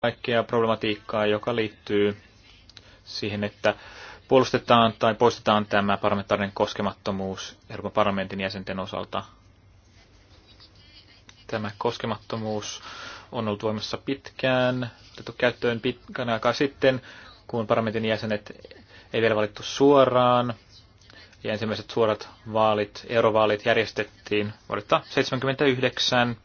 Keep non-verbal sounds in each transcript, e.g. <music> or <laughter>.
kaikkea problematiikkaa, joka liittyy siihen, että puolustetaan tai poistetaan tämä parlamentaarinen koskemattomuus Euroopan parlamentin jäsenten osalta. Tämä koskemattomuus on ollut voimassa pitkään, otettu käyttöön pitkän aikaa sitten, kun parlamentin jäsenet ei vielä valittu suoraan. Ja ensimmäiset suorat vaalit, eurovaalit järjestettiin vuodelta 1979,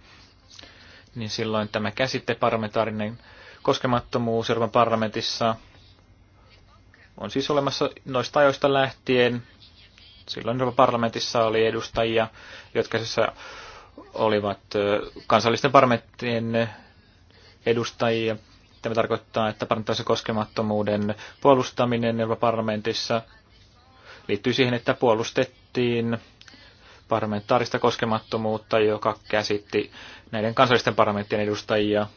niin silloin tämä käsitte parlamentaarinen koskemattomuus Euroopan parlamentissa on siis olemassa noista ajoista lähtien. Silloin Euroopan parlamentissa oli edustajia, jotka siis olivat kansallisten parlamenttien edustajia. Tämä tarkoittaa, että parlamentaarisen koskemattomuuden puolustaminen Euroopan parlamentissa liittyy siihen, että puolustettiin parlamentaarista koskemattomuutta, joka käsitti näiden kansallisten parlamenttien edustajia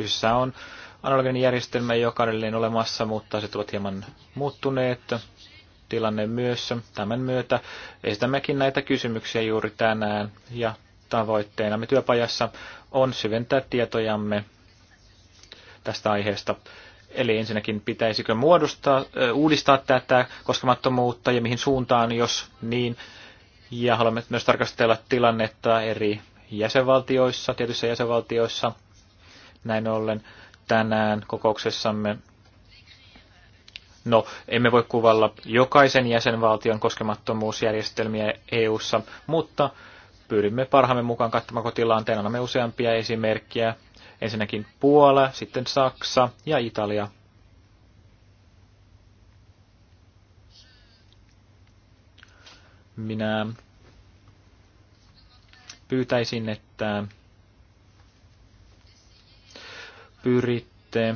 Kyseessä on analoginen järjestelmä, joka edelleen olemassa, mutta se ovat hieman muuttuneet tilanne myös tämän myötä. Esitämmekin näitä kysymyksiä juuri tänään ja me työpajassa on syventää tietojamme tästä aiheesta. Eli ensinnäkin pitäisikö muodostaa, uudistaa tätä koskemattomuutta ja mihin suuntaan, jos niin. Ja haluamme myös tarkastella tilannetta eri jäsenvaltioissa, tietyissä jäsenvaltioissa – näin ollen tänään kokouksessamme No, emme voi kuvalla jokaisen jäsenvaltion koskemattomuusjärjestelmiä EU-ssa, mutta pyrimme parhaamme mukaan kattamaan kotilanteen. Annamme useampia esimerkkejä. Ensinnäkin Puola, sitten Saksa ja Italia. Minä pyytäisin, että pyritte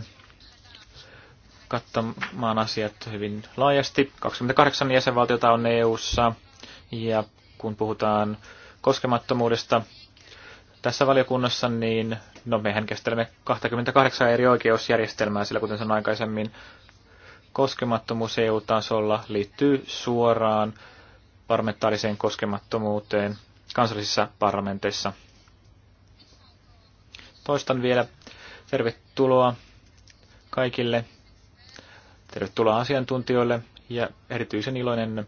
kattamaan asiat hyvin laajasti. 28 jäsenvaltiota on EU:ssa ja kun puhutaan koskemattomuudesta tässä valiokunnassa, niin no mehän käsittelemme 28 eri oikeusjärjestelmää, sillä kuten sanoin aikaisemmin, koskemattomuus EU-tasolla liittyy suoraan parlamentaariseen koskemattomuuteen kansallisissa parlamenteissa. Toistan vielä, Tervetuloa kaikille. Tervetuloa asiantuntijoille ja erityisen iloinen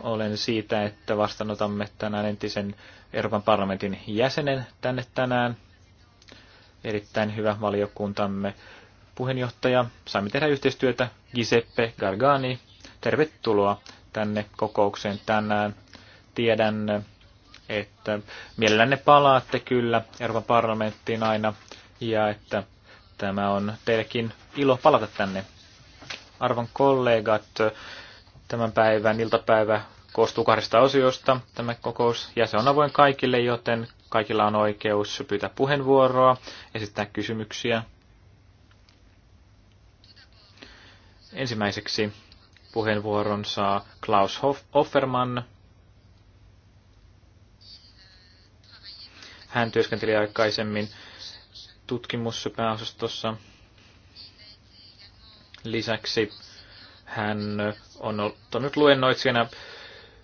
olen siitä, että vastaanotamme tänään entisen Euroopan parlamentin jäsenen tänne tänään. Erittäin hyvä valiokuntamme puheenjohtaja. Saimme tehdä yhteistyötä Giuseppe Gargani. Tervetuloa tänne kokoukseen tänään. Tiedän, että mielellänne palaatte kyllä Euroopan parlamenttiin aina ja että tämä on teillekin ilo palata tänne. Arvon kollegat, tämän päivän iltapäivä koostuu kahdesta osiosta tämä kokous, ja se on avoin kaikille, joten kaikilla on oikeus pyytää puheenvuoroa, esittää kysymyksiä. Ensimmäiseksi puheenvuoron saa Klaus Offerman. Hän työskenteli aikaisemmin tutkimuspääosastossa. Lisäksi hän on ottanut luennoitsijana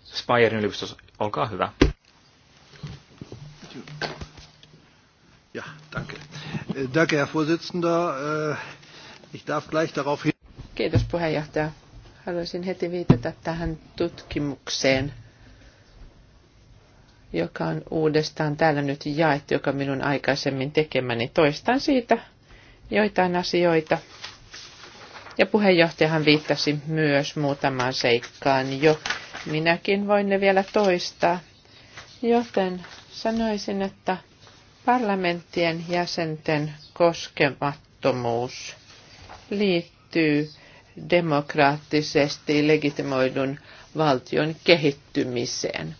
Spayerin yliopistossa. Olkaa hyvä. Ja, danke. Danke, Herr Vorsitzender. Äh, ich darf gleich darauf hin... Kiitos puheenjohtaja. Haluaisin heti viitata tähän tutkimukseen, joka on uudestaan täällä nyt jaettu, joka minun aikaisemmin tekemäni. Toistan siitä joitain asioita. Ja puheenjohtajahan viittasi myös muutamaan seikkaan jo. Minäkin voin ne vielä toistaa. Joten sanoisin, että parlamenttien jäsenten koskemattomuus liittyy demokraattisesti legitimoidun valtion kehittymiseen.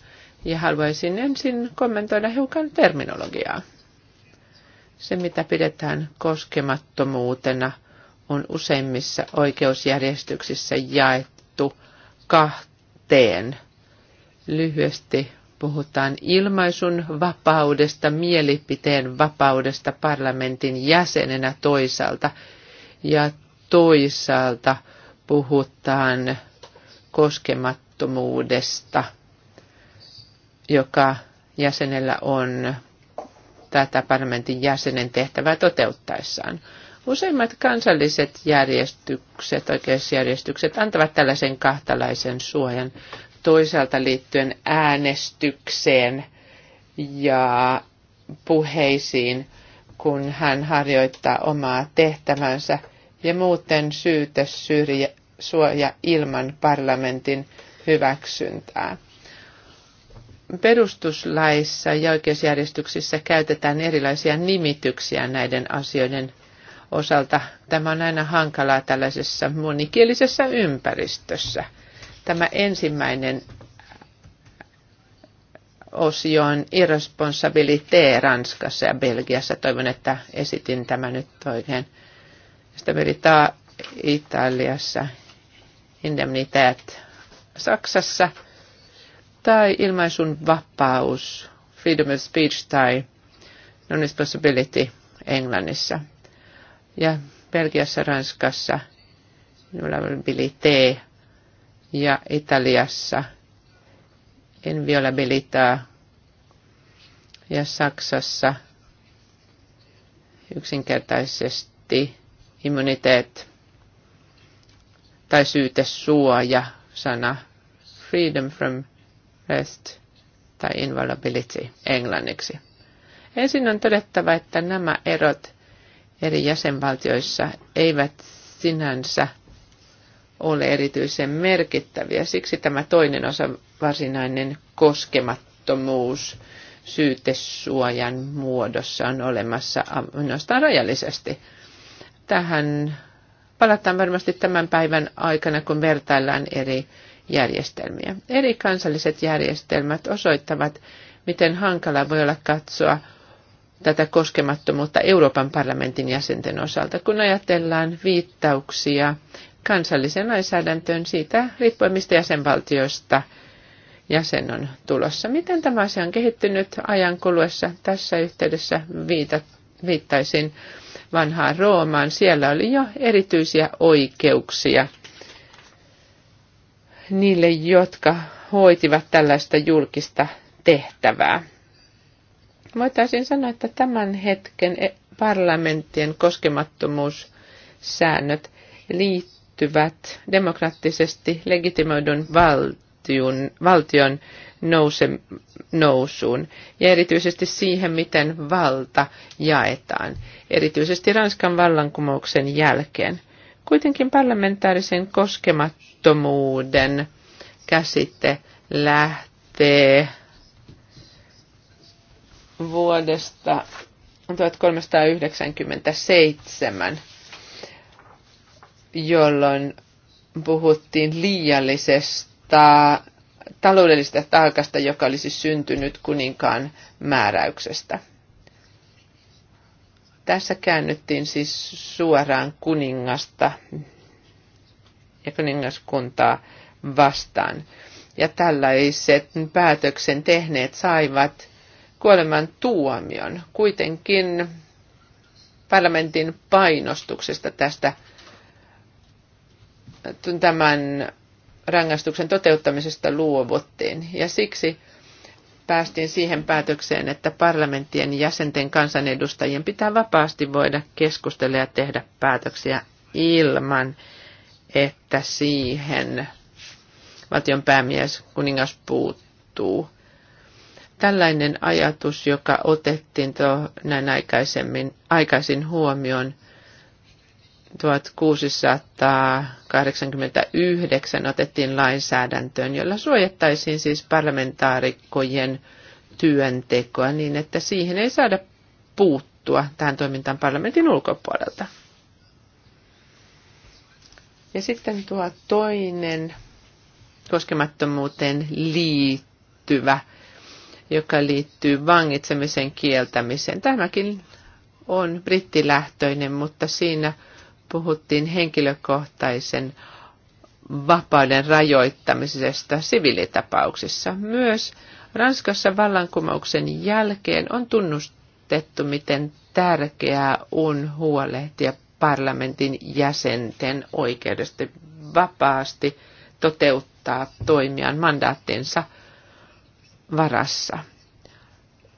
Ja haluaisin ensin kommentoida hiukan terminologiaa. Se, mitä pidetään koskemattomuutena, on useimmissa oikeusjärjestyksissä jaettu kahteen. Lyhyesti puhutaan ilmaisun vapaudesta, mielipiteen vapaudesta parlamentin jäsenenä toisaalta ja toisaalta puhutaan koskemattomuudesta – joka jäsenellä on tätä parlamentin jäsenen tehtävää toteuttaessaan. Useimmat kansalliset järjestykset, oikeusjärjestykset antavat tällaisen kahtalaisen suojan toisaalta liittyen äänestykseen ja puheisiin, kun hän harjoittaa omaa tehtävänsä ja muuten syytä syrjä, suoja ilman parlamentin hyväksyntää perustuslaissa ja oikeusjärjestyksissä käytetään erilaisia nimityksiä näiden asioiden osalta. Tämä on aina hankalaa tällaisessa monikielisessä ympäristössä. Tämä ensimmäinen osio on irresponsabilité Ranskassa ja Belgiassa. Toivon, että esitin tämän nyt oikein. Stabilità Italiassa, indemnität Saksassa – tai ilmaisun vapaus, freedom of speech tai non-responsibility niin, Englannissa. Ja Belgiassa, Ranskassa, inviolabilité ja Italiassa inviolabilità ja Saksassa yksinkertaisesti immuniteet tai syytesuoja sana freedom from rest tai invalidability englanniksi. Ensin on todettava, että nämä erot eri jäsenvaltioissa eivät sinänsä ole erityisen merkittäviä. Siksi tämä toinen osa varsinainen koskemattomuus syytesuojan muodossa on olemassa ainoastaan rajallisesti. Tähän palataan varmasti tämän päivän aikana, kun vertaillaan eri järjestelmiä. Eri kansalliset järjestelmät osoittavat, miten hankala voi olla katsoa tätä koskemattomuutta Euroopan parlamentin jäsenten osalta, kun ajatellaan viittauksia kansalliseen lainsäädäntöön siitä riippuen, mistä jäsenvaltioista jäsen on tulossa. Miten tämä asia on kehittynyt ajan kuluessa? Tässä yhteydessä viita, viittaisin vanhaan Roomaan. Siellä oli jo erityisiä oikeuksia – niille, jotka hoitivat tällaista julkista tehtävää. Voitaisiin sanoa, että tämän hetken e- parlamenttien koskemattomuussäännöt liittyvät demokraattisesti legitimoidun valtion, valtion nouse, nousuun ja erityisesti siihen, miten valta jaetaan, erityisesti Ranskan vallankumouksen jälkeen – Kuitenkin parlamentaarisen koskemattomuuden käsite lähtee vuodesta 1397, jolloin puhuttiin liiallisesta taloudellisesta taakasta, joka olisi syntynyt kuninkaan määräyksestä. Tässä käännyttiin siis suoraan kuningasta ja kuningaskuntaa vastaan. Ja tällaiset päätöksen tehneet saivat kuoleman tuomion. Kuitenkin parlamentin painostuksesta tästä tämän rangaistuksen toteuttamisesta luovuttiin. Ja siksi päästiin siihen päätökseen, että parlamenttien jäsenten kansanedustajien pitää vapaasti voida keskustella ja tehdä päätöksiä ilman, että siihen valtion päämies kuningas puuttuu. Tällainen ajatus, joka otettiin tuo näin aikaisemmin, aikaisin huomioon, 1689 otettiin lainsäädäntöön, jolla suojattaisiin siis parlamentaarikkojen työntekoa niin, että siihen ei saada puuttua tähän toimintaan parlamentin ulkopuolelta. Ja sitten tuo toinen koskemattomuuteen liittyvä, joka liittyy vangitsemisen kieltämiseen. Tämäkin on brittilähtöinen, mutta siinä – puhuttiin henkilökohtaisen vapauden rajoittamisesta siviilitapauksissa. Myös Ranskassa vallankumouksen jälkeen on tunnustettu, miten tärkeää on huolehtia parlamentin jäsenten oikeudesta vapaasti toteuttaa toimiaan mandaattinsa varassa.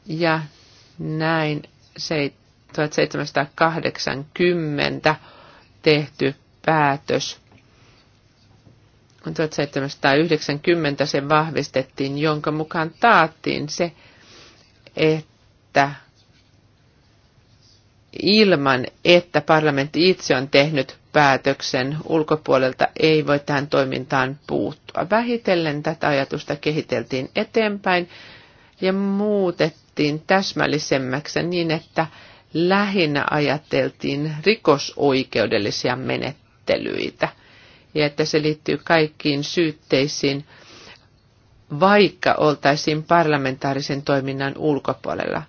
Ja näin 1780 tehty päätös. 1790 se vahvistettiin, jonka mukaan taattiin se, että ilman, että parlamentti itse on tehnyt päätöksen ulkopuolelta ei voi tähän toimintaan puuttua. Vähitellen tätä ajatusta kehiteltiin eteenpäin ja muutettiin täsmällisemmäksi niin, että lähinnä ajateltiin rikosoikeudellisia menettelyitä ja että se liittyy kaikkiin syytteisiin, vaikka oltaisiin parlamentaarisen toiminnan ulkopuolella.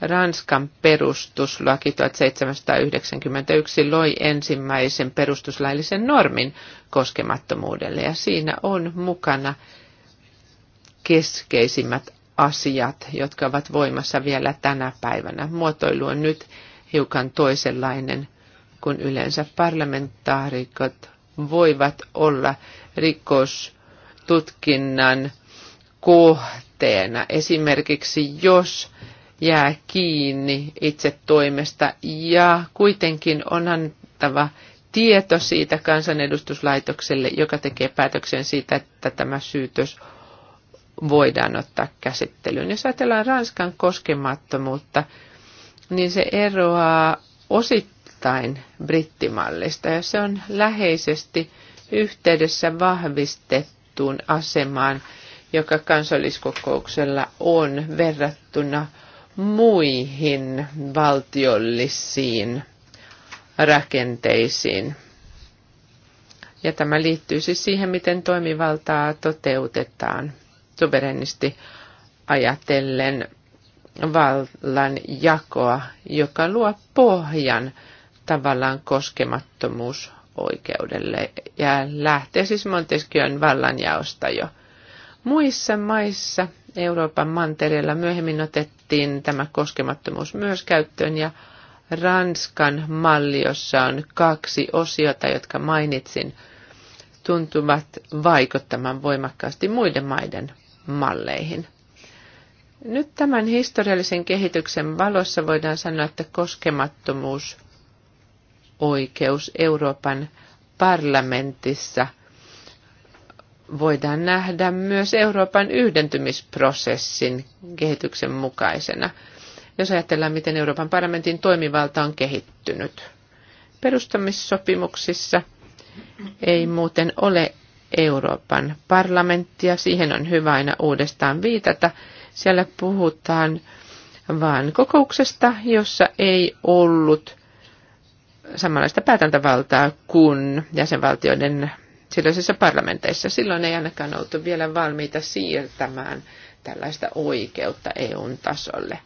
Ranskan perustuslaki 1791 loi ensimmäisen perustuslaillisen normin koskemattomuudelle ja siinä on mukana keskeisimmät asiat, jotka ovat voimassa vielä tänä päivänä. Muotoilu on nyt hiukan toisenlainen kun yleensä parlamentaarikot voivat olla rikostutkinnan kohteena. Esimerkiksi jos jää kiinni itse toimesta ja kuitenkin on antava tieto siitä kansanedustuslaitokselle, joka tekee päätöksen siitä, että tämä syytös voidaan ottaa käsittelyyn. Jos ajatellaan Ranskan koskemattomuutta, niin se eroaa osittain brittimallista ja se on läheisesti yhteydessä vahvistettuun asemaan, joka kansalliskokouksella on verrattuna muihin valtiollisiin rakenteisiin. Ja tämä liittyy siis siihen, miten toimivaltaa toteutetaan – suverenisti ajatellen vallan jakoa, joka luo pohjan tavallaan koskemattomuus oikeudelle ja lähtee siis Montesquieuin vallanjaosta jo. Muissa maissa Euroopan mantereella myöhemmin otettiin tämä koskemattomuus myös käyttöön ja Ranskan malli, jossa on kaksi osiota, jotka mainitsin, tuntuvat vaikuttamaan voimakkaasti muiden maiden malleihin. Nyt tämän historiallisen kehityksen valossa voidaan sanoa, että koskemattomuus oikeus Euroopan parlamentissa voidaan nähdä myös Euroopan yhdentymisprosessin kehityksen mukaisena, jos ajatellaan, miten Euroopan parlamentin toimivalta on kehittynyt. Perustamissopimuksissa ei muuten ole Euroopan parlamenttia. Siihen on hyvä aina uudestaan viitata. Siellä puhutaan vaan kokouksesta, jossa ei ollut samanlaista päätäntävaltaa kuin jäsenvaltioiden silloisissa parlamenteissa. Silloin ei ainakaan oltu vielä valmiita siirtämään tällaista oikeutta EUn tasolle.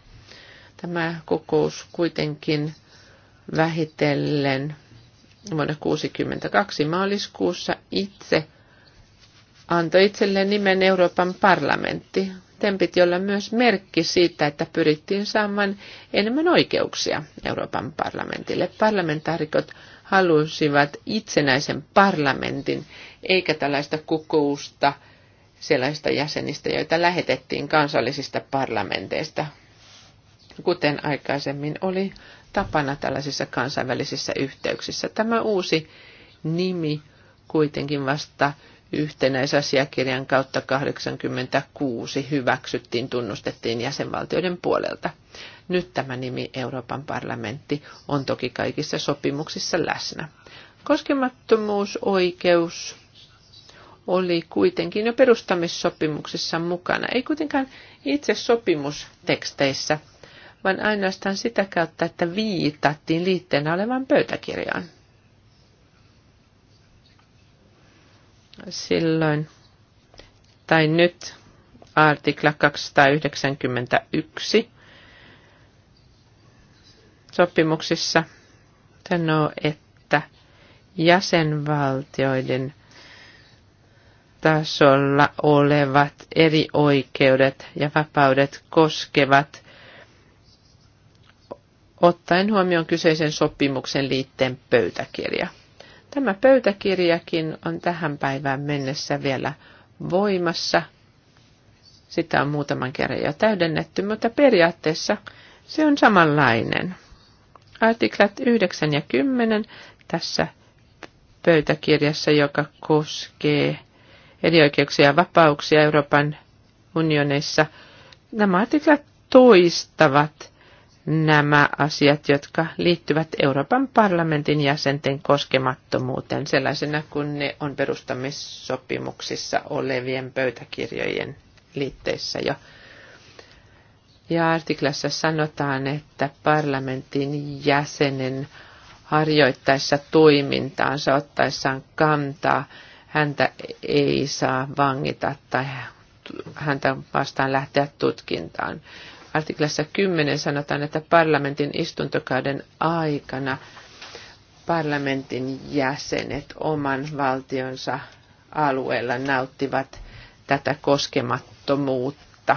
Tämä kokous kuitenkin vähitellen vuonna 1962 maaliskuussa itse – antoi itselleen nimen Euroopan parlamentti. Sen piti olla myös merkki siitä, että pyrittiin saamaan enemmän oikeuksia Euroopan parlamentille. Parlamentaarikot halusivat itsenäisen parlamentin, eikä tällaista kokousta sellaista jäsenistä, joita lähetettiin kansallisista parlamenteista, kuten aikaisemmin oli tapana tällaisissa kansainvälisissä yhteyksissä. Tämä uusi nimi kuitenkin vasta yhtenäisasiakirjan kautta 86 hyväksyttiin, tunnustettiin jäsenvaltioiden puolelta. Nyt tämä nimi Euroopan parlamentti on toki kaikissa sopimuksissa läsnä. Koskemattomuusoikeus oli kuitenkin jo perustamissopimuksissa mukana, ei kuitenkaan itse sopimusteksteissä, vaan ainoastaan sitä kautta, että viitattiin liitteenä olevan pöytäkirjaan. silloin tai nyt artikla 291 sopimuksissa sanoo, että jäsenvaltioiden tasolla olevat eri oikeudet ja vapaudet koskevat ottaen huomioon kyseisen sopimuksen liitteen pöytäkirja. Tämä pöytäkirjakin on tähän päivään mennessä vielä voimassa. Sitä on muutaman kerran jo täydennetty, mutta periaatteessa se on samanlainen. Artiklat 9 ja 10 tässä pöytäkirjassa, joka koskee eri oikeuksia ja vapauksia Euroopan unionissa. Nämä artiklat toistavat nämä asiat, jotka liittyvät Euroopan parlamentin jäsenten koskemattomuuteen sellaisena kuin ne on perustamissopimuksissa olevien pöytäkirjojen liitteissä jo. Ja artiklassa sanotaan, että parlamentin jäsenen harjoittaessa toimintaansa, ottaessaan kantaa, häntä ei saa vangita tai häntä vastaan lähteä tutkintaan artiklassa 10 sanotaan, että parlamentin istuntokauden aikana parlamentin jäsenet oman valtionsa alueella nauttivat tätä koskemattomuutta.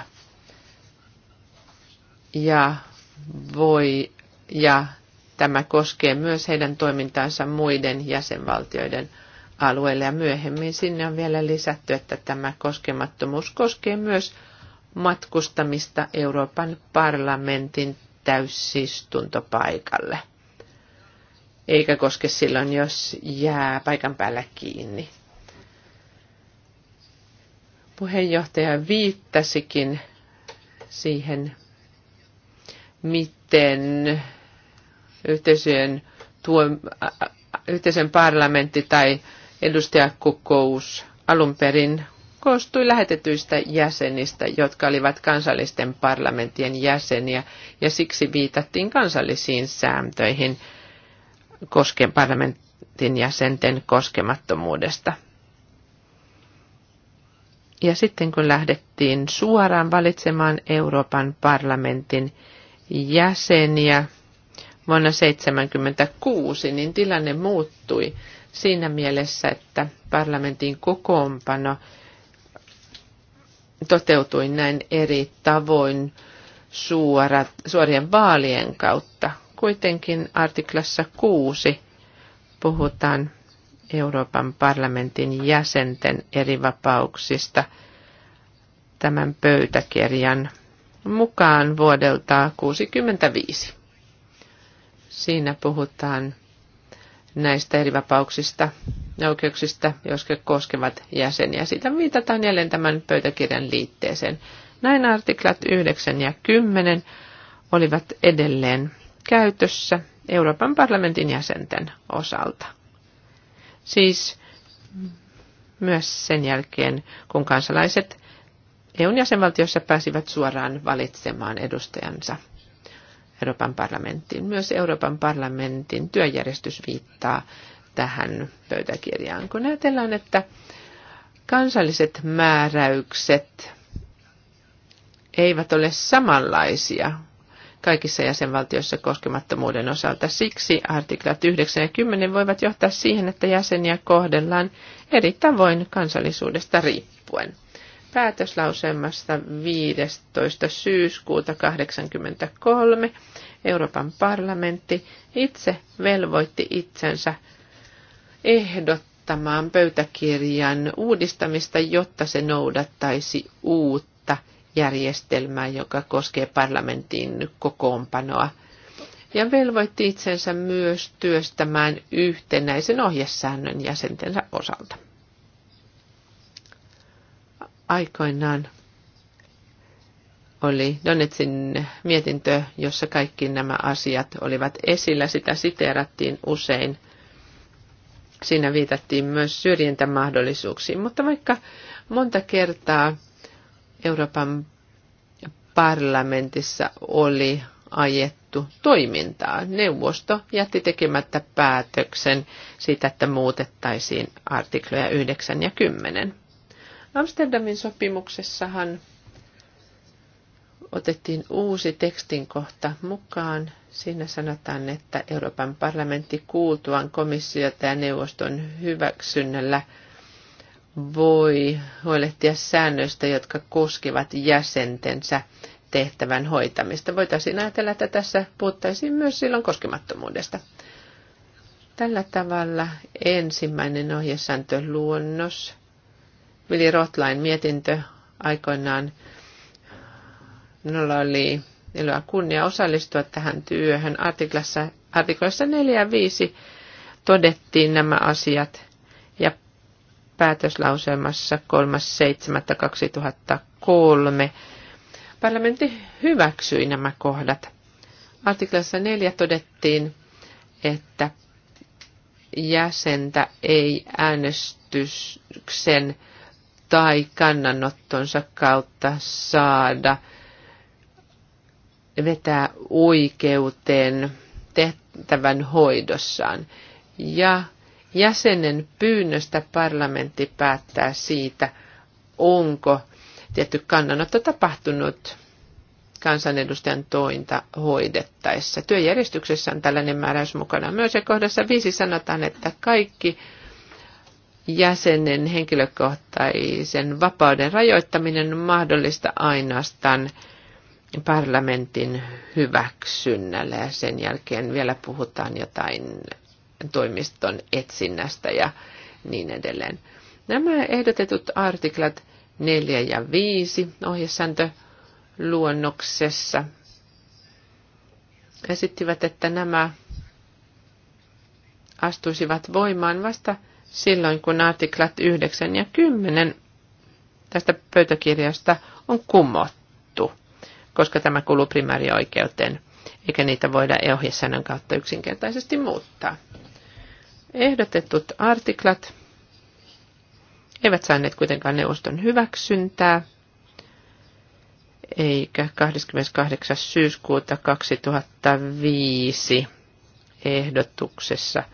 Ja voi ja tämä koskee myös heidän toimintaansa muiden jäsenvaltioiden alueella. ja myöhemmin sinne on vielä lisätty, että tämä koskemattomuus koskee myös matkustamista Euroopan parlamentin täysistuntopaikalle. Eikä koske silloin, jos jää paikan päällä kiinni. Puheenjohtaja viittasikin siihen, miten yhteisöjen, tuo, yhteisön parlamentti tai edustajakokous alun perin koostui lähetetyistä jäsenistä, jotka olivat kansallisten parlamenttien jäseniä, ja siksi viitattiin kansallisiin sääntöihin kosken parlamentin jäsenten koskemattomuudesta. Ja sitten kun lähdettiin suoraan valitsemaan Euroopan parlamentin jäseniä vuonna 1976, niin tilanne muuttui siinä mielessä, että parlamentin kokoonpano toteutui näin eri tavoin suorat, suorien vaalien kautta. Kuitenkin artiklassa 6 puhutaan Euroopan parlamentin jäsenten eri vapauksista tämän pöytäkirjan mukaan vuodelta 1965. Siinä puhutaan näistä eri vapauksista ja oikeuksista, jotka koskevat jäseniä. Sitä viitataan jälleen tämän pöytäkirjan liitteeseen. Näin artiklat 9 ja 10 olivat edelleen käytössä Euroopan parlamentin jäsenten osalta. Siis myös sen jälkeen, kun kansalaiset EUn jäsenvaltiossa pääsivät suoraan valitsemaan edustajansa Euroopan parlamenttiin. Myös Euroopan parlamentin työjärjestys viittaa tähän pöytäkirjaan. Kun ajatellaan, että kansalliset määräykset eivät ole samanlaisia kaikissa jäsenvaltioissa koskemattomuuden osalta. Siksi artiklat 9 ja 10 voivat johtaa siihen, että jäseniä kohdellaan eri tavoin kansallisuudesta riippuen päätöslauselmasta 15. syyskuuta 1983 Euroopan parlamentti itse velvoitti itsensä ehdottamaan pöytäkirjan uudistamista, jotta se noudattaisi uutta järjestelmää, joka koskee parlamentin kokoonpanoa ja velvoitti itsensä myös työstämään yhtenäisen ohjesäännön jäsentensä osalta aikoinaan oli Donetsin mietintö, jossa kaikki nämä asiat olivat esillä. Sitä siteerattiin usein. Siinä viitattiin myös syrjintämahdollisuuksiin, mutta vaikka monta kertaa Euroopan parlamentissa oli ajettu toimintaa. Neuvosto jätti tekemättä päätöksen siitä, että muutettaisiin artikloja 9 ja 10. Amsterdamin sopimuksessahan otettiin uusi tekstin kohta mukaan. Siinä sanotaan, että Euroopan parlamentti kuultuaan komissiota ja neuvoston hyväksynnällä voi huolehtia säännöistä, jotka koskevat jäsentensä tehtävän hoitamista. Voitaisiin ajatella, että tässä puhuttaisiin myös silloin koskemattomuudesta. Tällä tavalla ensimmäinen ohjesääntöluonnos Vili Rotlain mietintö aikoinaan. Minulla oli iloa kunnia osallistua tähän työhön. Artiklassa, artiklassa 4 ja 5 todettiin nämä asiat ja päätöslauselmassa 3.7.2003 parlamentti hyväksyi nämä kohdat. Artiklassa 4 todettiin, että jäsentä ei äänestyksen tai kannanottonsa kautta saada vetää oikeuteen tehtävän hoidossaan. Ja jäsenen pyynnöstä parlamentti päättää siitä, onko tietty kannanotto tapahtunut kansanedustajan tointa hoidettaessa. Työjärjestyksessä on tällainen määräys mukana. Myös ja kohdassa viisi sanotaan, että kaikki jäsenen henkilökohtaisen vapauden rajoittaminen on mahdollista ainoastaan parlamentin hyväksynnällä ja sen jälkeen vielä puhutaan jotain toimiston etsinnästä ja niin edelleen. Nämä ehdotetut artiklat 4 ja 5 luonnoksessa esittivät, että nämä astuisivat voimaan vasta silloin, kun artiklat 9 ja 10 tästä pöytäkirjasta on kumottu, koska tämä kuuluu primäärioikeuteen, eikä niitä voida ohjesäännön kautta yksinkertaisesti muuttaa. Ehdotetut artiklat eivät saaneet kuitenkaan neuvoston hyväksyntää, eikä 28. syyskuuta 2005 ehdotuksessa –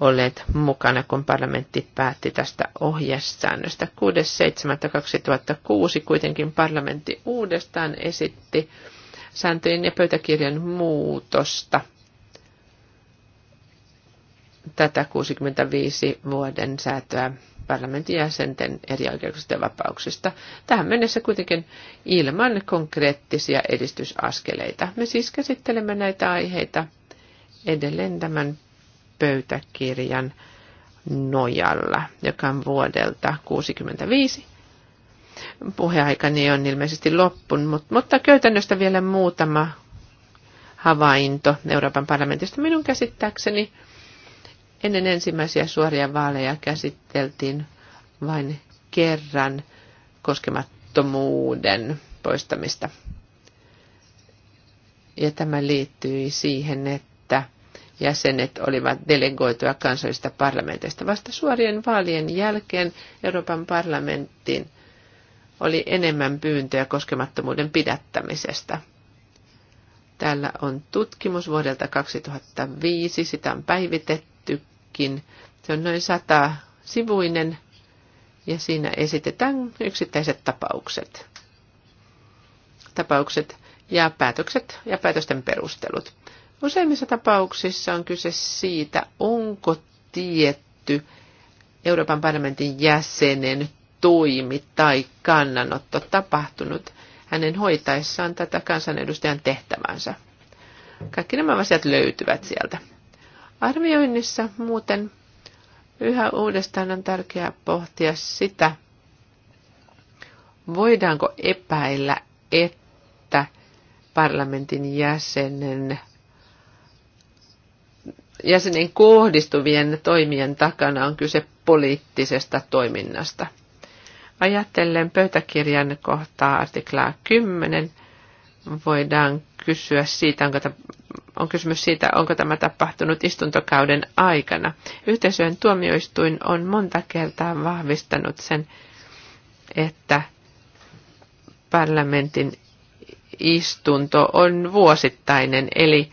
olleet mukana, kun parlamentti päätti tästä ohjesäännöstä. 6.7.2006 kuitenkin parlamentti uudestaan esitti sääntöjen ja pöytäkirjan muutosta tätä 65 vuoden säätöä parlamentin jäsenten eri oikeuksista ja vapauksista. Tähän mennessä kuitenkin ilman konkreettisia edistysaskeleita. Me siis käsittelemme näitä aiheita edelleen tämän pöytäkirjan nojalla, joka on vuodelta 65. Puheaikani on ilmeisesti loppunut, mutta käytännöstä vielä muutama havainto Euroopan parlamentista. Minun käsittääkseni ennen ensimmäisiä suoria vaaleja käsiteltiin vain kerran koskemattomuuden poistamista. Ja tämä liittyi siihen, että jäsenet olivat delegoituja kansallisista parlamenteista. Vasta suorien vaalien jälkeen Euroopan parlamenttiin oli enemmän pyyntöjä koskemattomuuden pidättämisestä. Täällä on tutkimus vuodelta 2005, sitä on päivitettykin. Se on noin sata sivuinen ja siinä esitetään yksittäiset tapaukset. Tapaukset ja päätökset ja päätösten perustelut. Useimmissa tapauksissa on kyse siitä, onko tietty Euroopan parlamentin jäsenen toimi tai kannanotto tapahtunut hänen hoitaessaan tätä kansanedustajan tehtävänsä. Kaikki nämä asiat löytyvät sieltä. Arvioinnissa muuten yhä uudestaan on tärkeää pohtia sitä, voidaanko epäillä, että parlamentin jäsenen jäsenen kohdistuvien toimien takana on kyse poliittisesta toiminnasta. Ajatellen pöytäkirjan kohtaa artiklaa 10 voidaan kysyä siitä, onko tämä on kysymys siitä, onko tämä tapahtunut istuntokauden aikana. Yhteisöjen tuomioistuin on monta kertaa vahvistanut sen, että parlamentin istunto on vuosittainen, eli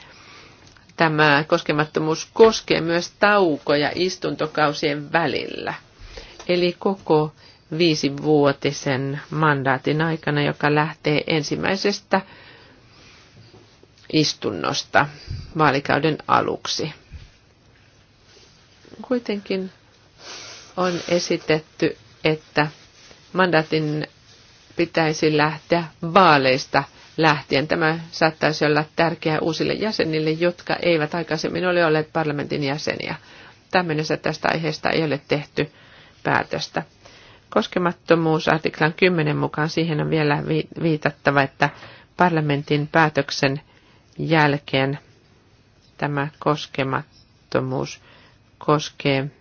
tämä koskemattomuus koskee myös taukoja istuntokausien välillä. Eli koko viisivuotisen mandaatin aikana, joka lähtee ensimmäisestä istunnosta vaalikauden aluksi. Kuitenkin on esitetty, että mandaatin pitäisi lähteä vaaleista – lähtien. Tämä saattaisi olla tärkeää uusille jäsenille, jotka eivät aikaisemmin ole olleet parlamentin jäseniä. Tähän tästä aiheesta ei ole tehty päätöstä. Koskemattomuus artiklan 10 mukaan siihen on vielä viitattava, että parlamentin päätöksen jälkeen tämä koskemattomuus koskee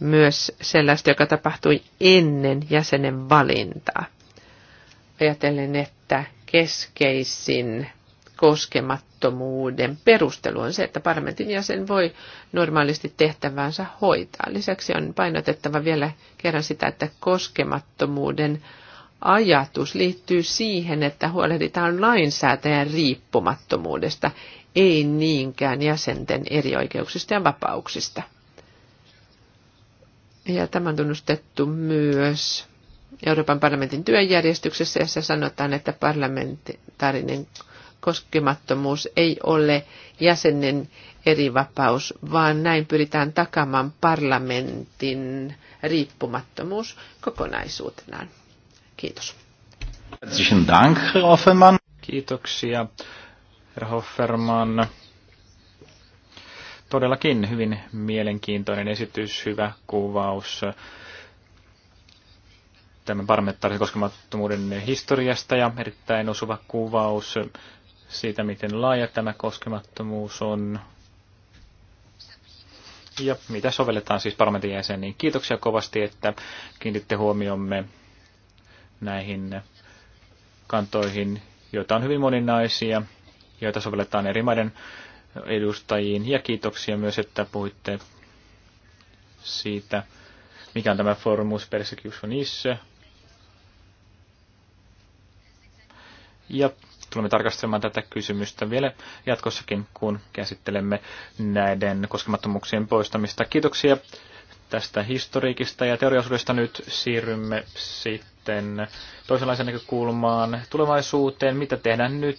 myös sellaista, joka tapahtui ennen jäsenen valintaa. Ajatellen, että keskeisin koskemattomuuden perustelu on se, että parlamentin jäsen voi normaalisti tehtävänsä hoitaa. Lisäksi on painotettava vielä kerran sitä, että koskemattomuuden ajatus liittyy siihen, että huolehditaan lainsäätäjän riippumattomuudesta, ei niinkään jäsenten erioikeuksista ja vapauksista. Ja tämä on tunnustettu myös Euroopan parlamentin työjärjestyksessä, se sanotaan, että parlamentaarinen koskemattomuus ei ole jäsenen erivapaus, vaan näin pyritään takamaan parlamentin riippumattomuus kokonaisuutenaan. Kiitos. Hoffmann. Kiitoksia, Herr Hofferman. Todellakin hyvin mielenkiintoinen esitys, hyvä kuvaus tämän parlamentaarisen koskemattomuuden historiasta ja erittäin osuva kuvaus siitä, miten laaja tämä koskemattomuus on ja mitä sovelletaan siis parlamentin jäseniin. Kiitoksia kovasti, että kiinnitte huomiomme näihin kantoihin, joita on hyvin moninaisia, joita sovelletaan eri maiden edustajiin. Ja kiitoksia myös, että puhuitte siitä, mikä on tämä Forumus Persecution Issue. Ja tulemme tarkastelemaan tätä kysymystä vielä jatkossakin, kun käsittelemme näiden koskemattomuuksien poistamista. Kiitoksia tästä historiikista ja teoriaosuudesta nyt siirrymme sitten toisenlaiseen näkökulmaan tulevaisuuteen. Mitä tehdään nyt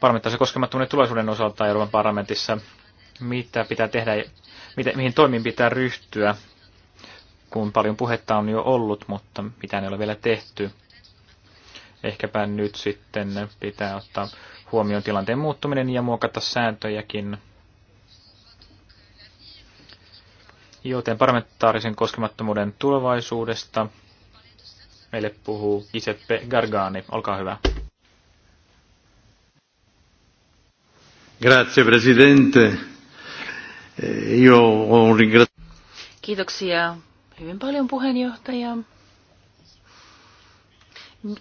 parlamentaarisen koskemattomuuden tulevaisuuden osalta Euroopan parlamentissa? Mitä pitää tehdä, mitä, mihin toimiin pitää ryhtyä, kun paljon puhetta on jo ollut, mutta mitä ei ole vielä tehty? Ehkäpä nyt sitten pitää ottaa huomioon tilanteen muuttuminen ja muokata sääntöjäkin. Joten parlamentaarisen koskemattomuuden tulevaisuudesta meille puhuu Giuseppe Gargani. Olkaa hyvä. Grazie Presidente. Eh, io Kiitoksia hyvin paljon puheenjohtaja.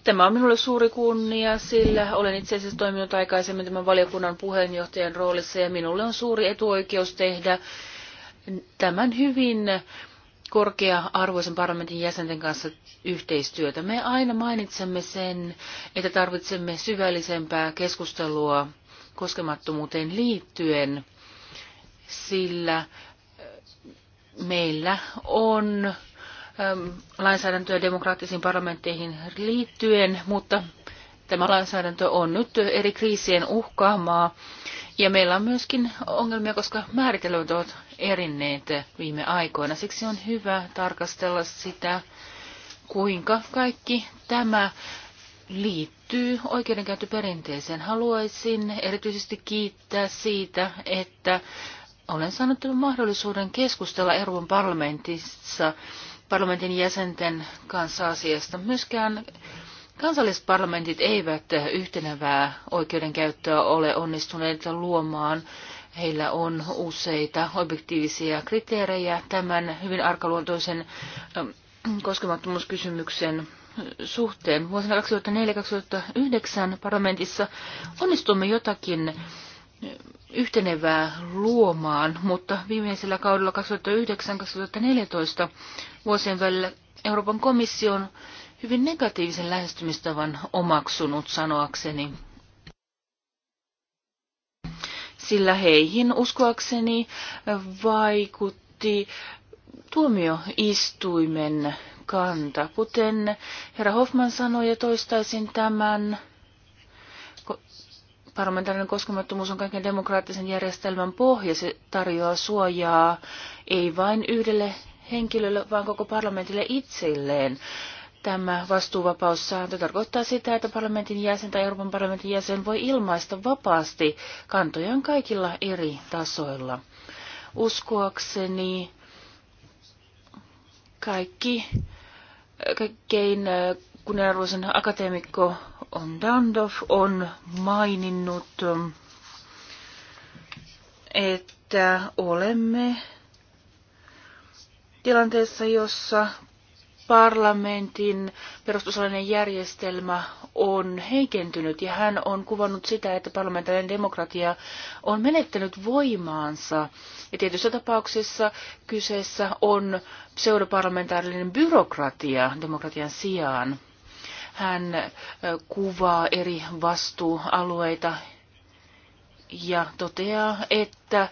Tämä on minulle suuri kunnia, sillä olen itse asiassa toiminut aikaisemmin tämän valiokunnan puheenjohtajan roolissa ja minulle on suuri etuoikeus tehdä tämän hyvin korkea-arvoisen parlamentin jäsenten kanssa yhteistyötä. Me aina mainitsemme sen, että tarvitsemme syvällisempää keskustelua koskemattomuuteen liittyen, sillä meillä on lainsäädäntöä demokraattisiin parlamentteihin liittyen, mutta tämä lainsäädäntö on nyt eri kriisien uhkaamaa. Ja meillä on myöskin ongelmia, koska määritelöt ovat erinneet viime aikoina. Siksi on hyvä tarkastella sitä, kuinka kaikki tämä liittyy oikeudenkäyntöperinteeseen. Haluaisin erityisesti kiittää siitä, että olen saanut tämän mahdollisuuden keskustella Euroopan parlamentissa parlamentin jäsenten kanssa asiasta. Myöskään kansalliset parlamentit eivät yhtenevää oikeudenkäyttöä ole onnistuneet luomaan. Heillä on useita objektiivisia kriteerejä tämän hyvin arkaluontoisen ähm, koskemattomuuskysymyksen suhteen. Vuosina 2004-2009 parlamentissa onnistumme jotakin yhtenevää luomaan, mutta viimeisellä kaudella 2009-2014 vuosien välillä Euroopan komissio on hyvin negatiivisen lähestymistavan omaksunut sanoakseni. Sillä heihin uskoakseni vaikutti tuomioistuimen kanta. Kuten herra Hoffman sanoi ja toistaisin tämän, parlamentaarinen koskemattomuus on kaiken demokraattisen järjestelmän pohja. Se tarjoaa suojaa ei vain yhdelle henkilölle, vaan koko parlamentille itselleen. Tämä vastuuvapaussääntö tarkoittaa sitä, että parlamentin jäsen tai Euroopan parlamentin jäsen voi ilmaista vapaasti kantojaan kaikilla eri tasoilla. Uskoakseni kaikki, kaikkein kunnianarvoisen akateemikko on Dandoff on maininnut, että olemme tilanteessa, jossa parlamentin perustuslainen järjestelmä on heikentynyt ja hän on kuvannut sitä, että parlamentaarinen demokratia on menettänyt voimaansa. Ja tietyissä tapauksissa kyseessä on pseudoparlamentaarinen byrokratia demokratian sijaan. Hän kuvaa eri vastuualueita ja toteaa, että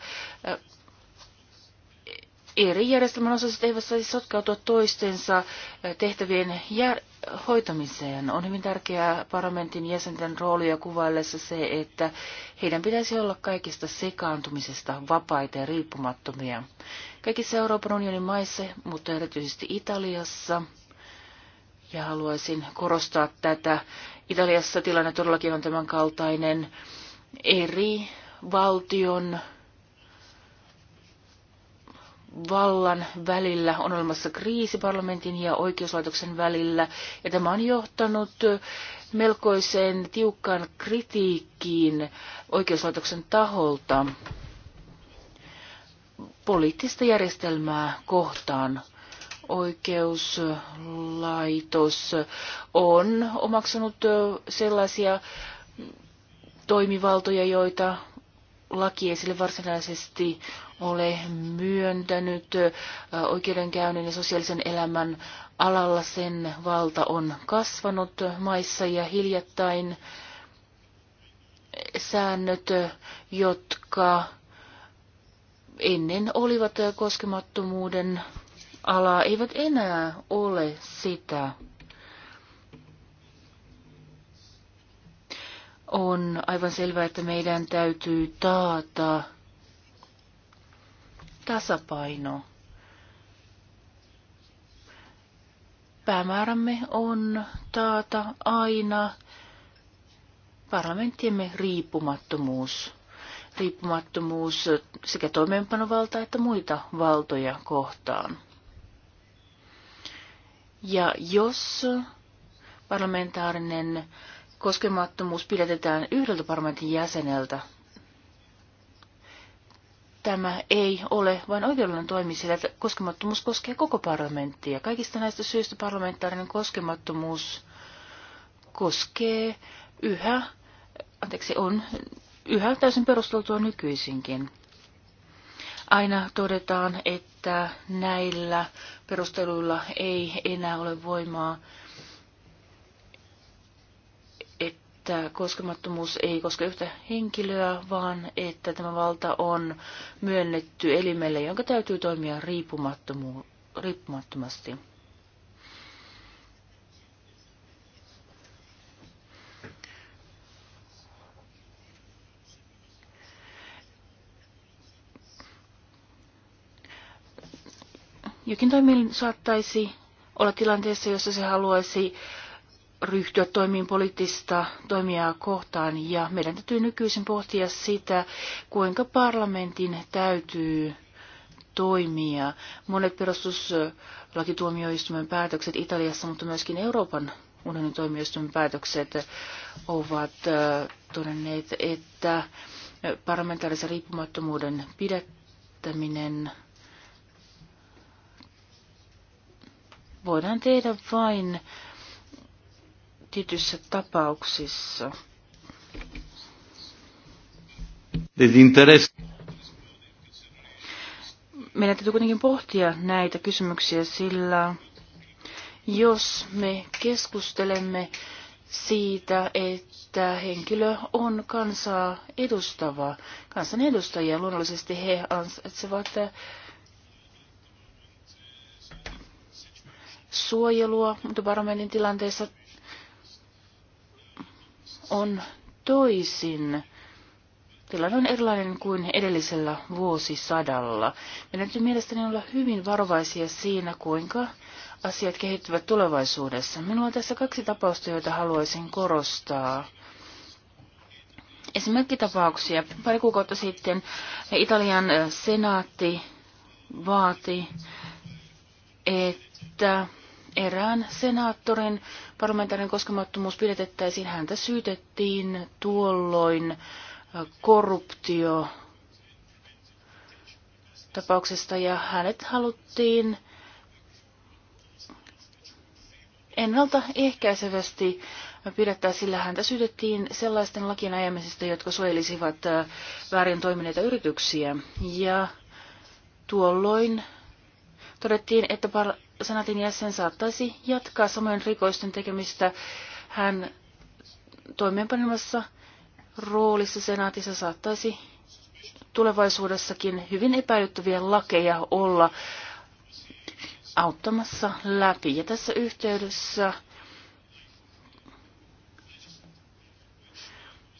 eri järjestelmän osaiset eivät saisi sotkautua toistensa eh, tehtävien jär- hoitamiseen. On hyvin tärkeää parlamentin jäsenten roolia kuvaillessa se, että heidän pitäisi olla kaikista sekaantumisesta vapaita ja riippumattomia. Kaikissa Euroopan unionin maissa, mutta erityisesti Italiassa, ja haluaisin korostaa tätä, Italiassa tilanne todellakin on tämän kaltainen eri valtion vallan välillä on olemassa kriisi parlamentin ja oikeuslaitoksen välillä, ja tämä on johtanut melkoiseen tiukkaan kritiikkiin oikeuslaitoksen taholta poliittista järjestelmää kohtaan. Oikeuslaitos on omaksunut sellaisia toimivaltoja, joita laki ei sille varsinaisesti ole myöntänyt oikeudenkäynnin ja sosiaalisen elämän alalla. Sen valta on kasvanut maissa ja hiljattain säännöt, jotka ennen olivat koskemattomuuden alaa, eivät enää ole sitä. On aivan selvää, että meidän täytyy taata tasapaino. Päämäärämme on taata aina parlamenttiemme riippumattomuus. Riippumattomuus sekä toimeenpanovalta että muita valtoja kohtaan. Ja jos parlamentaarinen koskemattomuus pidetään yhdeltä parlamentin jäseneltä tämä ei ole vain oikeudellinen toimi, sillä koskemattomuus koskee koko parlamenttia. Kaikista näistä syistä parlamentaarinen koskemattomuus koskee yhä, anteeksi, on yhä täysin perusteltua nykyisinkin. Aina todetaan, että näillä perusteluilla ei enää ole voimaa että koskemattomuus ei koske yhtä henkilöä, vaan että tämä valta on myönnetty elimelle, jonka täytyy toimia riippumattomasti. Jokin toimielin saattaisi olla tilanteessa, jossa se haluaisi ryhtyä toimiin poliittista toimijaa kohtaan ja meidän täytyy nykyisin pohtia sitä, kuinka parlamentin täytyy toimia. Monet perustuslakituomioistuimen päätökset Italiassa, mutta myöskin Euroopan unionin tuomioistuimen päätökset ovat äh, todenneet, että parlamentaarisen riippumattomuuden pidättäminen voidaan tehdä vain tietyissä tapauksissa. Meidän täytyy kuitenkin pohtia näitä kysymyksiä, sillä jos me keskustelemme siitä, että henkilö on kansaa edustava, kansan edustajia, luonnollisesti he ansaitsevat suojelua, mutta parlamentin tilanteessa on toisin. Tilanne on erilainen kuin edellisellä vuosisadalla. Meidän täytyy mielestäni olla hyvin varovaisia siinä, kuinka asiat kehittyvät tulevaisuudessa. Minulla on tässä kaksi tapausta, joita haluaisin korostaa. Esimerkkitapauksia. Pari kuukautta sitten Italian senaatti vaati, että erään senaattorin parlamentaarinen koskemattomuus pidetettäisiin. Häntä syytettiin tuolloin äh, korruptio tapauksesta ja hänet haluttiin ennaltaehkäisevästi pidättää, sillä häntä syytettiin sellaisten lakien ajamisesta, jotka suojelisivat äh, väärin toimineita yrityksiä. Ja tuolloin todettiin, että par- senatin jäsen saattaisi jatkaa samojen rikoisten tekemistä. Hän toimeenpanemassa roolissa senaatissa saattaisi tulevaisuudessakin hyvin epäilyttäviä lakeja olla auttamassa läpi. Ja tässä yhteydessä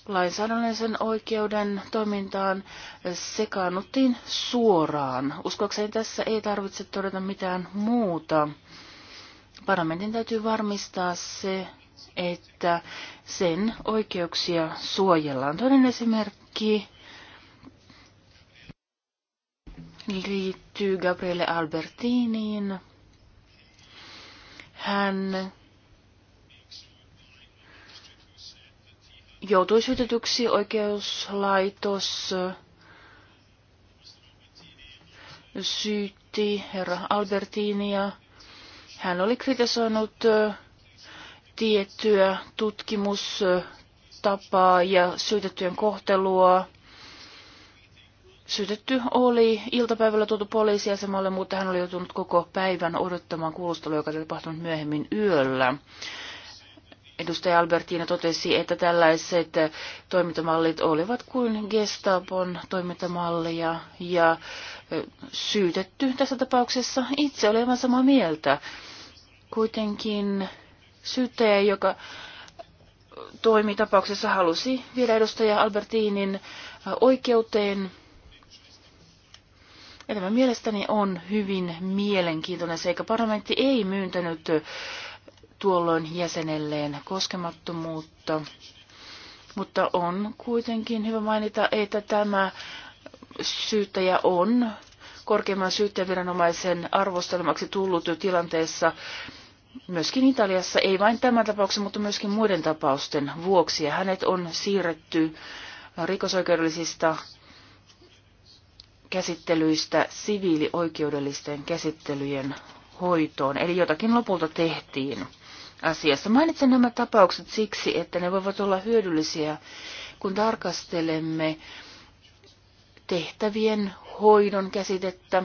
lainsäädännöllisen oikeuden toimintaan sekaannuttiin suoraan. Uskoakseni tässä ei tarvitse todeta mitään muuta. Parlamentin täytyy varmistaa se, että sen oikeuksia suojellaan. Toinen esimerkki liittyy Gabriele Albertiniin. Hän joutui syytetyksi oikeuslaitos syytti herra Albertinia. Hän oli kritisoinut tiettyä tutkimustapaa ja syytettyjen kohtelua. Syytetty oli iltapäivällä tuotu poliisiasemalle, mutta hän oli joutunut koko päivän odottamaan kuulustelua, joka oli tapahtunut myöhemmin yöllä edustaja Albertina totesi, että tällaiset toimintamallit olivat kuin Gestapon toimintamallia ja syytetty tässä tapauksessa itse oli aivan samaa mieltä. Kuitenkin syyttäjä, joka toimi tapauksessa, halusi viedä edustaja Albertinin oikeuteen. Ja tämä mielestäni on hyvin mielenkiintoinen seikka. Parlamentti ei myyntänyt tuolloin jäsenelleen koskemattomuutta. Mutta on kuitenkin hyvä mainita, että tämä syyttäjä on korkeimman syyttäjäviranomaisen arvostelemaksi tullut jo tilanteessa myöskin Italiassa, ei vain tämän tapauksen, mutta myöskin muiden tapausten vuoksi. Ja hänet on siirretty rikosoikeudellisista käsittelyistä siviilioikeudellisten käsittelyjen hoitoon, eli jotakin lopulta tehtiin asiassa. Mainitsen nämä tapaukset siksi, että ne voivat olla hyödyllisiä, kun tarkastelemme tehtävien hoidon käsitettä.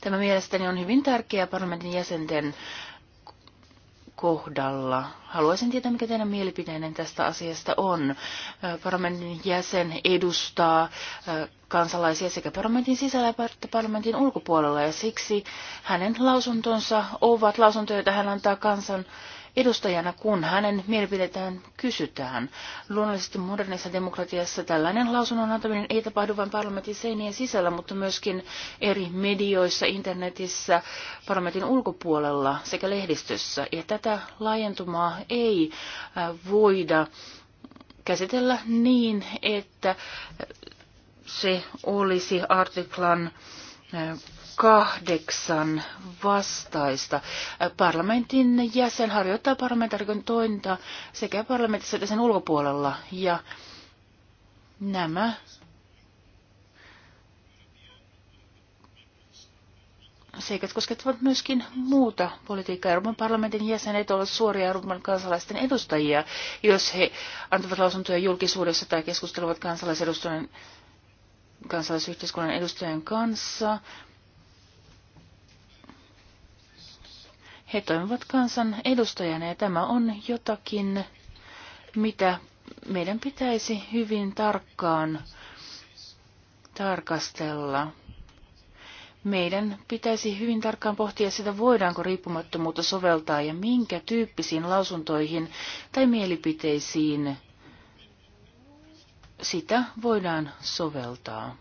Tämä mielestäni on hyvin tärkeää parlamentin jäsenten kohdalla. Haluaisin tietää, mikä teidän mielipiteinen tästä asiasta on. Parlamentin jäsen edustaa kansalaisia sekä parlamentin sisällä että parlamentin ulkopuolella, ja siksi hänen lausuntonsa ovat lausuntoja, joita hän antaa kansan edustajana, kun hänen mielipidetään kysytään. Luonnollisesti modernissa demokratiassa tällainen lausunnon antaminen ei tapahdu vain parlamentin seinien sisällä, mutta myöskin eri medioissa, internetissä, parlamentin ulkopuolella sekä lehdistössä. Ja tätä laajentumaa ei äh, voida käsitellä niin, että se olisi artiklan äh, kahdeksan vastaista. Parlamentin jäsen harjoittaa parlamentaarikon tointa sekä parlamentissa että sen ulkopuolella. Ja nämä seikat koskettavat myöskin muuta politiikkaa. Euroopan parlamentin jäsenet ovat suoria Euroopan kansalaisten edustajia, jos he antavat lausuntoja julkisuudessa tai keskusteluvat kansalaisedustajan kansalaisyhteiskunnan edustajan kanssa. He toimivat kansan edustajana ja tämä on jotakin, mitä meidän pitäisi hyvin tarkkaan tarkastella. Meidän pitäisi hyvin tarkkaan pohtia sitä, voidaanko riippumattomuutta soveltaa ja minkä tyyppisiin lausuntoihin tai mielipiteisiin sitä voidaan soveltaa.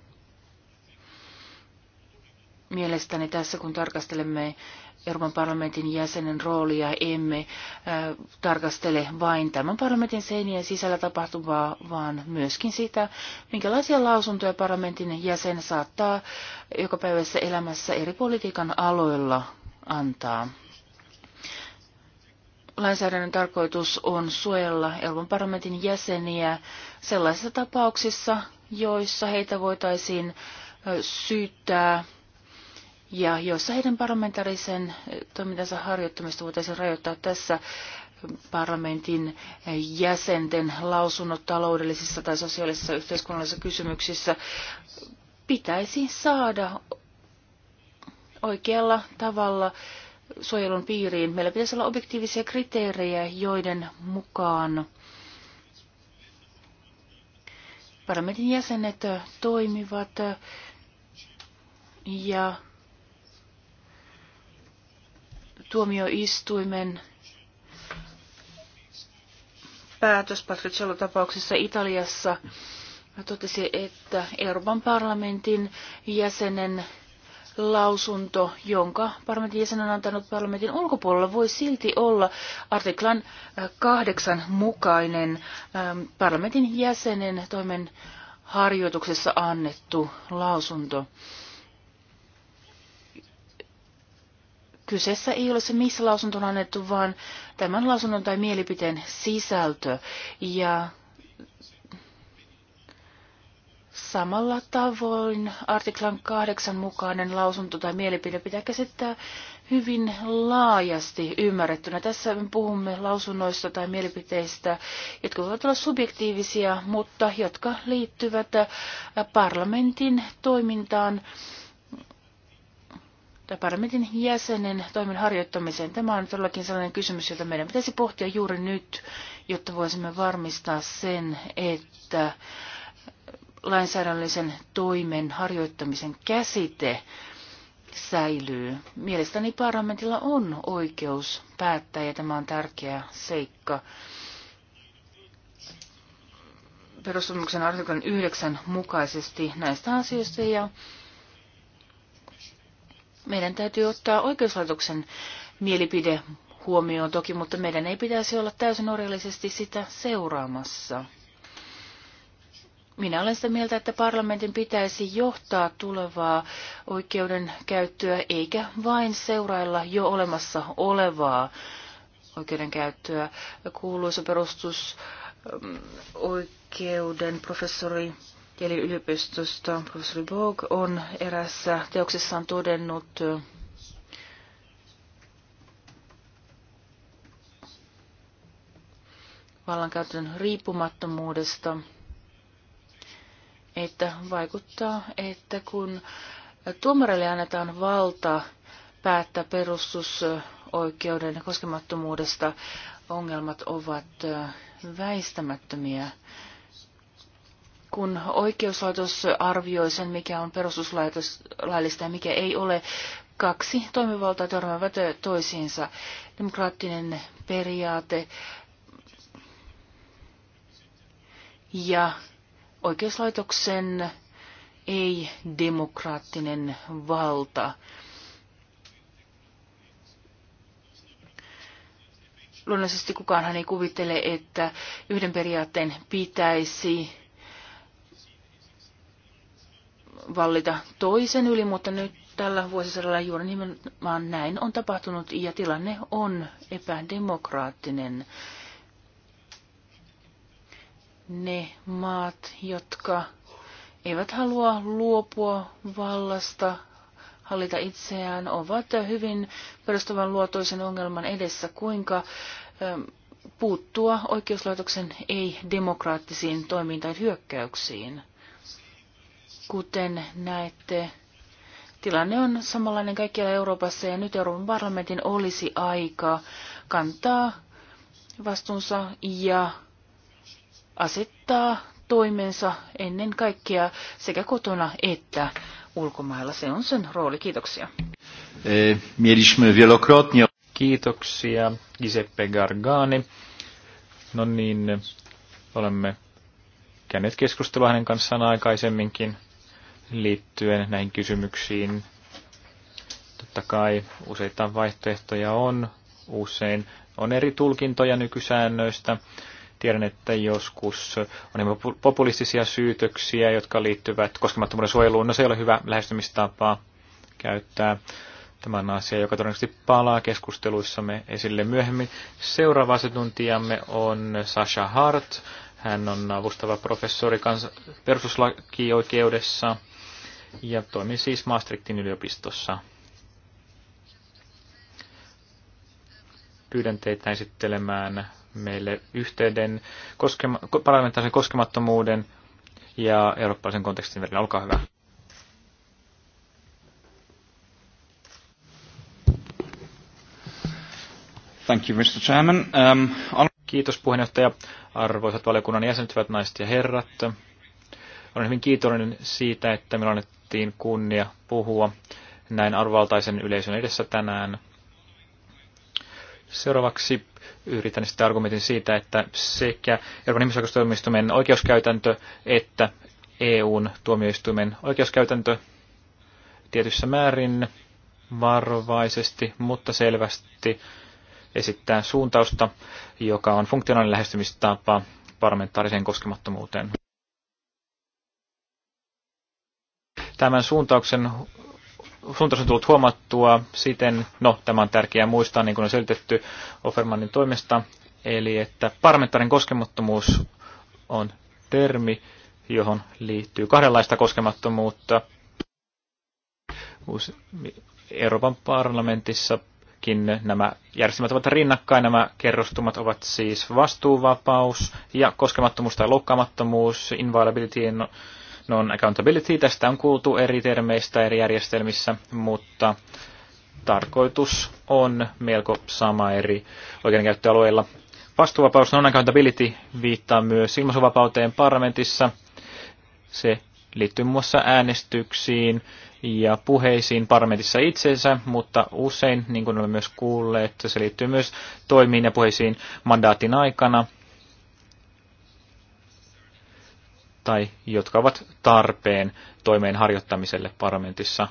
Mielestäni tässä, kun tarkastelemme Euroopan parlamentin jäsenen roolia emme äh, tarkastele vain tämän parlamentin seinien sisällä tapahtuvaa, vaan myöskin sitä, minkälaisia lausuntoja parlamentin jäsen saattaa jokapäiväisessä elämässä eri politiikan aloilla antaa lainsäädännön tarkoitus on suojella Euroopan parlamentin jäseniä sellaisissa tapauksissa, joissa heitä voitaisiin syyttää ja joissa heidän parlamentaarisen eh, toimintansa harjoittamista voitaisiin rajoittaa tässä eh, parlamentin eh, jäsenten lausunnot taloudellisissa tai sosiaalisissa yhteiskunnallisissa kysymyksissä pitäisi saada oikealla tavalla suojelun piiriin. Meillä pitäisi olla objektiivisia kriteerejä, joiden mukaan parlamentin jäsenet toimivat ja tuomioistuimen päätös Patriciello-tapauksessa Italiassa totesi, että Euroopan parlamentin jäsenen lausunto, jonka parlamentin jäsen on antanut parlamentin ulkopuolella, voi silti olla artiklan äh, kahdeksan mukainen ähm, parlamentin jäsenen toimen harjoituksessa annettu lausunto. kyseessä ei ole se, missä lausunto on annettu, vaan tämän lausunnon tai mielipiteen sisältö. Ja samalla tavoin artiklan kahdeksan mukainen lausunto tai mielipide pitää käsittää hyvin laajasti ymmärrettynä. Tässä me puhumme lausunnoista tai mielipiteistä, jotka voivat olla subjektiivisia, mutta jotka liittyvät parlamentin toimintaan tai parlamentin jäsenen toimen harjoittamiseen. Tämä on todellakin sellainen kysymys, jota meidän pitäisi pohtia juuri nyt, jotta voisimme varmistaa sen, että lainsäädännöllisen toimen harjoittamisen käsite säilyy. Mielestäni parlamentilla on oikeus päättää ja tämä on tärkeä seikka. Perussopimuksen artiklan 9 mukaisesti näistä asioista ja meidän täytyy ottaa oikeuslaitoksen mielipide huomioon toki, mutta meidän ei pitäisi olla täysin orjallisesti sitä seuraamassa. Minä olen sitä mieltä, että parlamentin pitäisi johtaa tulevaa oikeudenkäyttöä eikä vain seurailla jo olemassa olevaa oikeudenkäyttöä. Kuuluisa perustusoikeuden mm, oikeuden professori Kielin yliopistosta professori Borg on erässä teoksessaan todennut, vallankäytön riippumattomuudesta, että vaikuttaa, että kun tuomarille annetaan valta päättää perustusoikeuden koskemattomuudesta, ongelmat ovat väistämättömiä kun oikeuslaitos arvioi sen, mikä on perustuslaillista ja mikä ei ole, kaksi toimivaltaa törmäävät toisiinsa. Demokraattinen periaate ja oikeuslaitoksen ei-demokraattinen valta. Luonnollisesti kukaanhan ei kuvittele, että yhden periaatteen pitäisi vallita toisen yli, mutta nyt tällä vuosisadalla juuri nimenomaan näin on tapahtunut ja tilanne on epädemokraattinen. Ne maat, jotka eivät halua luopua vallasta, hallita itseään, ovat hyvin perustavan luotoisen ongelman edessä, kuinka ähm, puuttua oikeuslaitoksen ei-demokraattisiin toimintaan hyökkäyksiin. Kuten näette, tilanne on samanlainen kaikkialla Euroopassa ja nyt Euroopan parlamentin olisi aika kantaa vastuunsa ja asettaa toimensa ennen kaikkea sekä kotona että ulkomailla. Se on sen rooli. Kiitoksia. E, Kiitoksia Giuseppe Gargani. No niin, olemme käyneet keskustelua hänen kanssaan aikaisemminkin liittyen näihin kysymyksiin. Totta kai useita vaihtoehtoja on, usein on eri tulkintoja nykysäännöistä. Tiedän, että joskus on populistisia syytöksiä, jotka liittyvät koskemattomuuden suojeluun. No se ei ole hyvä lähestymistapa käyttää. tämän asia, joka todennäköisesti palaa keskusteluissamme esille myöhemmin. Seuraava asiantuntijamme on Sasha Hart. Hän on avustava professori kans- perustuslakioikeudessa ja toimin siis Maastrichtin yliopistossa. Pyydän teitä esittelemään meille yhteyden koskema- parlamentaarisen koskemattomuuden ja eurooppalaisen kontekstin välillä. Olkaa hyvä. Thank you, Mr. Chairman. Um, on... Kiitos puheenjohtaja, arvoisat valiokunnan jäsenet, hyvät naiset ja herrat. Olen hyvin kiitollinen siitä, että minulla on annettiin kunnia puhua näin arvaltaisen yleisön edessä tänään. Seuraavaksi yritän sitten argumentin siitä, että sekä Euroopan ihmisoikeustuomioistuimen oikeuskäytäntö että EUn tuomioistuimen oikeuskäytäntö tietyssä määrin varovaisesti, mutta selvästi esittää suuntausta, joka on funktionaalinen lähestymistapa parlamentaariseen koskemattomuuteen. Tämän suuntauksen suuntaus on tullut huomattua siten, no tämä on tärkeää muistaa, niin kuin on selitetty Offermanin toimesta, eli että parlamentaarinen koskemattomuus on termi, johon liittyy kahdenlaista koskemattomuutta. Euroopan parlamentissakin nämä järjestelmät ovat rinnakkain. Nämä kerrostumat ovat siis vastuuvapaus ja koskemattomuus tai loukkaamattomuus, inviolability non-accountability, tästä on kuultu eri termeistä eri järjestelmissä, mutta tarkoitus on melko sama eri oikeudenkäyttöalueilla. Vastuuvapaus non-accountability viittaa myös ilmaisuvapauteen parlamentissa. Se liittyy muun muassa äänestyksiin ja puheisiin parlamentissa itsensä, mutta usein, niin kuin olemme myös kuulleet, se liittyy myös toimiin ja puheisiin mandaatin aikana – tai jotka ovat tarpeen toimeen harjoittamiselle parlamentissa.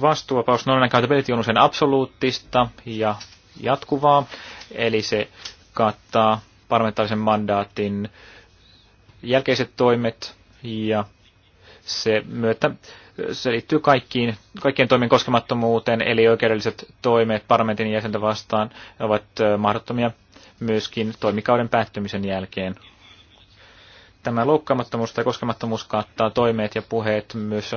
Vastuuvapaus non accountability on usein absoluuttista ja jatkuvaa, eli se kattaa parlamentaarisen mandaatin jälkeiset toimet ja se myötä se liittyy kaikkiin, kaikkien toimien koskemattomuuteen, eli oikeudelliset toimet parlamentin jäsentä vastaan ovat mahdottomia myöskin toimikauden päättymisen jälkeen. Tämä loukkaamattomuus tai koskemattomuus kattaa toimeet ja puheet myös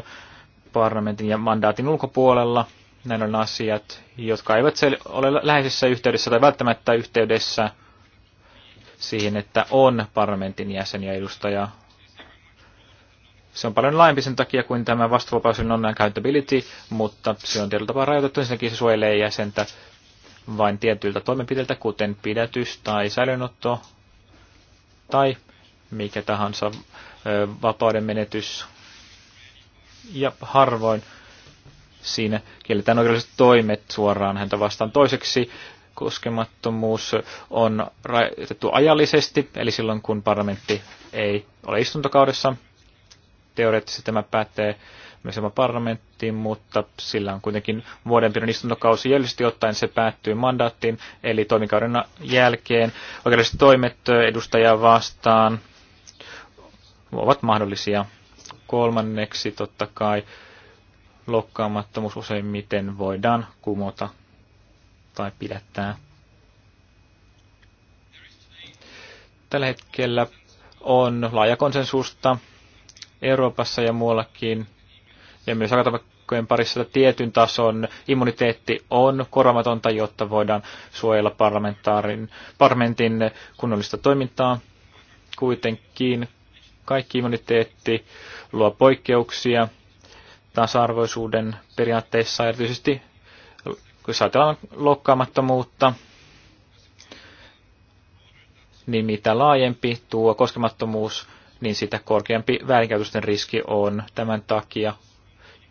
parlamentin ja mandaatin ulkopuolella. Näin on asiat, jotka eivät ole läheisessä yhteydessä tai välttämättä yhteydessä siihen, että on parlamentin jäsen ja edustaja. Se on paljon laajempi sen takia kuin tämä vastuvapaus on accountability, mutta se on tietyllä tapaa rajoitettu. Ensinnäkin se suojelee jäsentä vain tietyiltä toimenpiteiltä, kuten pidätys tai säilönotto tai mikä tahansa vapauden menetys. Ja harvoin siinä kielletään oikeudelliset toimet suoraan häntä vastaan. Toiseksi koskemattomuus on rajoitettu ajallisesti, eli silloin kun parlamentti ei ole istuntokaudessa. Teoreettisesti tämä pätee myös oma parlamenttiin, mutta sillä on kuitenkin pidon istuntokausi Jäljellisesti ottaen se päättyy mandaattiin, eli toimikauden jälkeen oikeudelliset toimet edustajaa vastaan ovat mahdollisia. Kolmanneksi totta kai lokkaamattomuus useimmiten voidaan kumota tai pidättää. Tällä hetkellä on laaja konsensusta Euroopassa ja muuallakin, ja myös rokotepakkojen parissa tietyn tason immuniteetti on korvamatonta, jotta voidaan suojella parlamentin kunnollista toimintaa. Kuitenkin kaikki immuniteetti luo poikkeuksia tasa-arvoisuuden periaatteissa, erityisesti jos ajatellaan loukkaamattomuutta, niin mitä laajempi tuo koskemattomuus, niin sitä korkeampi väärinkäytösten riski on tämän takia.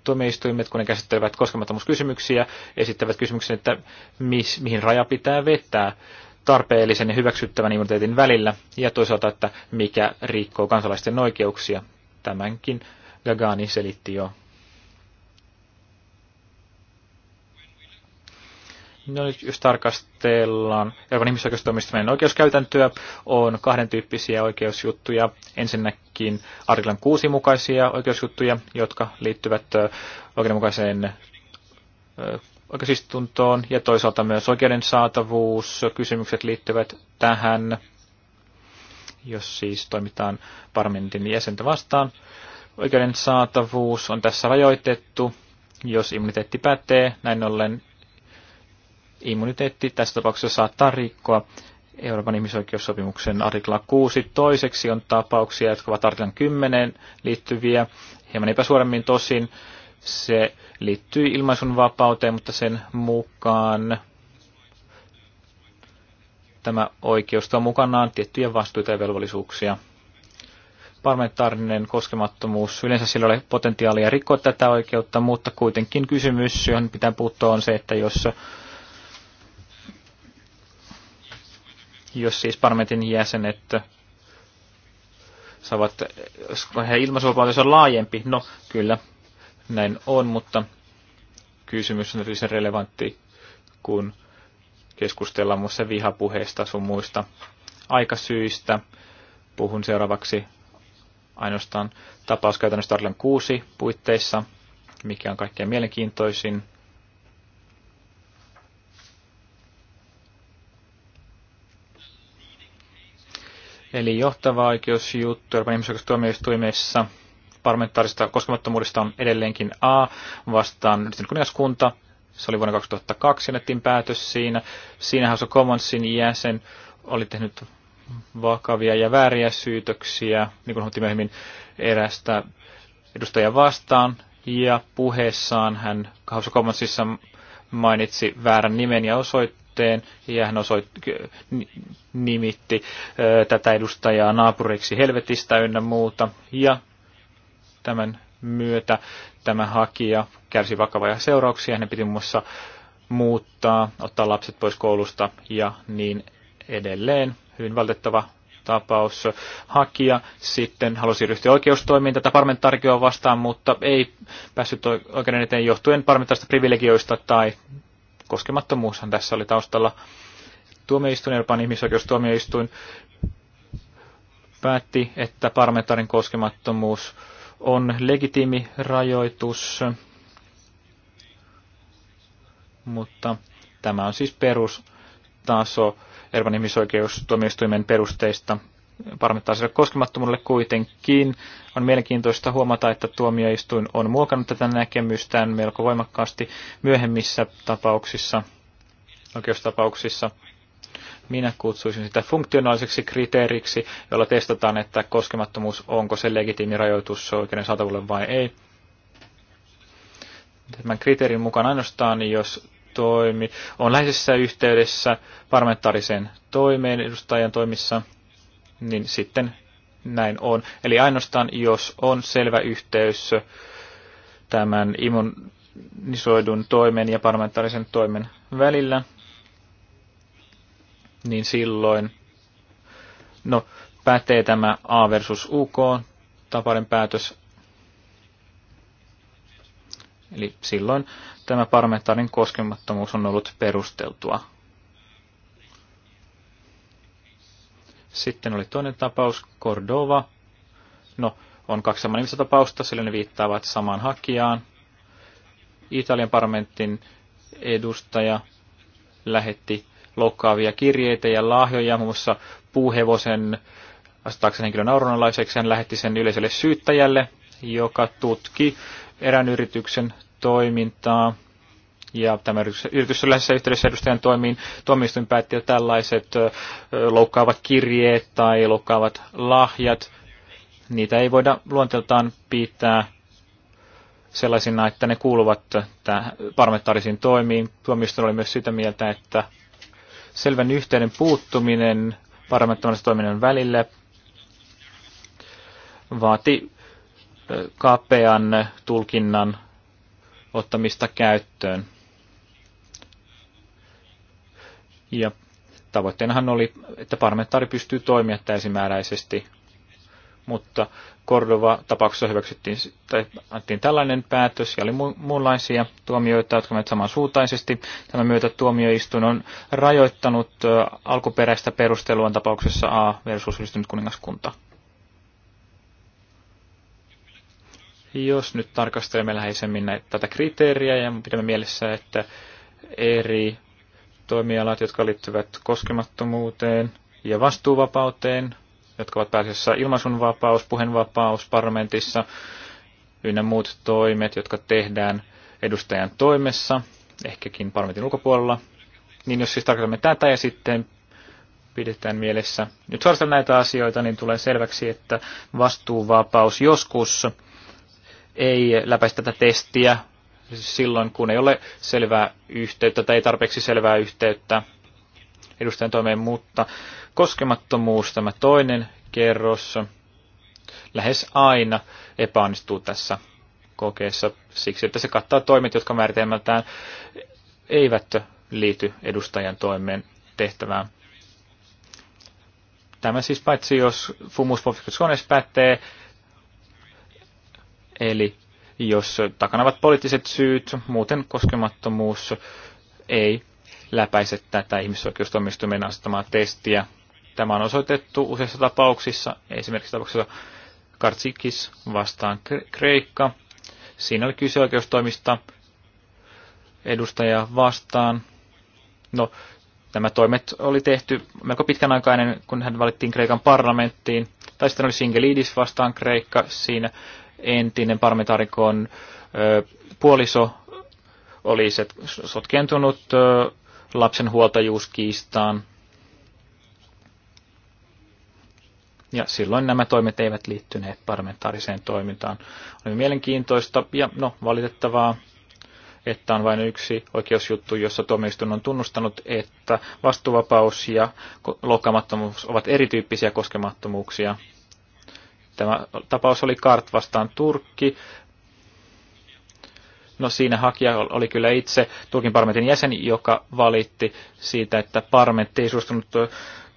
Tuomioistuimet, kun ne käsittelevät koskemattomuuskysymyksiä, esittävät kysymyksen, että mis, mihin raja pitää vetää tarpeellisen ja hyväksyttävän immuniteetin välillä, ja toisaalta, että mikä rikkoo kansalaisten oikeuksia. Tämänkin Gagani selitti jo. No nyt jos tarkastellaan Euroopan ihmisoikeustoimistaminen oikeuskäytäntöä, on kahden tyyppisiä oikeusjuttuja. Ensinnäkin artiklan 6 mukaisia oikeusjuttuja, jotka liittyvät oikeudenmukaiseen oikeusistuntoon ja toisaalta myös oikeuden saatavuus. Kysymykset liittyvät tähän, jos siis toimitaan parlamentin jäsentä vastaan. Oikeuden saatavuus on tässä rajoitettu, jos immuniteetti pätee. Näin ollen immuniteetti tässä tapauksessa saattaa rikkoa Euroopan ihmisoikeussopimuksen artikla 6. Toiseksi on tapauksia, jotka ovat artiklan 10 liittyviä, hieman epäsuoremmin tosin se liittyy ilmaisun vapauteen, mutta sen mukaan tämä oikeus tuo mukanaan tiettyjä vastuita ja velvollisuuksia. Parlamentaarinen koskemattomuus, yleensä sillä ole potentiaalia rikkoa tätä oikeutta, mutta kuitenkin kysymys, johon pitää puuttua, on se, että jos, jos siis parlamentin jäsenet saavat, he ilmaisuvapautensa on laajempi, no kyllä, näin on, mutta kysymys on erityisen relevantti, kun keskustellaan muissa vihapuheista sun muista aikasyistä. Puhun seuraavaksi ainoastaan tapauskäytännössä Arlen 6 puitteissa, mikä on kaikkein mielenkiintoisin. Eli johtava oikeusjuttu Euroopan ihmisoikeustuomioistuimessa parlamentaarista koskemattomuudesta on edelleenkin A vastaan yhdistynyt kuningaskunta. Se oli vuonna 2002, annettiin päätös siinä. Siinä House of Commonsin jäsen oli tehnyt vakavia ja vääriä syytöksiä, niin kuin huomattiin myöhemmin erästä edustajaa vastaan. Ja puheessaan hän House of Commonsissa mainitsi väärän nimen ja osoitteen, ja hän osoit, nimitti ö, tätä edustajaa naapuriksi helvetistä ynnä muuta. Ja Tämän myötä tämä hakija kärsi vakavia seurauksia. Hänen piti muun muassa muuttaa, ottaa lapset pois koulusta ja niin edelleen. Hyvin valitettava tapaus. Hakija sitten halusi ryhtyä oikeustoimiin tätä parlamentaarikkoa vastaan, mutta ei päässyt oikeuden eteen johtuen parlamentaarista privilegioista tai koskemattomuushan tässä oli taustalla. Tuomioistuin, Euroopan ihmisoikeustuomioistuin päätti, että parlamentaarin koskemattomuus on legitiimi rajoitus, mutta tämä on siis perustaso Euroopan ihmisoikeustuomioistuimen perusteista parlamentaiselle koskemattomuudelle kuitenkin. On mielenkiintoista huomata, että tuomioistuin on muokannut tätä näkemystään melko voimakkaasti myöhemmissä tapauksissa, oikeustapauksissa. Minä kutsuisin sitä funktionaaliseksi kriteeriksi, jolla testataan, että koskemattomuus, onko se legitiimi rajoitus oikeuden saatavulle vai ei. Tämän kriteerin mukaan ainoastaan, jos toimi on läheisessä yhteydessä parlamentaarisen toimeen edustajan toimissa, niin sitten näin on. Eli ainoastaan, jos on selvä yhteys tämän immunisoidun toimen ja parlamentaarisen toimen välillä, niin silloin no, pätee tämä A versus UK tapainen päätös. Eli silloin tämä parlamentaarinen koskemattomuus on ollut perusteltua. Sitten oli toinen tapaus, Cordova. No, on kaksi samanimistä tapausta, sillä ne viittaavat samaan hakijaan. Italian parlamentin edustaja lähetti loukkaavia kirjeitä ja lahjoja, muun muassa puuhevosen astaakseen henkilön auronalaiseksi. Hän lähetti sen yleiselle syyttäjälle, joka tutki erään yrityksen toimintaa. Ja tämä yritys lähes yhteydessä edustajan toimiin tuomioistuin päätti, että tällaiset loukkaavat kirjeet tai loukkaavat lahjat, niitä ei voida luonteeltaan pitää sellaisina, että ne kuuluvat parlamentaarisiin toimiin. Tuomioistuin oli myös sitä mieltä, että selvän yhteyden puuttuminen parlamentaarisen toiminnan välillä vaati kapean tulkinnan ottamista käyttöön. Ja tavoitteenahan oli, että parlamentaari pystyy toimia täysimääräisesti mutta Cordova-tapauksessa hyväksyttiin tai annettiin tällainen päätös ja oli mu- muunlaisia tuomioita, jotka menivät samansuuntaisesti. Tämän myötä tuomioistuin on rajoittanut ö, alkuperäistä perustelua tapauksessa A versus yhdistynyt kuningaskunta. Jos nyt tarkastelemme läheisemmin näitä, tätä kriteeriä ja pidämme mielessä, että eri toimialat, jotka liittyvät koskemattomuuteen ja vastuuvapauteen, jotka ovat pääasiassa ilmaisunvapaus, puheenvapaus parlamentissa ynnä muut toimet, jotka tehdään edustajan toimessa, ehkäkin parlamentin ulkopuolella. Niin jos siis tarkoitamme tätä ja sitten pidetään mielessä nyt suorastaan näitä asioita, niin tulee selväksi, että vastuuvapaus joskus ei läpäistä tätä testiä silloin, kun ei ole selvää yhteyttä tai ei tarpeeksi selvää yhteyttä edustajan toimeen, mutta koskemattomuus, tämä toinen kerros, lähes aina epäonnistuu tässä kokeessa siksi, että se kattaa toimet, jotka määritelmältään eivät liity edustajan toimeen tehtävään. Tämä siis paitsi, jos fumus ponficationes pätee, eli jos takana ovat poliittiset syyt, muuten koskemattomuus ei läpäise tätä ihmisoikeustuomioistuimen asettamaa testiä. Tämä on osoitettu useissa tapauksissa, esimerkiksi tapauksessa Kartsikis vastaan Kreikka. Siinä oli kyse oikeustoimista edustajaa vastaan. No, nämä toimet oli tehty melko pitkän aikainen, kun hän valittiin Kreikan parlamenttiin. Tai sitten oli Singelidis vastaan Kreikka. Siinä entinen parlamentaarikon puoliso oli se sotkentunut ö, lapsen huoltajuuskiistaan. Ja silloin nämä toimet eivät liittyneet parlamentaariseen toimintaan. Oli mielenkiintoista ja no, valitettavaa, että on vain yksi oikeusjuttu, jossa tuomioistuin on tunnustanut, että vastuuvapaus ja loukkaamattomuus ovat erityyppisiä koskemattomuuksia. Tämä tapaus oli Kart vastaan Turkki, No siinä hakija oli kyllä itse Turkin parlamentin jäsen, joka valitti siitä, että parlamentti ei suostunut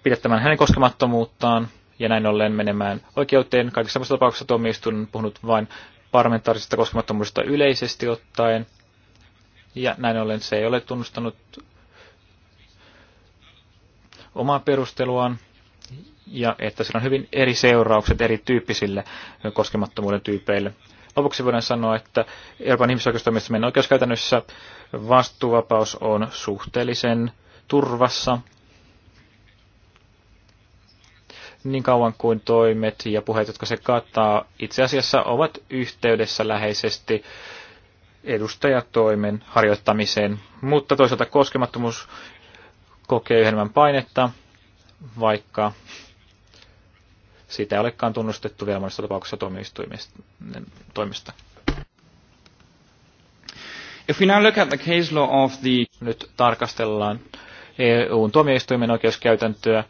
pidettämään hänen koskemattomuuttaan ja näin ollen menemään oikeuteen. Kaikissa muissa tapauksissa tuomioistuin on puhunut vain parlamentaarisesta koskemattomuudesta yleisesti ottaen. Ja näin ollen se ei ole tunnustanut omaa perusteluaan ja että sillä on hyvin eri seuraukset erityyppisille koskemattomuuden tyypeille. Lopuksi voidaan sanoa, että Euroopan ihmisoikeustoimistoimen oikeuskäytännössä vastuuvapaus on suhteellisen turvassa niin kauan kuin toimet ja puheet, jotka se kattaa, itse asiassa ovat yhteydessä läheisesti edustajatoimen harjoittamiseen. Mutta toisaalta koskemattomuus kokee yhden painetta, vaikka sitä ei olekaan tunnustettu vielä monessa tapauksessa toimista. If we now look at the case law of the... Nyt tarkastellaan eu tuomioistuimen oikeuskäytäntöä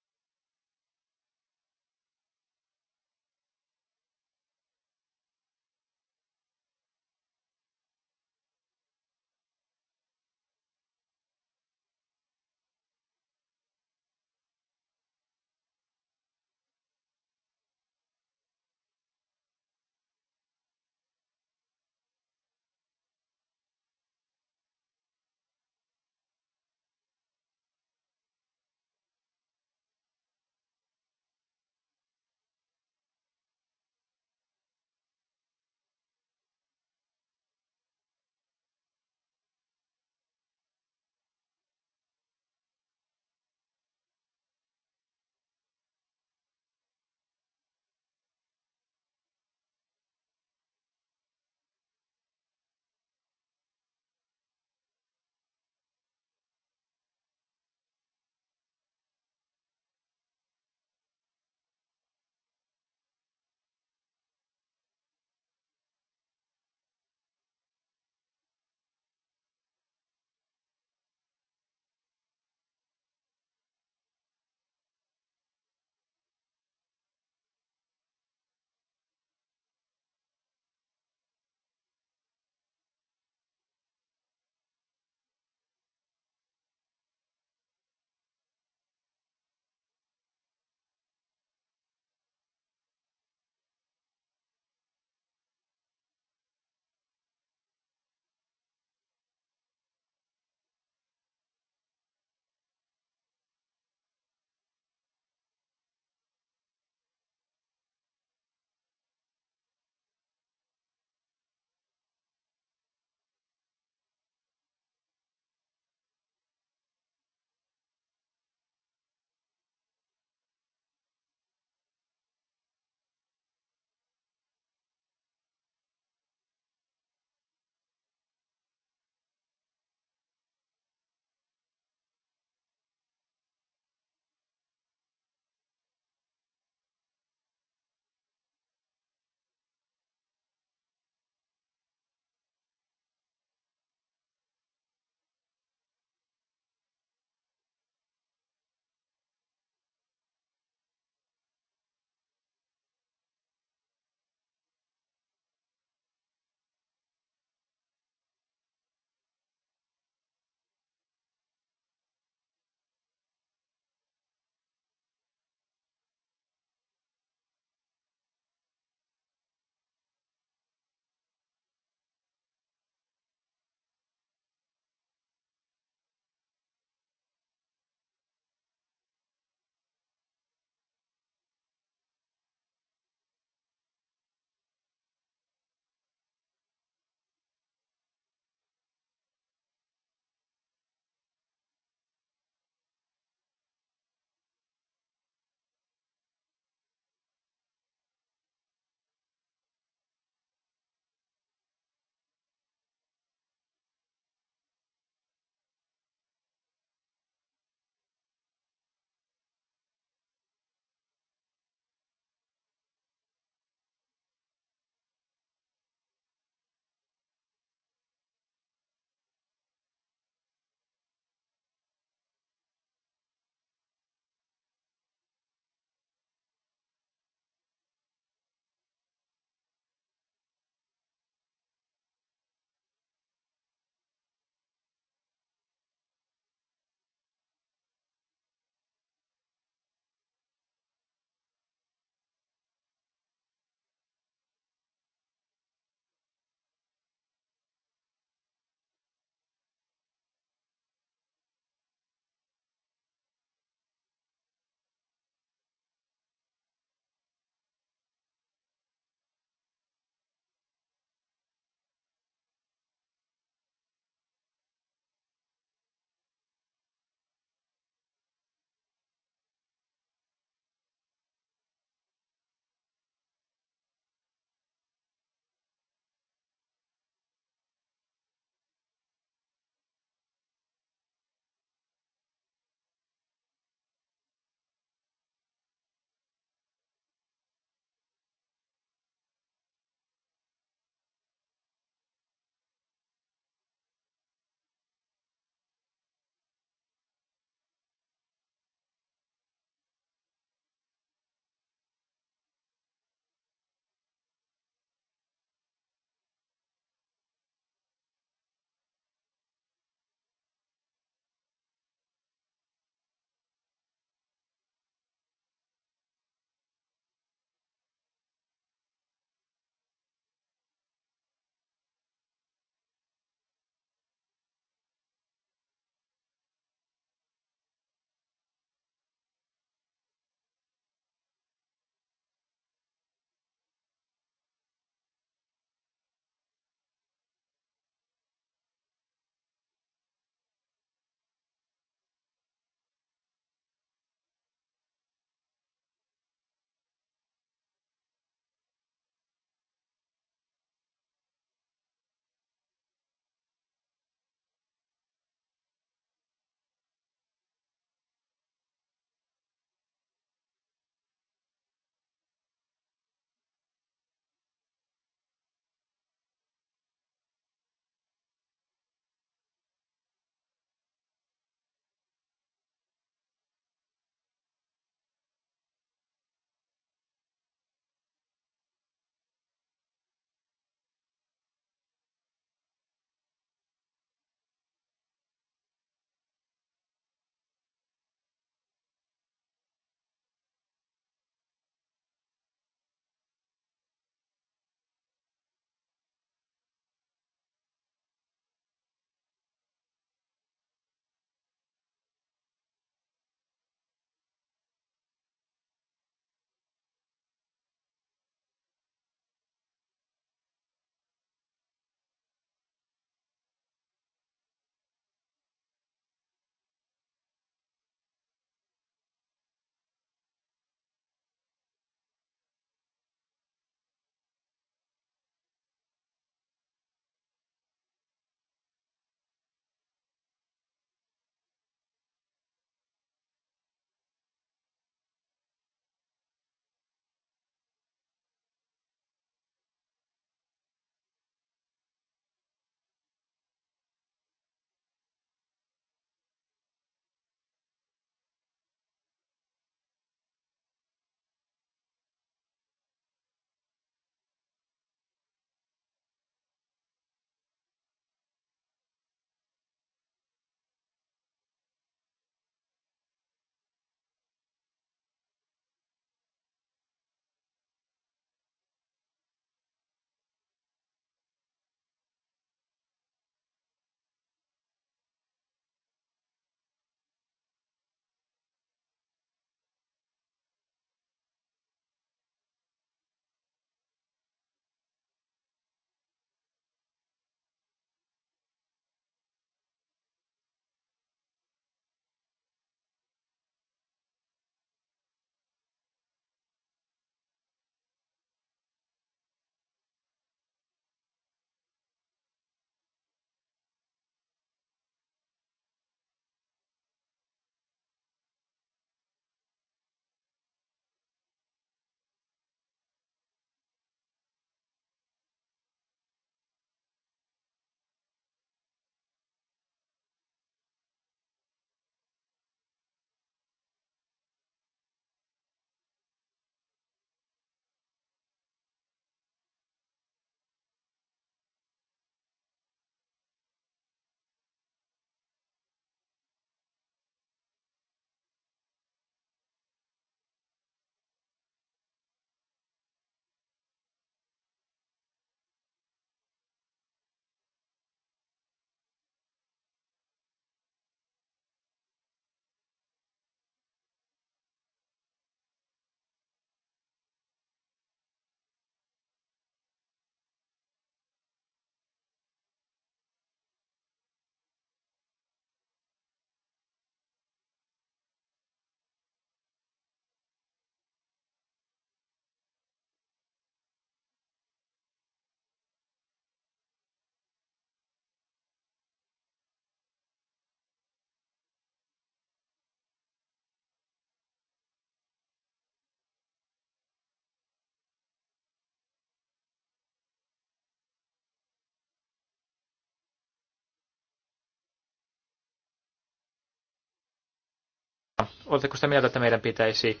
Oletteko sitä mieltä, että meidän pitäisi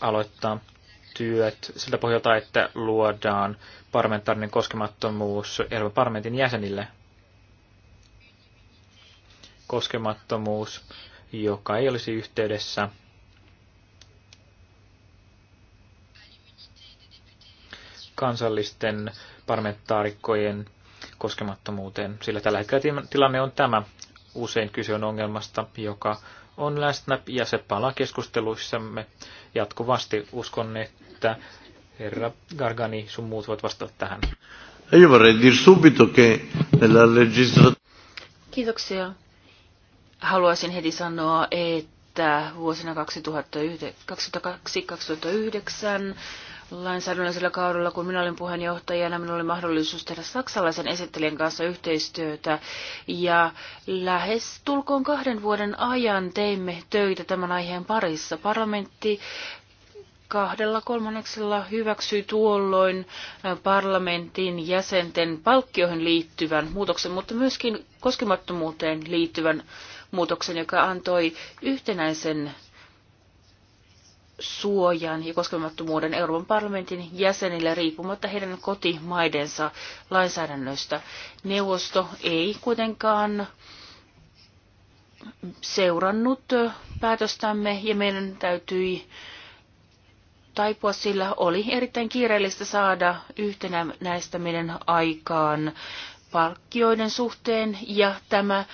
aloittaa työt siltä pohjalta, että luodaan parlamentaarinen koskemattomuus Euroopan parlamentin jäsenille? Koskemattomuus, joka ei olisi yhteydessä kansallisten parlamentaarikkojen koskemattomuuteen, sillä tällä hetkellä tilanne on tämä. Usein kyse on ongelmasta, joka on läsnä ja se palaa keskusteluissamme jatkuvasti. Uskon, että herra Gargani, sun muut voit vastata tähän. Io subito che nella legislatura... Kiitoksia. Haluaisin heti sanoa, että vuosina 2002-2009 lainsäädännöllisellä kaudella, kun minä olin puheenjohtajana, minulla oli mahdollisuus tehdä saksalaisen esittelijän kanssa yhteistyötä. Ja lähes tulkoon kahden vuoden ajan teimme töitä tämän aiheen parissa. Parlamentti kahdella kolmanneksella hyväksyi tuolloin parlamentin jäsenten palkkioihin liittyvän muutoksen, mutta myöskin koskemattomuuteen liittyvän muutoksen, joka antoi yhtenäisen suojan ja koskemattomuuden Euroopan parlamentin jäsenille riippumatta heidän kotimaidensa lainsäädännöstä. Neuvosto ei kuitenkaan seurannut päätöstämme ja meidän täytyi taipua, sillä oli erittäin kiireellistä saada yhtenä näistä meidän aikaan palkkioiden suhteen ja tämä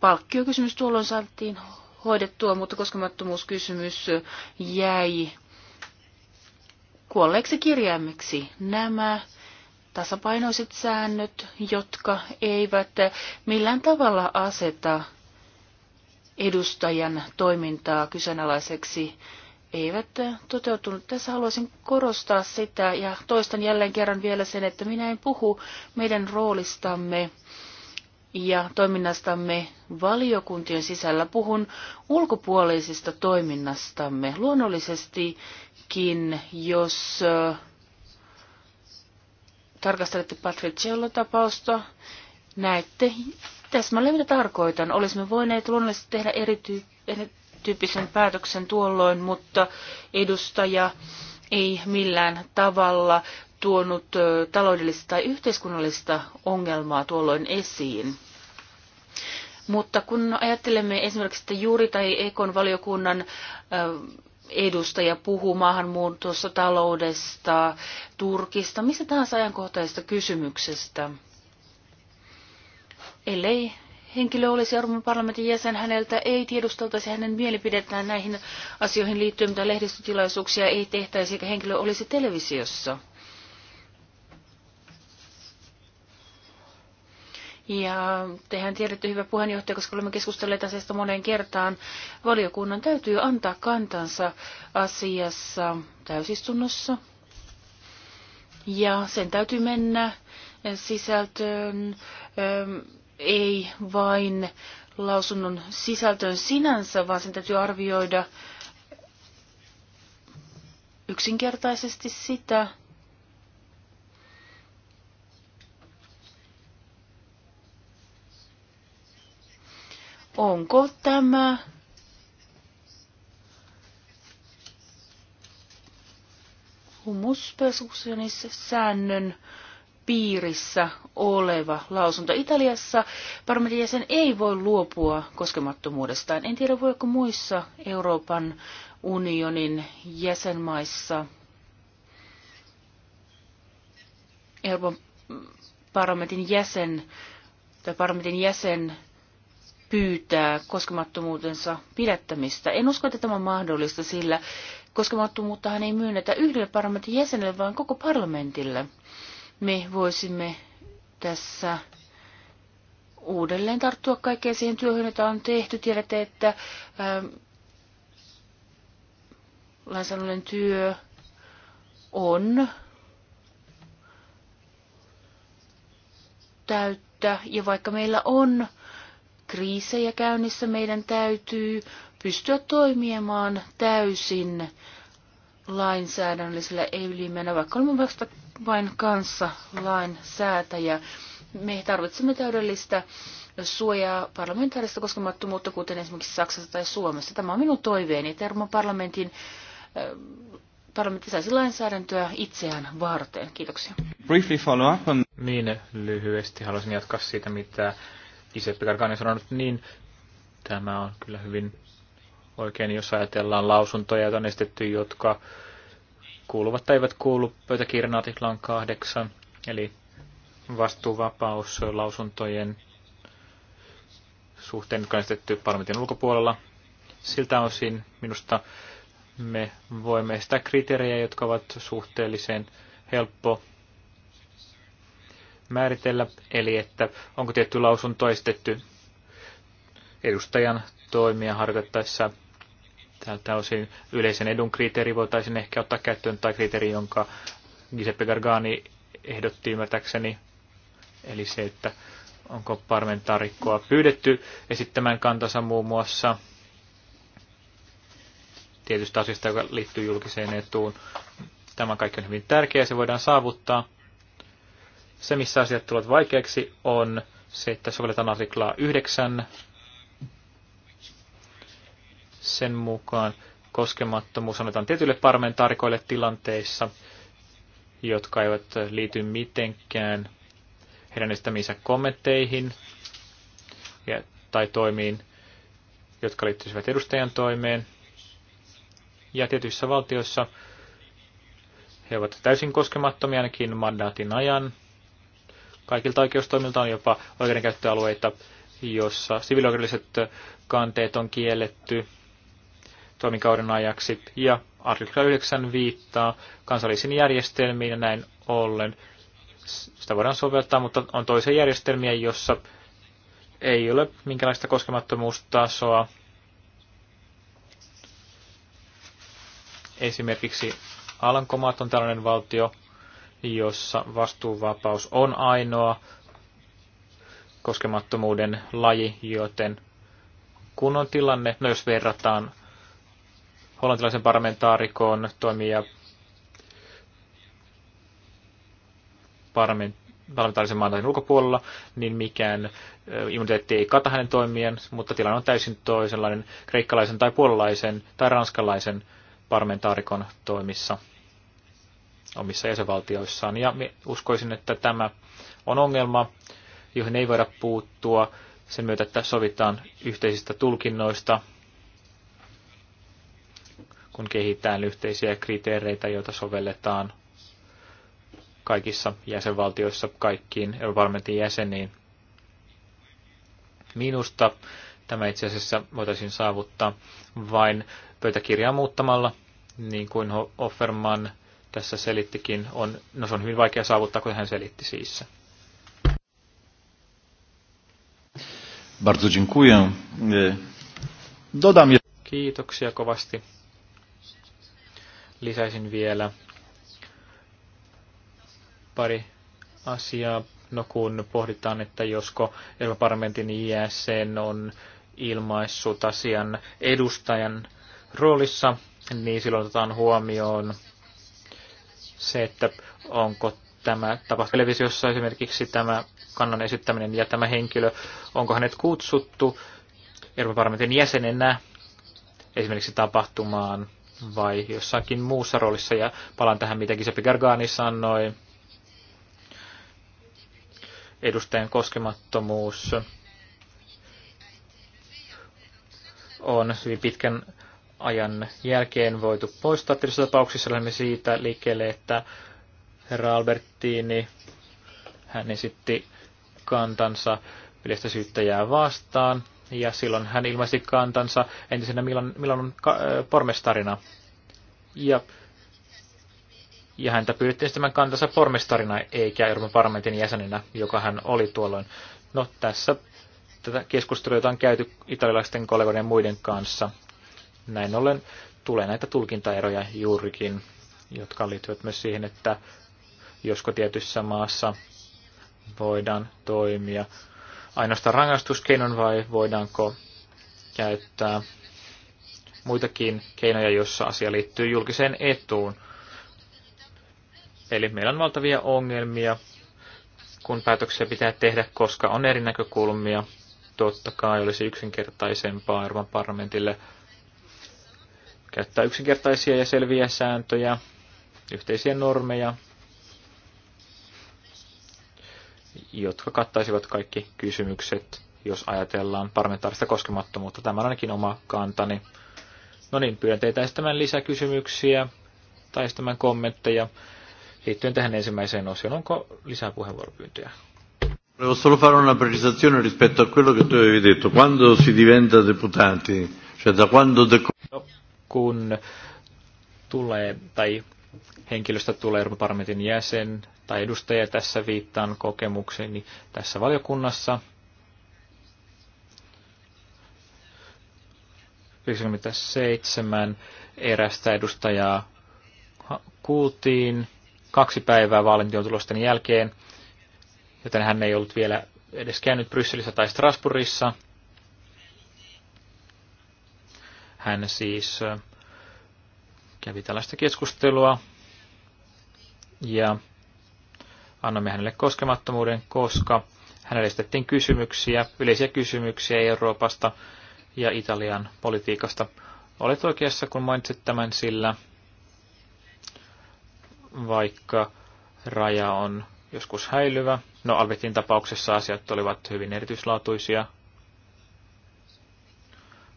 palkkiokysymys tuolloin saatiin hoidettua, mutta koskemattomuuskysymys jäi kuolleeksi kirjaimeksi. Nämä tasapainoiset säännöt, jotka eivät millään tavalla aseta edustajan toimintaa kyseenalaiseksi, eivät toteutunut. Tässä haluaisin korostaa sitä ja toistan jälleen kerran vielä sen, että minä en puhu meidän roolistamme ja toiminnastamme valiokuntien sisällä. Puhun ulkopuolisesta toiminnastamme. Luonnollisestikin, jos tarkastelette Patriciello-tapausta, näette täsmälleen mitä tarkoitan. Olisimme voineet luonnollisesti tehdä erityyppisen päätöksen tuolloin, mutta edustaja ei millään tavalla tuonut taloudellista tai yhteiskunnallista ongelmaa tuolloin esiin. Mutta kun ajattelemme esimerkiksi, että juuri tai Ekon valiokunnan edustaja puhuu maahanmuutosta, taloudesta, Turkista, missä tahansa ajankohtaisesta kysymyksestä, ellei henkilö olisi Euroopan parlamentin jäsen, häneltä ei tiedusteltaisi hänen mielipidettään näihin asioihin liittyen, mitä lehdistötilaisuuksia ei tehtäisi, eikä henkilö olisi televisiossa. Ja tehän tiedätte, hyvä puheenjohtaja, koska olemme keskustelleet asiasta moneen kertaan, valiokunnan täytyy antaa kantansa asiassa täysistunnossa. Ja sen täytyy mennä sisältöön, ähm, ei vain lausunnon sisältöön sinänsä, vaan sen täytyy arvioida yksinkertaisesti sitä, onko tämä humuspersuctionis säännön piirissä oleva lausunto. Italiassa parlamentin jäsen ei voi luopua koskemattomuudestaan. En tiedä, voiko muissa Euroopan unionin jäsenmaissa Euroopan parlamentin jäsen tai parlamentin jäsen pyytää koskemattomuutensa pidättämistä. En usko, että tämä on mahdollista, sillä koskemattomuuttahan ei myönnetä yhdelle parlamentin jäsenelle, vaan koko parlamentille. Me voisimme tässä uudelleen tarttua kaikkeen siihen työhön, jota on tehty. Tiedätte, että ähm, lainsäädännön työ on täyttä, ja vaikka meillä on kriisejä käynnissä, meidän täytyy pystyä toimimaan täysin lainsäädännöllisellä elimellä, vaikka olemme vasta vain kanssa lainsäätäjä. Me tarvitsemme täydellistä suojaa parlamentaarista koskemattomuutta, kuten esimerkiksi Saksassa tai Suomessa. Tämä on minun toiveeni, että Euroopan parlamentin äh, parlamentti saisi lainsäädäntöä itseään varten. Kiitoksia. Briefly follow up on... Niin, lyhyesti haluaisin jatkaa siitä, mitä Iseppi Karkani sanonut, niin tämä on kyllä hyvin oikein, jos ajatellaan lausuntoja, joita on estetty, jotka kuuluvat tai eivät kuulu pöytäkirjan artiklaan kahdeksan, eli vastuuvapaus lausuntojen suhteen, jotka on estetty parlamentin ulkopuolella. Siltä osin minusta me voimme estää kriteerejä, jotka ovat suhteellisen helppo määritellä, eli että onko tietty lausunto estetty edustajan toimia harjoitettaessa tältä osin yleisen edun kriteeri voitaisiin ehkä ottaa käyttöön, tai kriteeri, jonka Giuseppe Gargani ehdotti ymmärtäkseni, eli se, että onko parlamentaarikkoa pyydetty esittämään kantansa muun muassa tietystä asiasta, joka liittyy julkiseen etuun. Tämä kaikki on hyvin tärkeää, se voidaan saavuttaa, se, missä asiat tulevat vaikeaksi, on se, että sovelletaan artiklaa 9 sen mukaan koskemattomuus annetaan tietyille parlamentaarikoille tilanteissa, jotka eivät liity mitenkään heidän estämiinsä kommentteihin ja, tai toimiin, jotka liittyisivät edustajan toimeen. Ja tietyissä valtioissa he ovat täysin koskemattomia ainakin mandaatin ajan. Kaikilta oikeustoimilta on jopa oikeudenkäyttöalueita, jossa siviilioikeudelliset kanteet on kielletty toimikauden ajaksi. Ja artikla 9 viittaa kansallisiin järjestelmiin ja näin ollen sitä voidaan soveltaa, mutta on toisia järjestelmiä, jossa ei ole minkälaista koskemattomuustasoa. Esimerkiksi Alankomaat on tällainen valtio, jossa vastuuvapaus on ainoa koskemattomuuden laji, joten kun on tilanne, no jos verrataan hollantilaisen parlamentaarikoon toimija parlamentaarisen mandaatin ulkopuolella, niin mikään immuniteetti ei kata hänen toimien, mutta tilanne on täysin toisenlainen kreikkalaisen tai puolalaisen tai ranskalaisen parlamentaarikon toimissa omissa jäsenvaltioissaan. Ja uskoisin, että tämä on ongelma, johon ei voida puuttua sen myötä, että sovitaan yhteisistä tulkinnoista, kun kehitetään yhteisiä kriteereitä, joita sovelletaan kaikissa jäsenvaltioissa kaikkiin Euroopan jäseniin. Minusta tämä itse asiassa voitaisiin saavuttaa vain pöytäkirjaa muuttamalla, niin kuin Offerman tässä selittikin, on, no se on hyvin vaikea saavuttaa, kun hän selitti siis. Bardzo dziękuję. Dodam Kiitoksia kovasti. Lisäisin vielä pari asiaa. No kun pohditaan, että josko Euroopan parlamentin jäsen on ilmaissut asian edustajan roolissa, niin silloin otetaan huomioon se, että onko tämä tapahtuma televisiossa esimerkiksi tämä kannan esittäminen ja tämä henkilö, onko hänet kutsuttu Euroopan parlamentin jäsenenä esimerkiksi tapahtumaan vai jossakin muussa roolissa. Ja palaan tähän, mitä Giuseppe Gargani sanoi. Edustajan koskemattomuus on hyvin pitkän ajan jälkeen voitu poistaa. Tietysti tapauksissa lähdemme siitä liikkeelle, että herra Albertini, hän esitti kantansa yleistä syyttäjää vastaan, ja silloin hän ilmaisi kantansa entisenä Milan, Milanon ka- pormestarina. Ja, ja häntä pyydettiin tämän kantansa pormestarina, eikä Euroopan parlamentin jäsenenä, joka hän oli tuolloin. No tässä tätä keskustelua, jota on käyty italialaisten kollegoiden ja muiden kanssa. Näin ollen tulee näitä tulkintaeroja juurikin, jotka liittyvät myös siihen, että josko tietyssä maassa voidaan toimia ainoastaan rangaistuskeinon vai voidaanko käyttää muitakin keinoja, jossa asia liittyy julkiseen etuun. Eli meillä on valtavia ongelmia, kun päätöksiä pitää tehdä, koska on eri näkökulmia. Totta kai olisi yksinkertaisempaa Euroopan parlamentille käyttää yksinkertaisia ja selviä sääntöjä, yhteisiä normeja, jotka kattaisivat kaikki kysymykset, jos ajatellaan parlamentaarista koskemattomuutta. Tämä on ainakin oma kantani. No niin, pyydän teitä estämään lisäkysymyksiä tai estämään kommentteja liittyen tähän ensimmäiseen osioon. Onko lisää puheenvuoropyyntöjä? Volevo solo fare una precisazione rispetto a quello che tu avevi detto. Quando si diventa deputati, cioè da quando... De... No, kun tulee tai henkilöstä tulee Euroopan parlamentin jäsen tai edustaja, tässä viittaan niin tässä valiokunnassa. 97 erästä edustajaa kuultiin kaksi päivää vaalintion jälkeen, joten hän ei ollut vielä edes käynyt Brysselissä tai Strasbourgissa – Hän siis kävi tällaista keskustelua ja annamme hänelle koskemattomuuden, koska hänelle esitettiin kysymyksiä, yleisiä kysymyksiä Euroopasta ja Italian politiikasta. Olet oikeassa, kun mainitsit tämän sillä, vaikka raja on joskus häilyvä. No Albertin tapauksessa asiat olivat hyvin erityislaatuisia,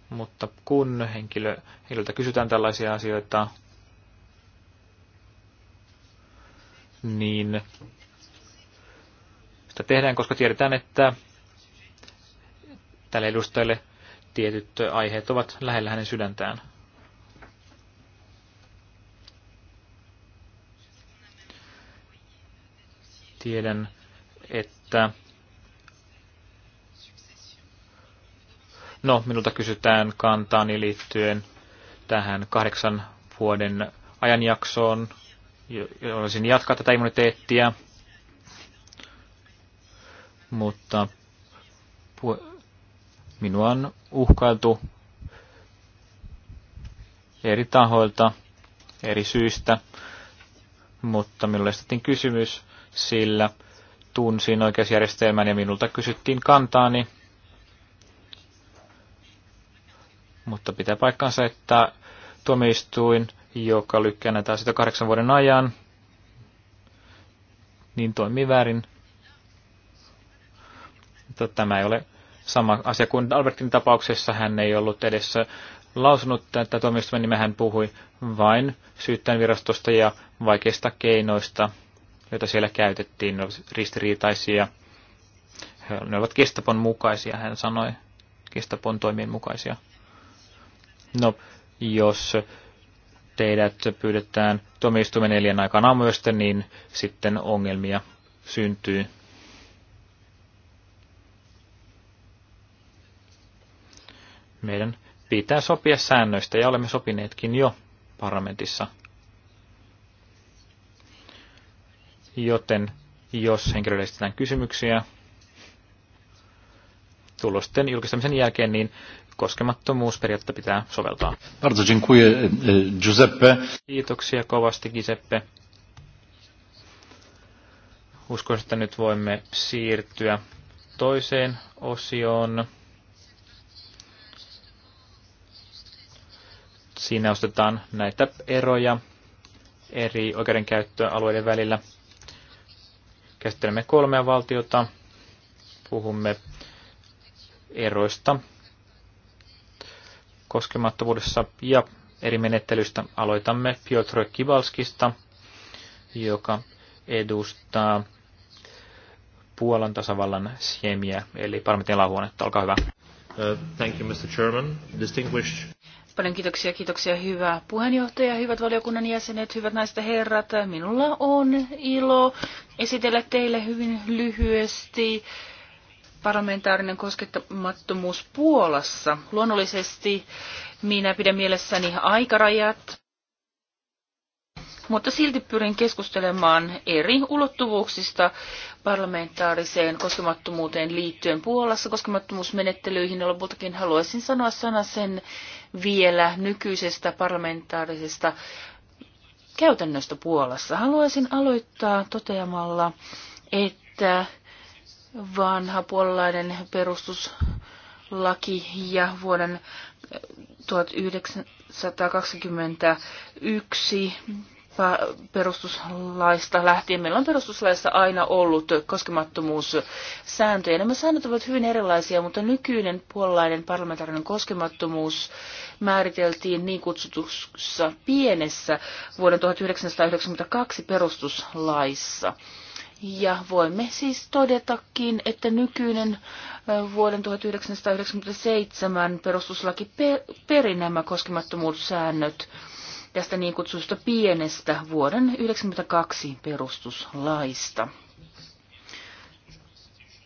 mutta kun henkilö, henkilöltä kysytään tällaisia asioita, niin sitä tehdään, koska tiedetään, että tälle edustajalle tietyt aiheet ovat lähellä hänen sydäntään. Tiedän, että No, minulta kysytään kantaani liittyen tähän kahdeksan vuoden ajanjaksoon, olisin jatkaa tätä immuniteettia, mutta minua on uhkailtu eri tahoilta, eri syistä, mutta minulle esitettiin kysymys, sillä tunsin oikeusjärjestelmän ja minulta kysyttiin kantaani Mutta pitää paikkansa, että tuomioistuin, joka lykkää näitä asioita kahdeksan vuoden ajan, niin toimii väärin. tämä ei ole sama asia kuin Albertin tapauksessa. Hän ei ollut edessä lausunut tätä tuomioistuimen nimeä. Hän puhui vain syyttäjän virastosta ja vaikeista keinoista, joita siellä käytettiin. Ne olivat ristiriitaisia. Ne ovat Kestapon mukaisia, hän sanoi. Kestapon toimien mukaisia. No, jos teidät pyydetään tuomioistuimen neljän aikana myöstä, niin sitten ongelmia syntyy. Meidän pitää sopia säännöistä ja olemme sopineetkin jo parlamentissa. Joten jos henkilölle esitetään kysymyksiä tulosten julkistamisen jälkeen, niin koskemattomuusperiaatetta pitää soveltaa. Bardzo dziękuję, e, e, Giuseppe. Kiitoksia kovasti, Giuseppe. Uskon, että nyt voimme siirtyä toiseen osioon. Siinä ostetaan näitä eroja eri oikeudenkäyttöalueiden välillä. Käsittelemme kolmea valtiota. Puhumme eroista koskemattomuudessa ja eri menettelystä. Aloitamme Piotr Kivalskista, joka edustaa Puolan tasavallan siemiä, eli parlamentin lahuonetta. Olkaa hyvä. Uh, thank you, Mr. Chairman. Distinguished Paljon kiitoksia, kiitoksia hyvä puheenjohtaja, hyvät valiokunnan jäsenet, hyvät naiset herrat. Minulla on ilo esitellä teille hyvin lyhyesti parlamentaarinen koskettamattomuus Puolassa. Luonnollisesti minä pidän mielessäni aikarajat, mutta silti pyrin keskustelemaan eri ulottuvuuksista parlamentaariseen koskemattomuuteen liittyen Puolassa koskemattomuusmenettelyihin. lopultakin haluaisin sanoa sana sen vielä nykyisestä parlamentaarisesta käytännöstä Puolassa. Haluaisin aloittaa toteamalla, että vanha puolalainen perustuslaki ja vuoden 1921 eh, perustuslaista lähtien. Meillä on perustuslaissa aina ollut koskemattomuussääntöjä. Nämä säännöt ovat hyvin erilaisia, mutta nykyinen puolalainen parlamentaarinen koskemattomuus määriteltiin niin kutsutussa pienessä vuoden 1992 perustuslaissa. Ja voimme siis todetakin, että nykyinen vuoden 1997 perustuslaki peri nämä koskemattomuussäännöt tästä niin kutsusta pienestä vuoden 1992 perustuslaista.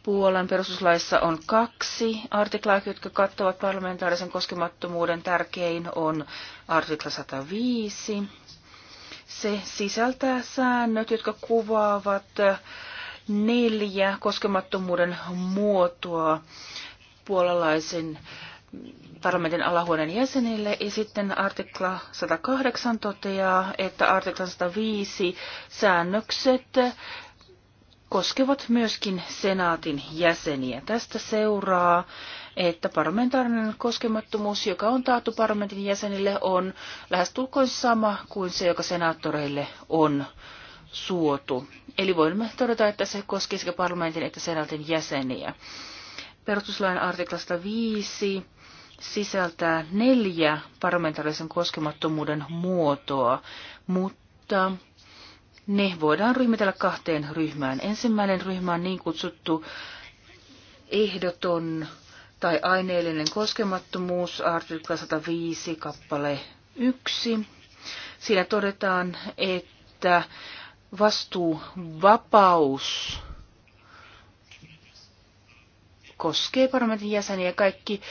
Puolan perustuslaissa on kaksi artiklaa, jotka kattavat parlamentaarisen koskemattomuuden. Tärkein on artikla 105, se sisältää säännöt, jotka kuvaavat äh, neljä koskemattomuuden muotoa puolalaisen mm, parlamentin alahuoneen jäsenille. Ja sitten artikla 108 toteaa, että artikla 105 säännökset koskevat myöskin senaatin jäseniä. Tästä seuraa, että parlamentaarinen koskemattomuus, joka on taattu parlamentin jäsenille, on lähestulkoon sama kuin se, joka senaattoreille on suotu. Eli voimme todeta, että se koskee sekä parlamentin että senaatin jäseniä. Perustuslain artiklasta 5 sisältää neljä parlamentaarisen koskemattomuuden muotoa, mutta ne voidaan ryhmitellä kahteen ryhmään. Ensimmäinen ryhmä on niin kutsuttu ehdoton tai aineellinen koskemattomuus, artikla 105, kappale 1. Siinä todetaan, että vastuuvapaus koskee parlamentin jäseniä ja kaikki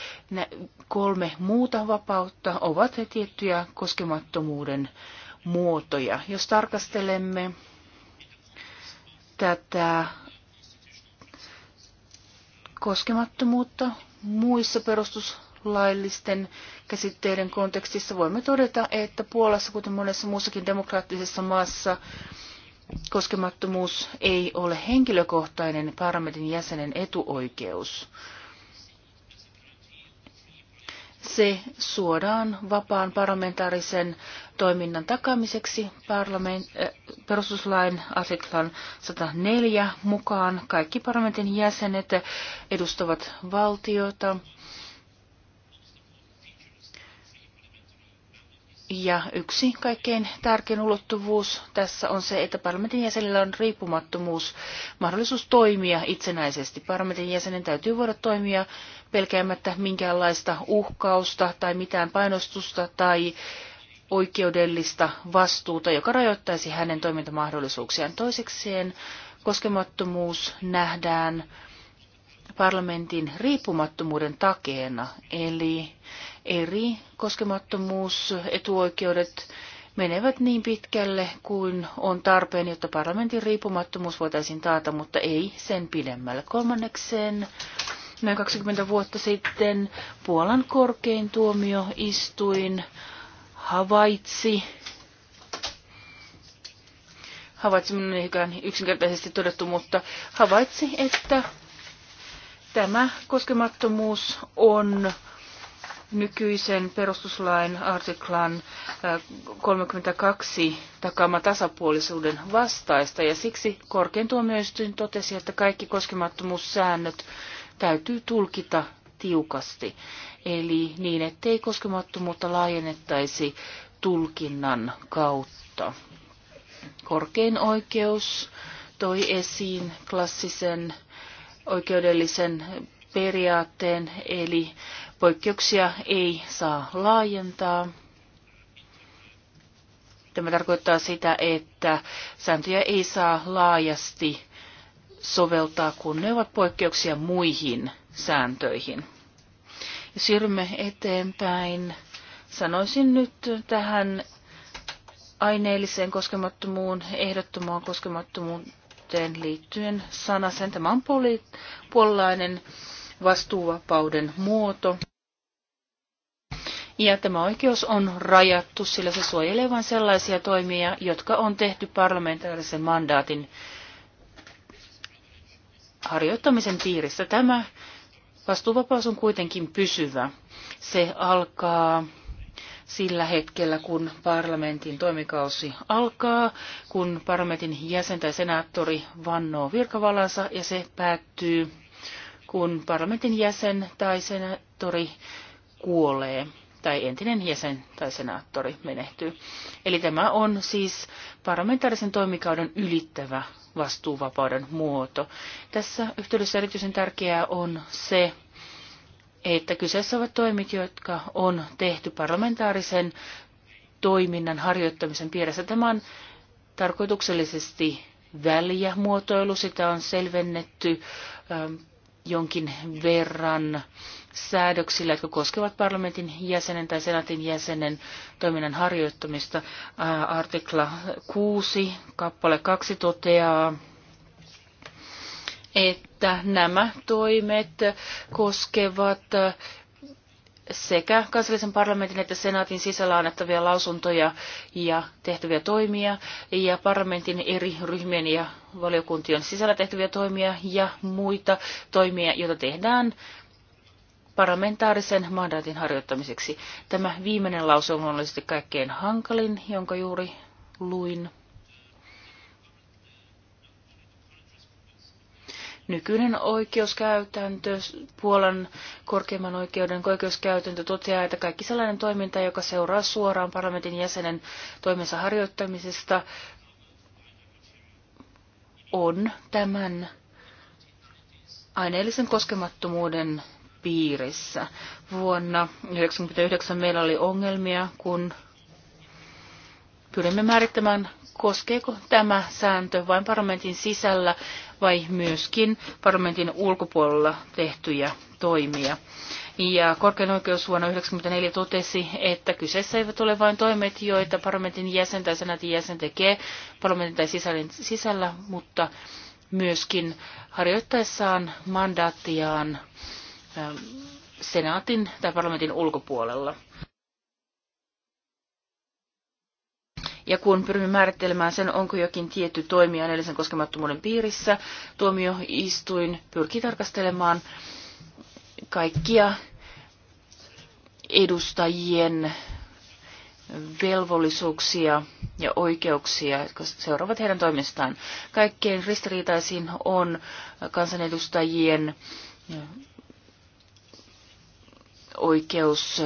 kolme muuta vapautta ovat tiettyjä koskemattomuuden muotoja. Jos tarkastelemme tätä koskemattomuutta muissa perustuslaillisten käsitteiden kontekstissa voimme todeta, että Puolassa, kuten monessa muussakin demokraattisessa maassa, koskemattomuus ei ole henkilökohtainen parlamentin jäsenen etuoikeus se suodaan vapaan parlamentaarisen toiminnan takamiseksi parlament, äh, perustuslain artiklan 104 mukaan. Kaikki parlamentin jäsenet edustavat valtiota Ja yksi kaikkein tärkein ulottuvuus tässä on se, että parlamentin jäsenillä on riippumattomuus, mahdollisuus toimia itsenäisesti. Parlamentin jäsenen täytyy voida toimia pelkäämättä minkäänlaista uhkausta tai mitään painostusta tai oikeudellista vastuuta, joka rajoittaisi hänen toimintamahdollisuuksiaan. Toisekseen koskemattomuus nähdään parlamentin riippumattomuuden takeena, eli eri koskemattomuus, etuoikeudet menevät niin pitkälle kuin on tarpeen, jotta parlamentin riippumattomuus voitaisiin taata, mutta ei sen pidemmälle. Kolmannekseen noin 20 vuotta sitten Puolan korkein tuomioistuin havaitsi havaitsi ei ikään yksinkertaisesti todettu, mutta havaitsi, että tämä koskemattomuus on nykyisen perustuslain artiklan 32 äh, takama tasapuolisuuden vastaista ja siksi korkein tuomioistuin totesi, että kaikki koskemattomuussäännöt täytyy tulkita tiukasti, eli niin, ettei koskemattomuutta laajennettaisi tulkinnan kautta. Korkein oikeus toi esiin klassisen oikeudellisen periaatteen, eli Poikkeuksia ei saa laajentaa. Tämä tarkoittaa sitä, että sääntöjä ei saa laajasti soveltaa, kun ne ovat poikkeuksia muihin sääntöihin. siirrymme eteenpäin. Sanoisin nyt tähän aineelliseen koskemattomuun, ehdottomaan koskemattomuuteen liittyen sanasen. Tämä on poli- vastuuvapauden muoto. Ja tämä oikeus on rajattu, sillä se suojelee vain sellaisia toimia, jotka on tehty parlamentaarisen mandaatin harjoittamisen piirissä. Tämä vastuuvapaus on kuitenkin pysyvä. Se alkaa sillä hetkellä, kun parlamentin toimikausi alkaa, kun parlamentin jäsen tai senaattori vannoo virkavalansa ja se päättyy, kun parlamentin jäsen tai senaattori kuolee tai entinen jäsen tai senaattori menehtyy. Eli tämä on siis parlamentaarisen toimikauden ylittävä vastuuvapauden muoto. Tässä yhteydessä erityisen tärkeää on se, että kyseessä ovat toimit, jotka on tehty parlamentaarisen toiminnan harjoittamisen piirissä. Tämä on tarkoituksellisesti väliä muotoilu, sitä on selvennetty ähm, jonkin verran säädöksillä, jotka koskevat parlamentin jäsenen tai senaatin jäsenen toiminnan harjoittamista. Artikla 6, kappale 2 toteaa, että nämä toimet koskevat sekä kansallisen parlamentin että senaatin sisällä annettavia lausuntoja ja tehtäviä toimia ja parlamentin eri ryhmien ja valiokuntien sisällä tehtäviä toimia ja muita toimia, joita tehdään parlamentaarisen mandaatin harjoittamiseksi. Tämä viimeinen lause on luonnollisesti kaikkein hankalin, jonka juuri luin. Nykyinen oikeuskäytäntö, Puolan korkeimman oikeuden oikeuskäytäntö toteaa, että kaikki sellainen toiminta, joka seuraa suoraan parlamentin jäsenen toimensa harjoittamisesta, on tämän aineellisen koskemattomuuden piirissä. Vuonna 1999 meillä oli ongelmia, kun pyrimme määrittämään, koskeeko tämä sääntö vain parlamentin sisällä vai myöskin parlamentin ulkopuolella tehtyjä toimia. Ja korkein oikeus vuonna 1994 totesi, että kyseessä eivät ole vain toimet, joita parlamentin jäsen tai senaatin jäsen tekee parlamentin tai sisällä, mutta myöskin harjoittaessaan mandaattiaan Ähm, senaatin tai parlamentin ulkopuolella. Ja kun pyrimme määrittelemään sen, onko jokin tietty toimija edellisen koskemattomuuden piirissä, tuomioistuin pyrkii tarkastelemaan kaikkia edustajien velvollisuuksia ja oikeuksia, jotka seuraavat heidän toimistaan. Kaikkein ristiriitaisin on kansanedustajien oikeus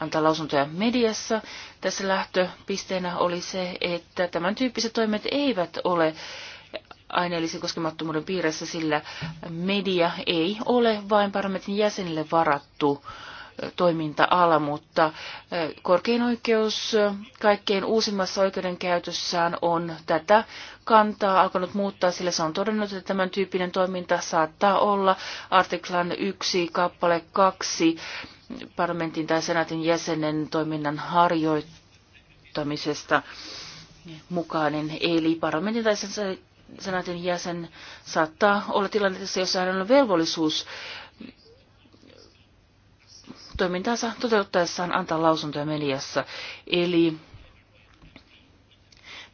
antaa lausuntoja mediassa. Tässä lähtöpisteenä oli se, että tämän tyyppiset toimet eivät ole aineellisen koskemattomuuden piirissä, sillä media ei ole vain parlamentin jäsenille varattu äh, toiminta-ala, mutta korkein oikeus kaikkein uusimmassa oikeudenkäytössään on tätä kantaa alkanut muuttaa, sillä se on todennut, että tämän tyyppinen toiminta saattaa olla artiklan 1 kappale 2 parlamentin tai senaatin jäsenen toiminnan harjoittamisesta mukainen. Eli parlamentin tai senaatin jäsen saattaa olla tilanteessa, jossa hän on velvollisuus toimintansa toteuttaessaan antaa lausuntoja mediassa. Eli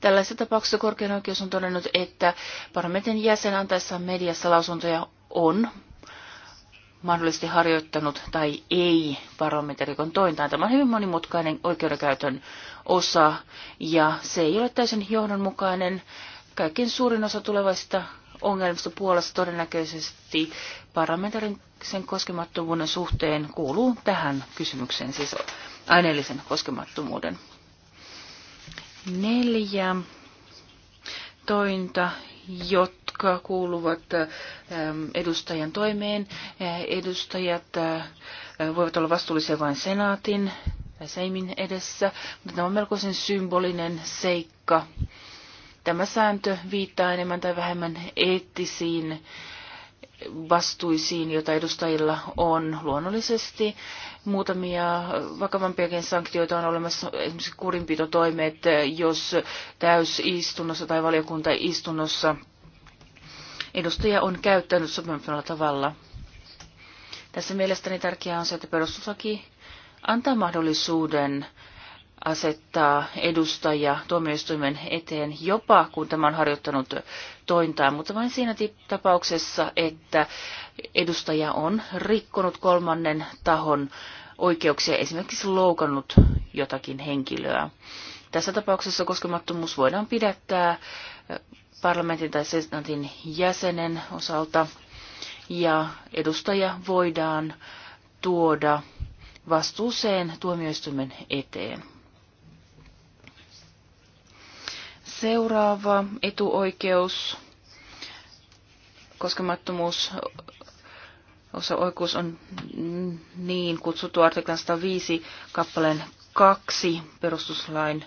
Tällaisessa tapauksessa korkein oikeus on todennut, että parlamentin jäsen antaessaan mediassa lausuntoja on mahdollisesti harjoittanut tai ei parlamentarikon tointaa. Tämä on hyvin monimutkainen oikeudenkäytön osa ja se ei ole täysin johdonmukainen. Kaikkein suurin osa tulevaisista ongelmista Puolassa todennäköisesti parlamentaarisen koskemattomuuden suhteen kuuluu tähän kysymykseen, siis aineellisen koskemattomuuden. Neljä tointa, jotka kuuluvat ähm, edustajan toimeen. Äh, edustajat äh, voivat olla vastuullisia vain senaatin tai äh, seimin edessä, mutta tämä on melkoisen symbolinen seikka Tämä sääntö viittaa enemmän tai vähemmän eettisiin vastuisiin, joita edustajilla on luonnollisesti. Muutamia vakavampiakin sanktioita on olemassa, esimerkiksi kurinpitotoimet, jos täysistunnossa tai valiokuntaistunnossa edustaja on käyttänyt sopimattomalla tavalla. Tässä mielestäni tärkeää on se, että perustuslaki antaa mahdollisuuden asettaa edustajia tuomioistuimen eteen jopa, kun tämä on harjoittanut tointaa, mutta vain siinä tapauksessa, että edustaja on rikkonut kolmannen tahon oikeuksia, esimerkiksi loukannut jotakin henkilöä. Tässä tapauksessa koskemattomuus voidaan pidättää parlamentin tai senaatin jäsenen osalta ja edustaja voidaan tuoda vastuuseen tuomioistuimen eteen. Seuraava etuoikeus, koskemattomuus, osa oikeus on niin kutsuttu artiklan 105 kappaleen 2 perustuslain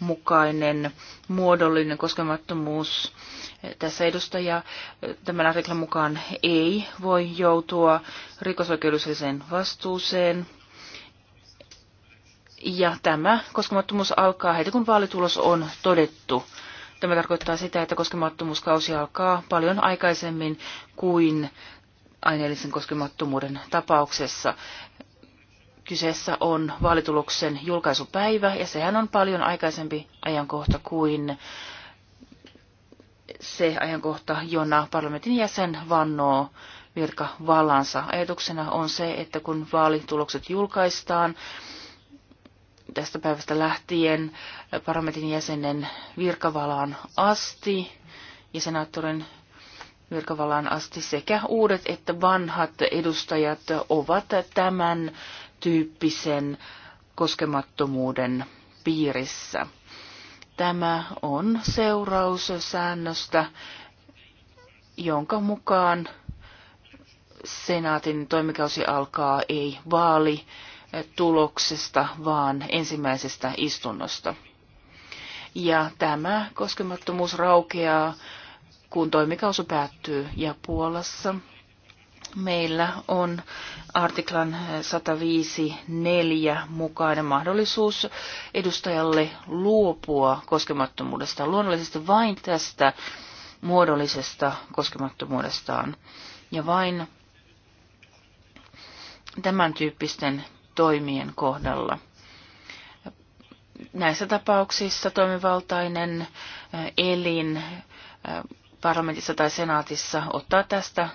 mukainen muodollinen koskemattomuus. Tässä edustaja tämän artiklan mukaan ei voi joutua rikosoikeudelliseen vastuuseen. Ja tämä koskemattomuus alkaa heti, kun vaalitulos on todettu. Tämä tarkoittaa sitä, että koskemattomuuskausi alkaa paljon aikaisemmin kuin aineellisen koskemattomuuden tapauksessa. Kyseessä on vaalituloksen julkaisupäivä, ja sehän on paljon aikaisempi ajankohta kuin se ajankohta, jona parlamentin jäsen vannoo vallansa. Ajatuksena on se, että kun vaalitulokset julkaistaan, tästä päivästä lähtien parlamentin jäsenen virkavalaan asti ja senaattorin virkavalaan asti sekä uudet että vanhat edustajat ovat tämän tyyppisen koskemattomuuden piirissä. Tämä on seuraus säännöstä, jonka mukaan senaatin toimikausi alkaa ei vaali tuloksesta, vaan ensimmäisestä istunnosta. Ja tämä koskemattomuus raukeaa, kun toimikausi päättyy ja Puolassa meillä on artiklan 105.4 mukainen mahdollisuus edustajalle luopua koskemattomuudesta luonnollisesti vain tästä muodollisesta koskemattomuudestaan ja vain tämän tyyppisten toimien kohdalla. Näissä tapauksissa toimivaltainen äh, elin äh, parlamentissa tai senaatissa ottaa tästä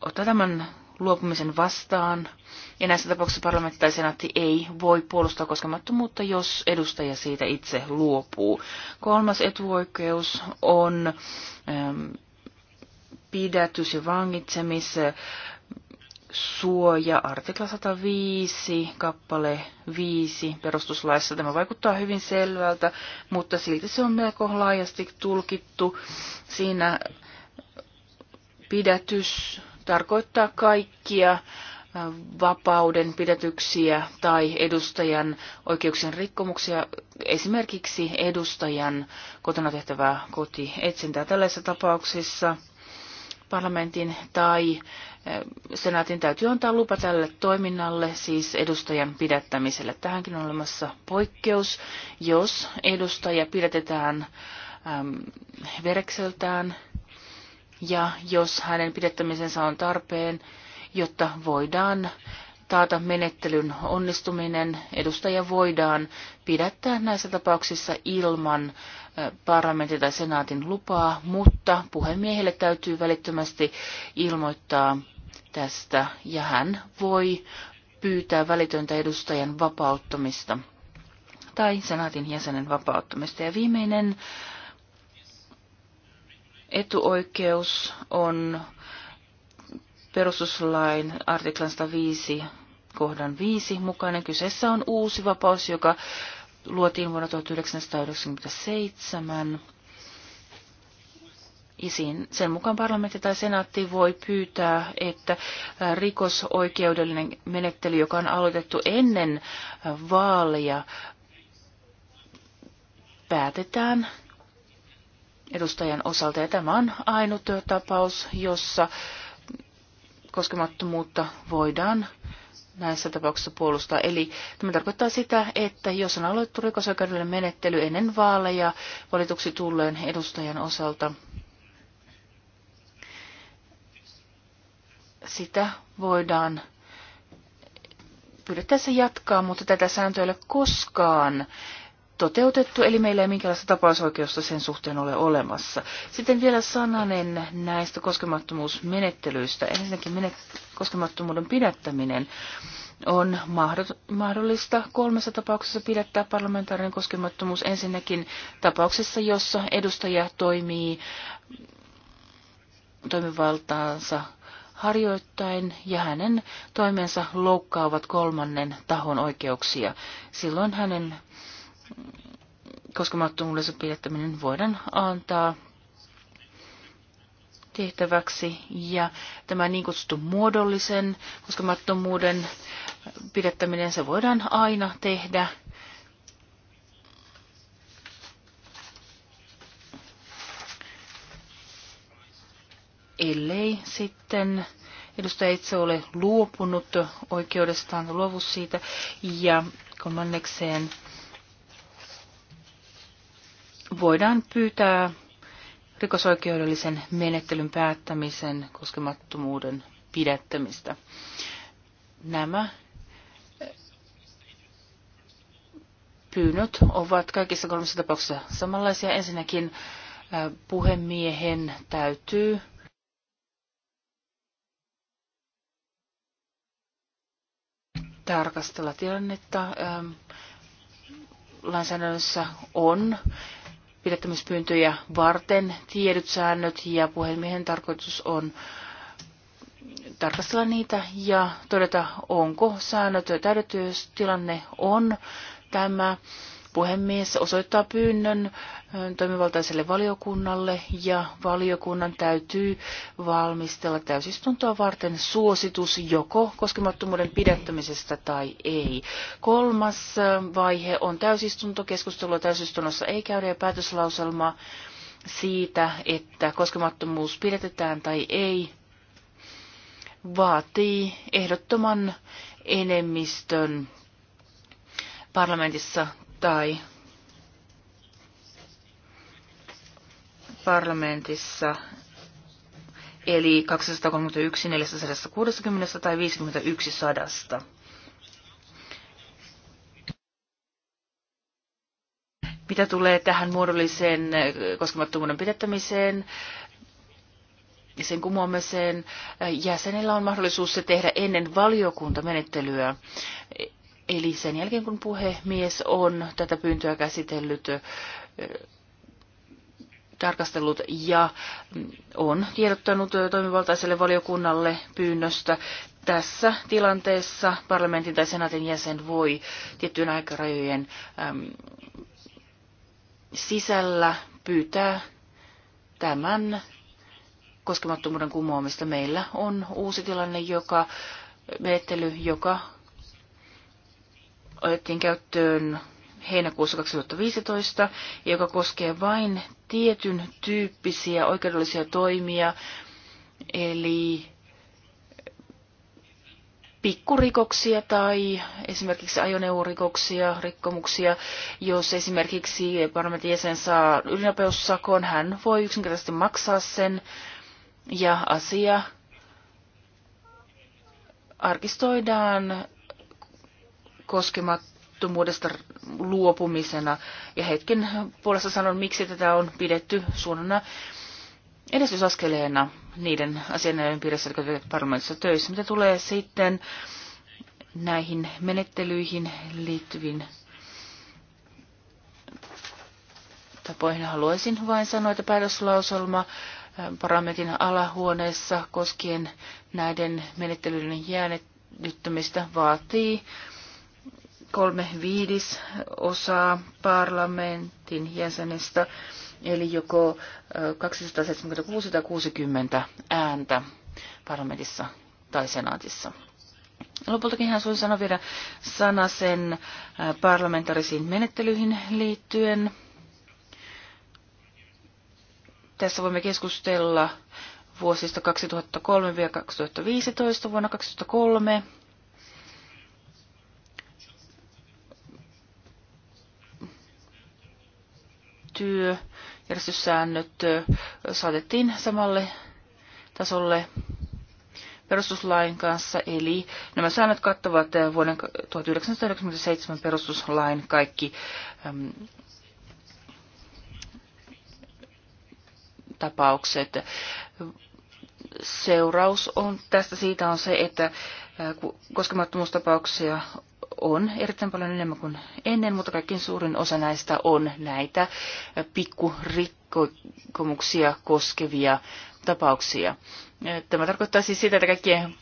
ottaa tämän luopumisen vastaan. Ja näissä tapauksissa parlamentti tai senaatti ei voi puolustaa koskemattomuutta, jos edustaja siitä itse luopuu. Kolmas etuoikeus on äm, pidätys- ja vangitsemis suoja, artikla 105, kappale 5 perustuslaissa. Tämä vaikuttaa hyvin selvältä, mutta silti se on melko laajasti tulkittu. Siinä pidätys tarkoittaa kaikkia äh, vapauden pidätyksiä tai edustajan oikeuksien rikkomuksia, esimerkiksi edustajan kotona tehtävää kotietsintää tällaisissa tapauksissa – parlamentin tai eh, senaatin täytyy antaa lupa tälle toiminnalle, siis edustajan pidättämiselle. Tähänkin on olemassa poikkeus, jos edustaja pidätetään äm, verekseltään ja jos hänen pidättämisensä on tarpeen, jotta voidaan taata menettelyn onnistuminen, edustaja voidaan pidättää näissä tapauksissa ilman parlamentin tai senaatin lupaa, mutta puhemiehelle täytyy välittömästi ilmoittaa tästä ja hän voi pyytää välitöntä edustajan vapauttamista tai senaatin jäsenen vapauttamista. Ja viimeinen etuoikeus on perustuslain artiklan 105 kohdan 5 mukainen. Kyseessä on uusi vapaus, joka luotiin vuonna 1997. Isin. Sen mukaan parlamentti tai senaatti voi pyytää, että äh, rikosoikeudellinen menettely, joka on aloitettu ennen äh, vaalia, päätetään edustajan osalta. Ja tämä on ainut tapaus, jossa koskemattomuutta voidaan näissä tapauksissa puolustaa. Eli tämä tarkoittaa sitä, että jos on aloittu rikosoikeudellinen menettely ennen vaaleja valituksi tulleen edustajan osalta, sitä voidaan pyydettäessä jatkaa, mutta tätä sääntöä ei ole koskaan toteutettu, eli meillä ei minkäänlaista tapausoikeusta sen suhteen ole olemassa. Sitten vielä sananen näistä koskemattomuusmenettelyistä. Ensinnäkin menet- koskemattomuuden pidättäminen on mahdollista kolmessa tapauksessa pidättää parlamentaarinen koskemattomuus. Ensinnäkin tapauksessa, jossa edustaja toimii toimivaltaansa harjoittain ja hänen toimensa loukkaavat kolmannen tahon oikeuksia. Silloin hänen koskemattomuudensa pidättäminen voidaan antaa tehtäväksi. Ja tämä niin kutsuttu muodollisen koskemattomuuden pidettäminen se voidaan aina tehdä. Ellei sitten edustaja itse ole luopunut oikeudestaan, luovu siitä. Ja kolmannekseen voidaan pyytää rikosoikeudellisen menettelyn päättämisen koskemattomuuden pidättämistä. Nämä eh, pyynnöt ovat kaikissa kolmessa tapauksessa samanlaisia. Ensinnäkin eh, puhemiehen täytyy tarkastella tilannetta. Eh, lainsäädännössä on pidättämispyyntöjä varten tiedyt säännöt ja puhemiehen tarkoitus on tarkastella niitä ja todeta, onko säännöt täydetty, jos tilanne on tämä. Puhemies osoittaa pyynnön toimivaltaiselle valiokunnalle ja valiokunnan täytyy valmistella täysistuntoa varten suositus joko koskemattomuuden pidättämisestä tai ei. Kolmas vaihe on täysistunto. Keskustelua täysistunnossa ei käydä ja päätöslauselma siitä, että koskemattomuus pidetään tai ei, vaatii ehdottoman enemmistön parlamentissa tai parlamentissa, eli 231, 460 tai 51 sadasta. Mitä tulee tähän muodolliseen koskemattomuuden pidettämiseen, sen kumoamiseen, jäsenellä on mahdollisuus se tehdä ennen valiokuntamenettelyä. Eli sen jälkeen, kun puhemies on tätä pyyntöä käsitellyt, tarkastellut ja on tiedottanut toimivaltaiselle valiokunnalle pyynnöstä. Tässä tilanteessa parlamentin tai senaatin jäsen voi tiettyjen aikarajojen sisällä pyytää tämän koskemattomuuden kumoamista. Meillä on uusi tilanne, joka menettely, joka otettiin käyttöön heinäkuussa 2015, joka koskee vain tietyn tyyppisiä oikeudellisia toimia, eli pikkurikoksia tai esimerkiksi ajoneuvorikoksia, rikkomuksia. Jos esimerkiksi parlamentin jäsen saa ylinopeussakon, hän voi yksinkertaisesti maksaa sen ja asia arkistoidaan koskemattomuudesta luopumisena. Ja hetken puolesta sanon, miksi tätä on pidetty suunnana edistysaskeleena niiden asianajojen piirissä, jotka tekevät parlamentissa töissä. Mitä tulee sitten näihin menettelyihin liittyviin tapoihin, haluaisin vain sanoa, että päätöslauselma parlamentin alahuoneessa koskien näiden menettelyiden jäänetyttämistä vaatii kolme viides osaa parlamentin jäsenestä, eli joko 276 60 ääntä parlamentissa tai senaatissa. Lopultakin hän suin sanoa vielä sana sen parlamentaarisiin menettelyihin liittyen. Tässä voimme keskustella vuosista 2003-2015 vuonna 2003 järjestyssäännöt saatettiin samalle tasolle perustuslain kanssa, eli nämä säännöt kattavat vuoden 1997 perustuslain kaikki äm, tapaukset. Seuraus on, tästä siitä on se, että koskemattomuustapauksia on erittäin paljon enemmän kuin ennen, mutta kaikkein suurin osa näistä on näitä pikkurikkomuksia koskevia tapauksia. Tämä tarkoittaa siis sitä, että kaikkien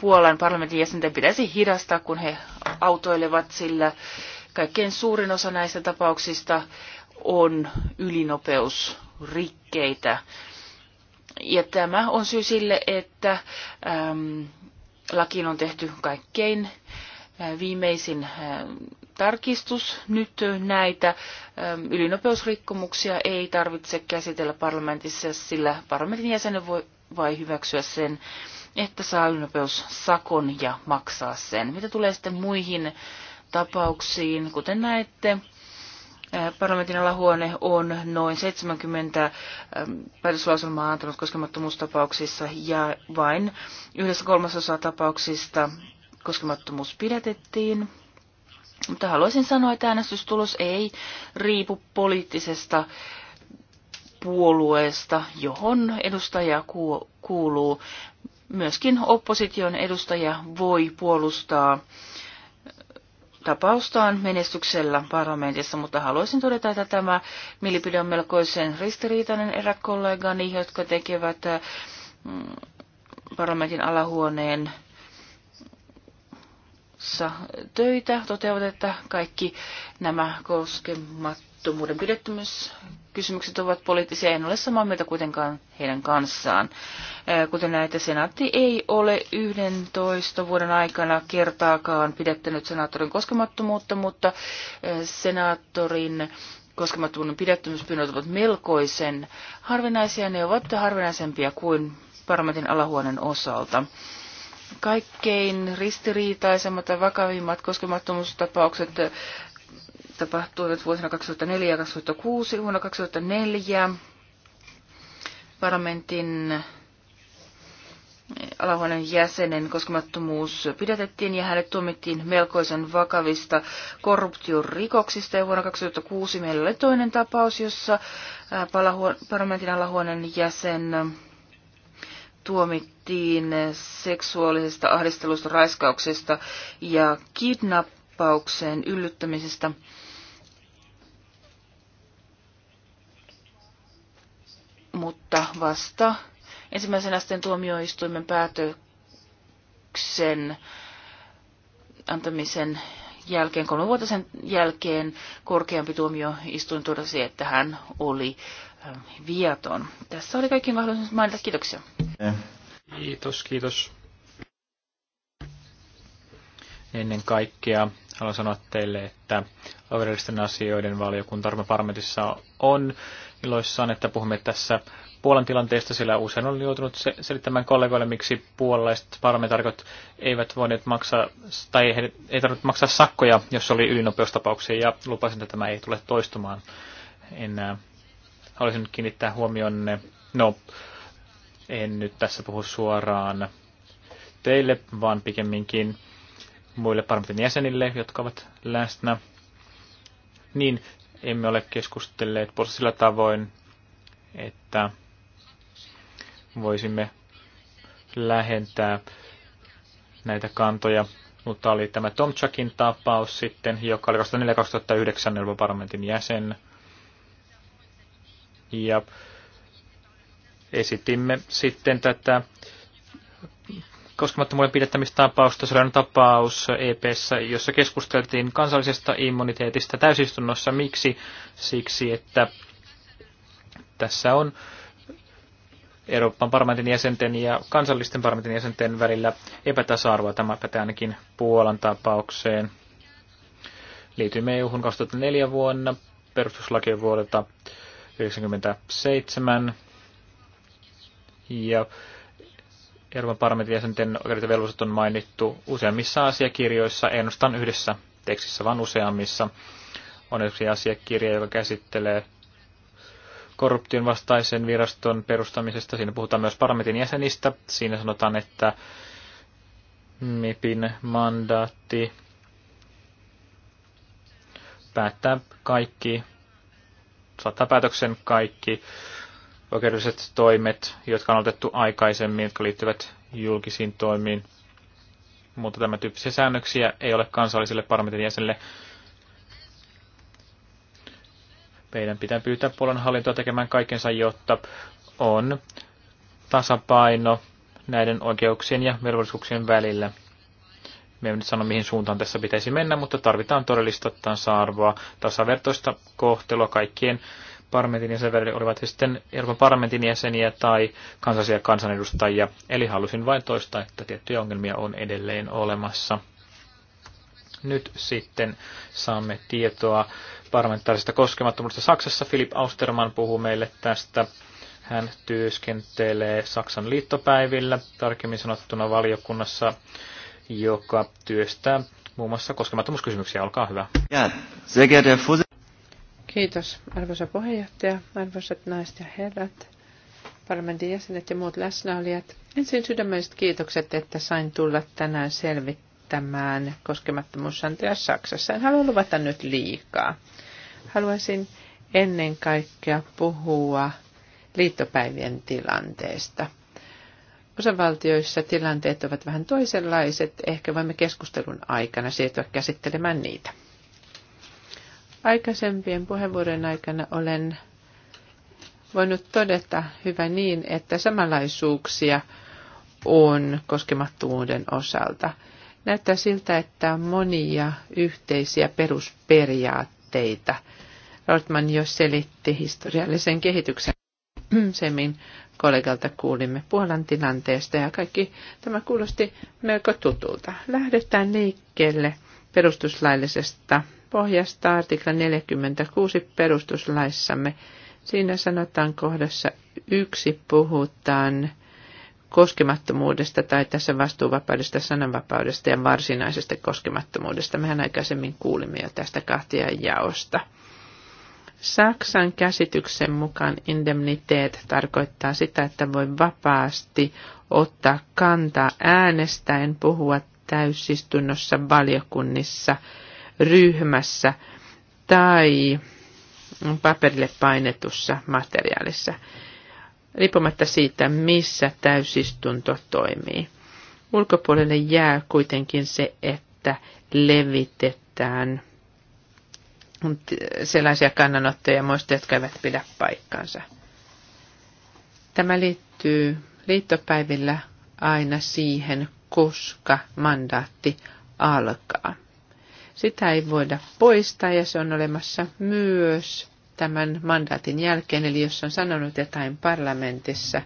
Puolan parlamentin jäsenten pitäisi hidastaa, kun he autoilevat, sillä kaikkein suurin osa näistä tapauksista on ylinopeusrikkeitä. Ja tämä on syy sille, että ähm, lakiin on tehty kaikkein Äh, viimeisin äh, tarkistus. Nyt äh, näitä ylinopeusrikkomuksia ei tarvitse käsitellä parlamentissa, sillä parlamentin jäsenen voi vai hyväksyä sen, että saa ylinopeussakon ja maksaa sen. Mitä tulee sitten muihin tapauksiin, kuten näette, Parlamentin alahuone on noin 70 ähm, päätöslauselmaa antanut koskemattomuustapauksissa ja vain yhdessä kolmasosa tapauksista koskemattomuus pidätettiin. Mutta haluaisin sanoa, että äänestystulos ei riipu poliittisesta puolueesta, johon edustaja kuuluu. Myöskin opposition edustaja voi puolustaa tapaustaan menestyksellä parlamentissa, mutta haluaisin todeta, että tämä mielipide on melkoisen ristiriitainen eräkollegani, jotka tekevät mm, parlamentin alahuoneen töitä että Kaikki nämä koskemattomuuden pidettömyyskysymykset ovat poliittisia. En ole samaa mieltä kuitenkaan heidän kanssaan. Kuten näitä senaatti ei ole 11 vuoden aikana kertaakaan pidettänyt senaattorin koskemattomuutta, mutta senaattorin koskemattomuuden pidettömyyspyynnöt ovat melkoisen harvinaisia. Ne ovat harvinaisempia kuin parlamentin alahuoneen osalta kaikkein ristiriitaisemmat ja vakavimmat koskemattomuustapaukset tapahtuivat vuosina 2004 ja 2006. Vuonna 2004 parlamentin alahuoneen jäsenen koskemattomuus pidätettiin ja hänet tuomittiin melkoisen vakavista korruptiorikoksista. Ja vuonna 2006 meillä oli toinen tapaus, jossa parlamentin alahuoneen jäsen tuomittiin puhuttiin seksuaalisesta ahdistelusta, raiskauksesta ja kidnappaukseen yllyttämisestä. Mutta vasta ensimmäisen asteen tuomioistuimen päätöksen antamisen jälkeen, kolme vuotta sen jälkeen, korkeampi tuomioistuin todasi, että hän oli ähm, viaton. Tässä oli kaikki mahdollisuus mainita. Kiitoksia. Eh, Kiitos, kiitos. Ennen kaikkea haluan sanoa teille, että alueellisten asioiden valiokunta parlamentissa on iloissaan, että puhumme tässä Puolan tilanteesta, sillä usein on joutunut selittämään kollegoille, miksi puolalaiset parlamentarkot eivät voineet maksaa, tai he, ei tarvinnut maksaa sakkoja, jos oli ylinopeustapauksia, ja lupasin, että tämä ei tule toistumaan enää. Äh, haluaisin kiinnittää huomionne, no, en nyt tässä puhu suoraan teille, vaan pikemminkin muille parlamentin jäsenille, jotka ovat läsnä. Niin emme ole keskustelleet sillä tavoin, että voisimme lähentää näitä kantoja. Mutta oli tämä Chuckin tapaus sitten, joka oli 2004-2009 Euroopan parlamentin jäsen. Ja esitimme sitten tätä koskemattomuuden pidettämistapausta. Se oli tapaus EPssä, jossa keskusteltiin kansallisesta immuniteetista täysistunnossa. Miksi? Siksi, että tässä on Euroopan parlamentin jäsenten ja kansallisten parlamentin jäsenten välillä epätasa-arvoa. Tämä pätee ainakin Puolan tapaukseen. Liityimme eu 2004 vuonna perustuslakien vuodelta 1997 ja Euroopan parlamentin jäsenten oikeudet ja velvollisuudet on mainittu useammissa asiakirjoissa, ei ainoastaan yhdessä tekstissä, vaan useammissa. On yksi asiakirja, joka käsittelee korruption vastaisen viraston perustamisesta. Siinä puhutaan myös parlamentin jäsenistä. Siinä sanotaan, että MIPin mandaatti päättää kaikki, saattaa päätöksen kaikki oikeudelliset toimet, jotka on otettu aikaisemmin, jotka liittyvät julkisiin toimiin. Mutta tämä tyyppisiä säännöksiä ei ole kansallisille parlamentin jäsenille. Meidän pitää pyytää Puolan hallintoa tekemään kaikensa, jotta on tasapaino näiden oikeuksien ja velvollisuuksien välillä. Me emme nyt sano, mihin suuntaan tässä pitäisi mennä, mutta tarvitaan todellista tasa-arvoa, tasavertoista kohtelua kaikkien parlamentin jäsenille, olivat he sitten Euroopan parlamentin jäseniä tai kansallisia kansanedustajia. Eli halusin vain toistaa, että tiettyjä ongelmia on edelleen olemassa. Nyt sitten saamme tietoa parlamentaarisesta koskemattomuudesta Saksassa. Philip Austerman puhuu meille tästä. Hän työskentelee Saksan liittopäivillä, tarkemmin sanottuna valiokunnassa, joka työstää muun muassa koskemattomuuskysymyksiä. Olkaa hyvä. Ja, sehr geehrter Kiitos, arvoisa puheenjohtaja, arvoisat naiset ja herrat, parlamentin jäsenet ja muut läsnäolijat. Ensin sydämelliset kiitokset, että sain tulla tänään selvittämään koskemattomuussääntöjä Saksassa. En halua luvata nyt liikaa. Haluaisin ennen kaikkea puhua liittopäivien tilanteesta. Osavaltioissa tilanteet ovat vähän toisenlaiset, ehkä voimme keskustelun aikana siirtyä käsittelemään niitä. Aikaisempien puheenvuorojen aikana olen voinut todeta hyvä niin, että samanlaisuuksia on koskemattomuuden osalta. Näyttää siltä, että on monia yhteisiä perusperiaatteita. Rotman jo selitti historiallisen kehityksen. <clears throat> Semmin kollegalta kuulimme Puolan tilanteesta ja kaikki tämä kuulosti melko tutulta. Lähdetään liikkeelle perustuslaillisesta pohjasta artikla 46 perustuslaissamme. Siinä sanotaan kohdassa yksi puhutaan koskemattomuudesta tai tässä vastuuvapaudesta, sananvapaudesta ja varsinaisesta koskemattomuudesta. Mehän aikaisemmin kuulimme jo tästä kahtia jaosta. Saksan käsityksen mukaan indemniteet tarkoittaa sitä, että voi vapaasti ottaa kantaa äänestäen puhua täysistunnossa valiokunnissa – ryhmässä tai paperille painetussa materiaalissa, riippumatta siitä, missä täysistunto toimii. Ulkopuolelle jää kuitenkin se, että levitetään sellaisia kannanottoja muista, jotka eivät pidä paikkansa. Tämä liittyy liittopäivillä aina siihen, koska mandaatti alkaa. Sitä ei voida poistaa ja se on olemassa myös tämän mandaatin jälkeen. Eli jos on sanonut jotain parlamentissa,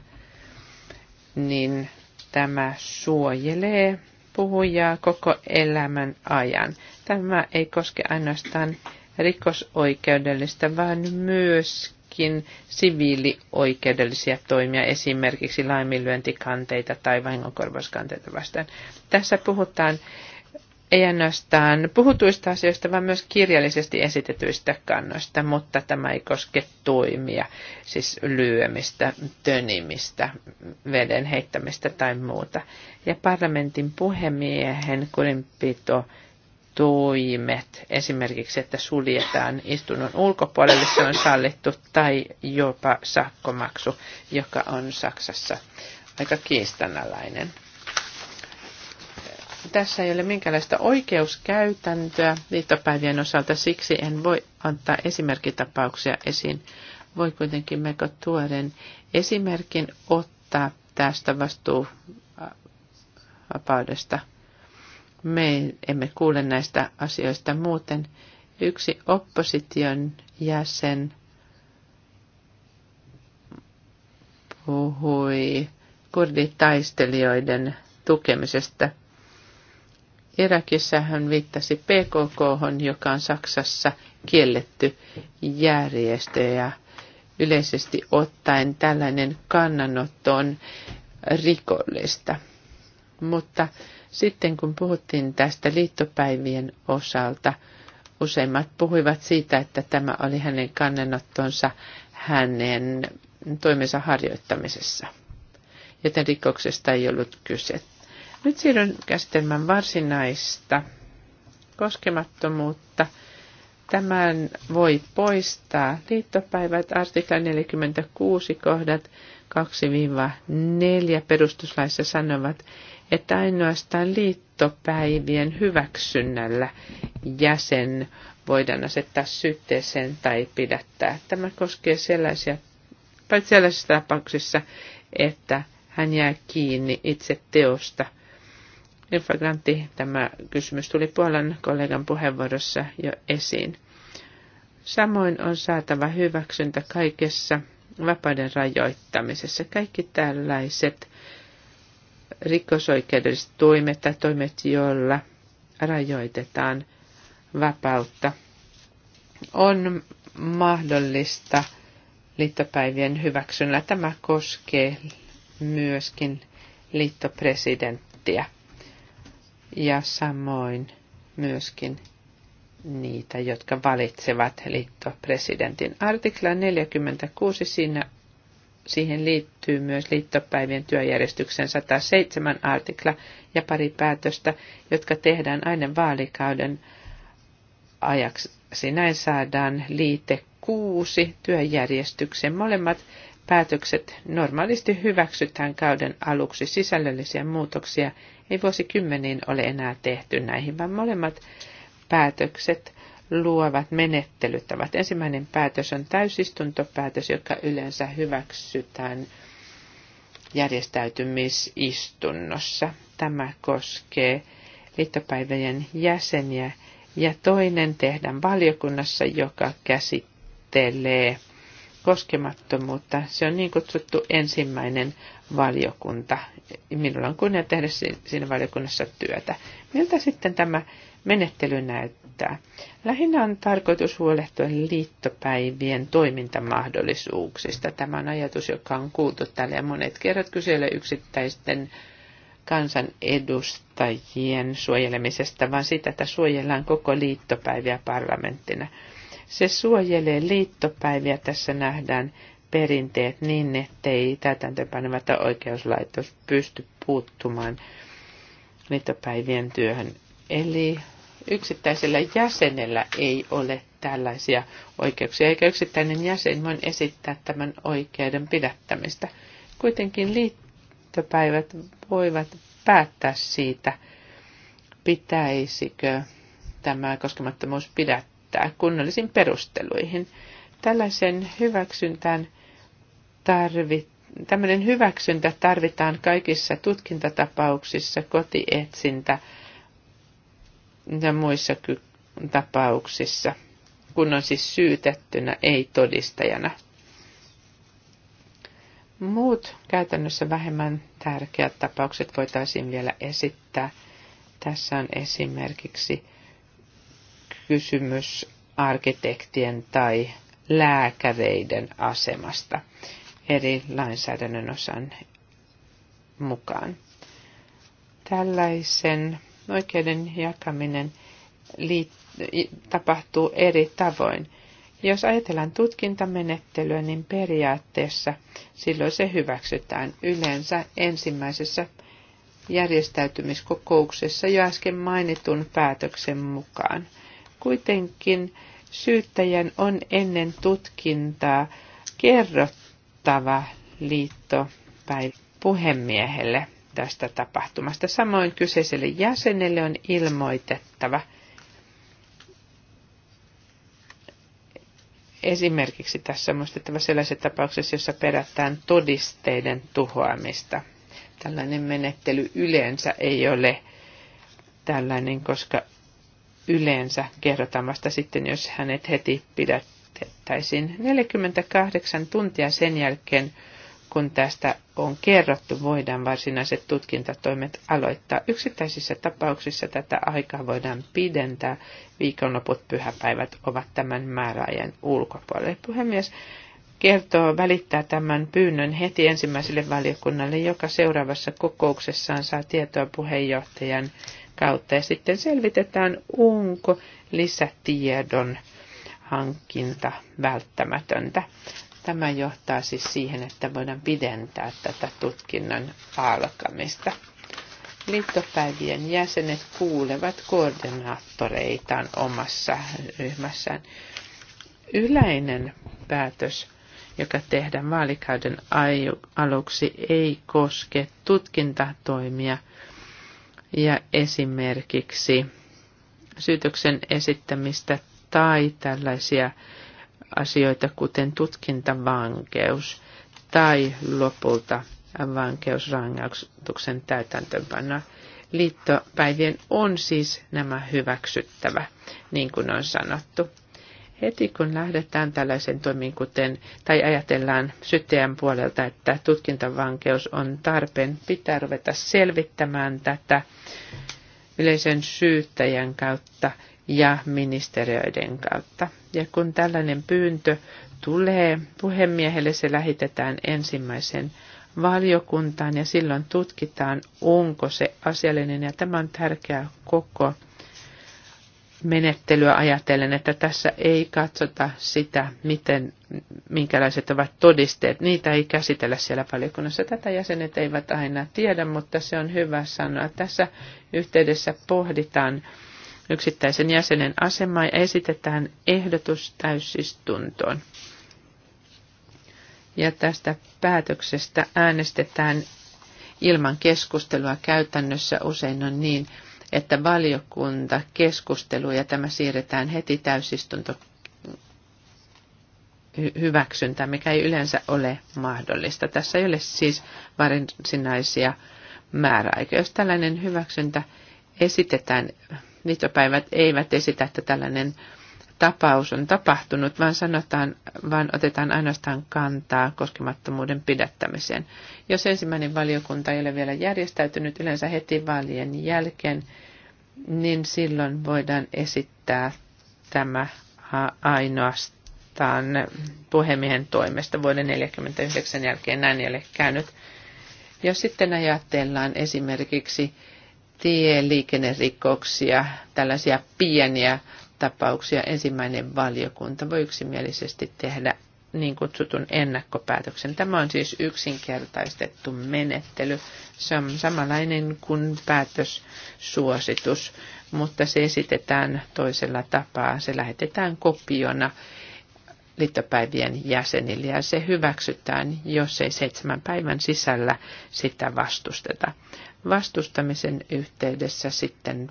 niin tämä suojelee puhujaa koko elämän ajan. Tämä ei koske ainoastaan rikosoikeudellista, vaan myöskin siviilioikeudellisia toimia, esimerkiksi laiminlyöntikanteita tai vahingonkorvauskanteita vastaan. Tässä puhutaan ei ainoastaan puhutuista asioista, vaan myös kirjallisesti esitetyistä kannoista, mutta tämä ei koske toimia, siis lyömistä, tönimistä, veden heittämistä tai muuta. Ja parlamentin puhemiehen kurinpito toimet, esimerkiksi että suljetaan istunnon ulkopuolelle, se on sallittu, tai jopa sakkomaksu, joka on Saksassa aika kiistanalainen. Tässä ei ole minkäänlaista oikeuskäytäntöä liittopäivien osalta, siksi en voi antaa esimerkkitapauksia esiin. Voi kuitenkin melko tuoden esimerkin ottaa tästä vastuuvapaudesta. Me emme kuule näistä asioista muuten. Yksi opposition jäsen puhui kurditaistelijoiden tukemisesta Irakissa hän viittasi PKK, joka on Saksassa kielletty järjestö ja yleisesti ottaen tällainen kannanotto on rikollista. Mutta sitten kun puhuttiin tästä liittopäivien osalta, useimmat puhuivat siitä, että tämä oli hänen kannanottonsa hänen toimensa harjoittamisessa, joten rikoksesta ei ollut kyse. Nyt siirryn käsittelemään varsinaista koskemattomuutta. Tämän voi poistaa liittopäivät, artikla 46 kohdat 2-4 perustuslaissa sanovat, että ainoastaan liittopäivien hyväksynnällä jäsen voidaan asettaa syytteeseen tai pidättää. Tämä koskee sellaisia, paitsi sellaisissa tapauksissa, että hän jää kiinni itse teosta – Infragrantti, tämä kysymys tuli Puolan kollegan puheenvuorossa jo esiin. Samoin on saatava hyväksyntä kaikessa vapauden rajoittamisessa. Kaikki tällaiset rikosoikeudelliset toimet tai toimet, joilla rajoitetaan vapautta, on mahdollista liittopäivien hyväksynnällä. Tämä koskee myöskin liittopresidenttiä ja samoin myöskin niitä, jotka valitsevat liittopresidentin. Artikla 46, siinä, siihen liittyy myös liittopäivien työjärjestyksen 107 artikla ja pari päätöstä, jotka tehdään aina vaalikauden ajaksi. Näin saadaan liite 6 työjärjestyksen. Molemmat päätökset normaalisti hyväksytään kauden aluksi. Sisällöllisiä muutoksia ei vuosikymmeniin ole enää tehty näihin, vaan molemmat päätökset luovat menettelytavat. Ensimmäinen päätös on täysistuntopäätös, joka yleensä hyväksytään järjestäytymisistunnossa. Tämä koskee liittopäivien jäseniä ja toinen tehdään valiokunnassa, joka käsittelee koskemattomuutta. Se on niin kutsuttu ensimmäinen valiokunta. Minulla on kunnia tehdä siinä valiokunnassa työtä. Miltä sitten tämä menettely näyttää? Lähinnä on tarkoitus huolehtua liittopäivien toimintamahdollisuuksista. Tämä on ajatus, joka on kuultu täällä ja monet kerrat kyselee yksittäisten kansanedustajien suojelemisesta, vaan sitä, että suojellaan koko liittopäiviä parlamenttina. Se suojelee liittopäiviä. Tässä nähdään perinteet niin, ettei täytäntöönpanematta oikeuslaitos pysty puuttumaan liittopäivien työhön. Eli yksittäisellä jäsenellä ei ole tällaisia oikeuksia, eikä yksittäinen jäsen voi esittää tämän oikeuden pidättämistä. Kuitenkin liittopäivät voivat päättää siitä, pitäisikö tämä koskemattomuus pidättää liittää kunnollisiin perusteluihin. Tällaisen hyväksyntään tarvit, Tällainen hyväksyntä tarvitaan kaikissa tutkintatapauksissa, kotietsintä ja muissa tapauksissa, kun on siis syytettynä, ei todistajana. Muut käytännössä vähemmän tärkeät tapaukset voitaisiin vielä esittää. Tässä on esimerkiksi kysymys arkkitehtien tai lääkäreiden asemasta eri lainsäädännön osan mukaan. Tällaisen oikeuden jakaminen liit- tapahtuu eri tavoin. Jos ajatellaan tutkintamenettelyä, niin periaatteessa silloin se hyväksytään yleensä ensimmäisessä järjestäytymiskokouksessa jo äsken mainitun päätöksen mukaan. Kuitenkin syyttäjän on ennen tutkintaa kerrottava liitto tai puhemiehelle tästä tapahtumasta. Samoin kyseiselle jäsenelle on ilmoitettava esimerkiksi tässä muistettava sellaisessa tapauksessa, jossa perätään todisteiden tuhoamista. Tällainen menettely yleensä ei ole tällainen, koska yleensä kertomasta sitten, jos hänet heti pidättäisiin. 48 tuntia sen jälkeen, kun tästä on kerrottu, voidaan varsinaiset tutkintatoimet aloittaa. Yksittäisissä tapauksissa tätä aikaa voidaan pidentää. Viikonloput pyhäpäivät ovat tämän määräajan ulkopuolelle. Puhemies kertoo välittää tämän pyynnön heti ensimmäiselle valiokunnalle, joka seuraavassa kokouksessaan saa tietoa puheenjohtajan kautta ja sitten selvitetään, onko lisätiedon hankinta välttämätöntä. Tämä johtaa siis siihen, että voidaan pidentää tätä tutkinnon alkamista. Liittopäivien jäsenet kuulevat koordinaattoreitaan omassa ryhmässään. Yleinen päätös, joka tehdään vaalikauden aluksi, ei koske tutkintatoimia, ja esimerkiksi syytöksen esittämistä tai tällaisia asioita kuten tutkintavankeus tai lopulta vankeusrangaistuksen täytäntöönpanoa liittopäivien on siis nämä hyväksyttävä, niin kuin on sanottu. Heti kun lähdetään tällaisen toimiin, kuten, tai ajatellaan syyttäjän puolelta, että tutkintavankeus on tarpeen, pitää ruveta selvittämään tätä yleisen syyttäjän kautta ja ministeriöiden kautta. Ja kun tällainen pyyntö tulee puhemiehelle, se lähetetään ensimmäisen valiokuntaan ja silloin tutkitaan, onko se asiallinen. Ja tämä on tärkeää koko menettelyä ajatellen, että tässä ei katsota sitä, miten, minkälaiset ovat todisteet. Niitä ei käsitellä siellä valiokunnassa. Tätä jäsenet eivät aina tiedä, mutta se on hyvä sanoa. Tässä yhteydessä pohditaan yksittäisen jäsenen asemaa ja esitetään ehdotus täysistuntoon. Ja tästä päätöksestä äänestetään ilman keskustelua käytännössä usein on niin, että valiokunta keskustelu ja tämä siirretään heti täysistunto hyväksyntä, mikä ei yleensä ole mahdollista. Tässä ei ole siis varsinaisia määräaikoja. Jos tällainen hyväksyntä esitetään, liittopäivät niin eivät esitä, että tällainen tapaus on tapahtunut, vaan sanotaan, vaan otetaan ainoastaan kantaa koskemattomuuden pidättämiseen. Jos ensimmäinen valiokunta ei ole vielä järjestäytynyt yleensä heti vaalien jälkeen, niin silloin voidaan esittää tämä ainoastaan puhemiehen toimesta vuoden 1949 jälkeen. Näin ei ole käynyt. Jos sitten ajatellaan esimerkiksi tieliikennerikoksia, tällaisia pieniä tapauksia ensimmäinen valiokunta voi yksimielisesti tehdä niin kutsutun ennakkopäätöksen. Tämä on siis yksinkertaistettu menettely. Se on samanlainen kuin päätössuositus, mutta se esitetään toisella tapaa. Se lähetetään kopiona liittopäivien jäsenille ja se hyväksytään, jos ei seitsemän päivän sisällä sitä vastusteta. Vastustamisen yhteydessä sitten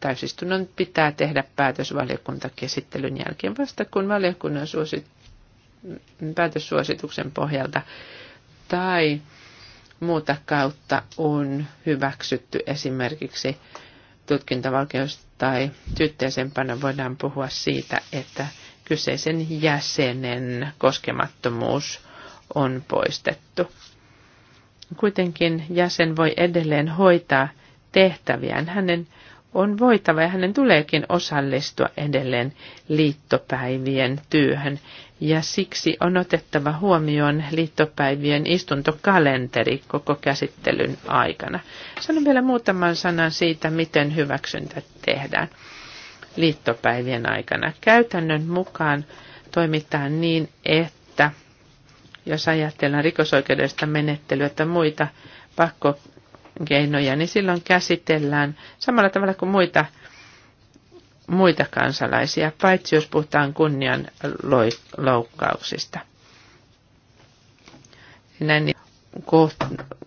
täysistunnon pitää tehdä päätös valiokuntakäsittelyn jälkeen vasta, kun valiokunnan suosit, päätössuosituksen pohjalta tai muuta kautta on hyväksytty esimerkiksi tutkintavalkeus tai syytteeseenpano voidaan puhua siitä, että kyseisen jäsenen koskemattomuus on poistettu. Kuitenkin jäsen voi edelleen hoitaa tehtäviään. Hänen on voitava ja hänen tuleekin osallistua edelleen liittopäivien työhön. Ja siksi on otettava huomioon liittopäivien istuntokalenteri koko käsittelyn aikana. Sanon vielä muutaman sanan siitä, miten hyväksyntä tehdään liittopäivien aikana. Käytännön mukaan toimitaan niin, että jos ajatellaan rikosoikeudellista menettelyä tai muita pakko keinoja, niin silloin käsitellään samalla tavalla kuin muita, muita kansalaisia, paitsi jos puhutaan loukkauksista. Näin niin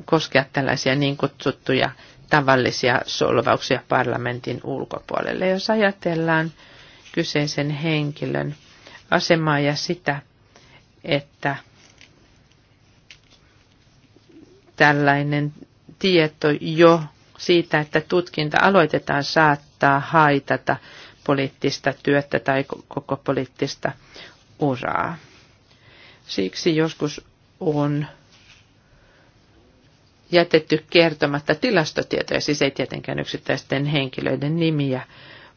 koskea tällaisia niin kutsuttuja tavallisia solvauksia parlamentin ulkopuolelle. Jos ajatellaan kyseisen henkilön asemaa ja sitä, että tällainen tieto jo siitä, että tutkinta aloitetaan, saattaa haitata poliittista työtä tai koko poliittista uraa. Siksi joskus on jätetty kertomatta tilastotietoja, siis ei tietenkään yksittäisten henkilöiden nimiä,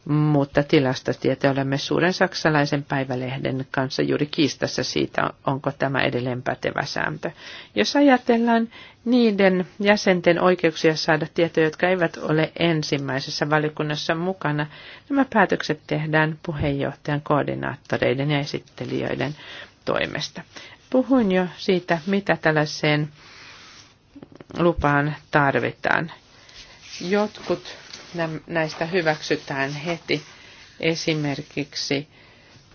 mutta tilastotietoja olemme suuren saksalaisen päivälehden kanssa juuri kiistassa siitä, onko tämä edelleen pätevä sääntö. Jos ajatellaan niiden jäsenten oikeuksia saada tietoja, jotka eivät ole ensimmäisessä valikunnassa mukana, nämä päätökset tehdään puheenjohtajan, koordinaattoreiden ja esittelijöiden toimesta. Puhuin jo siitä, mitä tällaiseen lupaan tarvitaan. Jotkut näistä hyväksytään heti. Esimerkiksi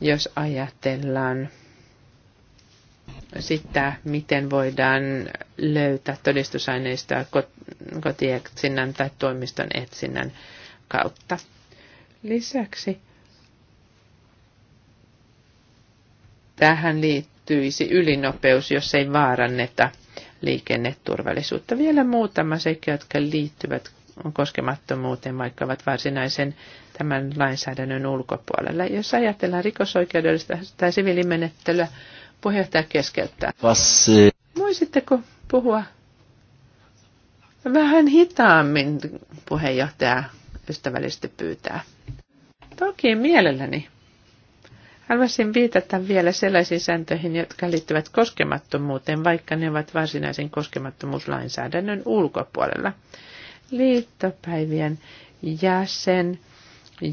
jos ajatellaan sitä, miten voidaan löytää todistusaineistoa kotietsinnän tai toimiston etsinnän kautta. Lisäksi tähän liittyisi ylinopeus, jos ei vaaranneta liikenneturvallisuutta. Vielä muutama seikka, jotka liittyvät koskemattomuuteen, vaikka ovat varsinaisen tämän lainsäädännön ulkopuolella. Jos ajatellaan rikosoikeudellista tai sivilimenettelyä, puheenjohtaja keskeyttää. Passi. Eh, Voisitteko puhua vähän hitaammin, puheenjohtaja ystävällisesti pyytää? Toki mielelläni. Haluaisin viitata vielä sellaisiin sääntöihin, jotka liittyvät koskemattomuuteen, vaikka ne ovat varsinaisen koskemattomuuslainsäädännön ulkopuolella liittopäivien jäsen,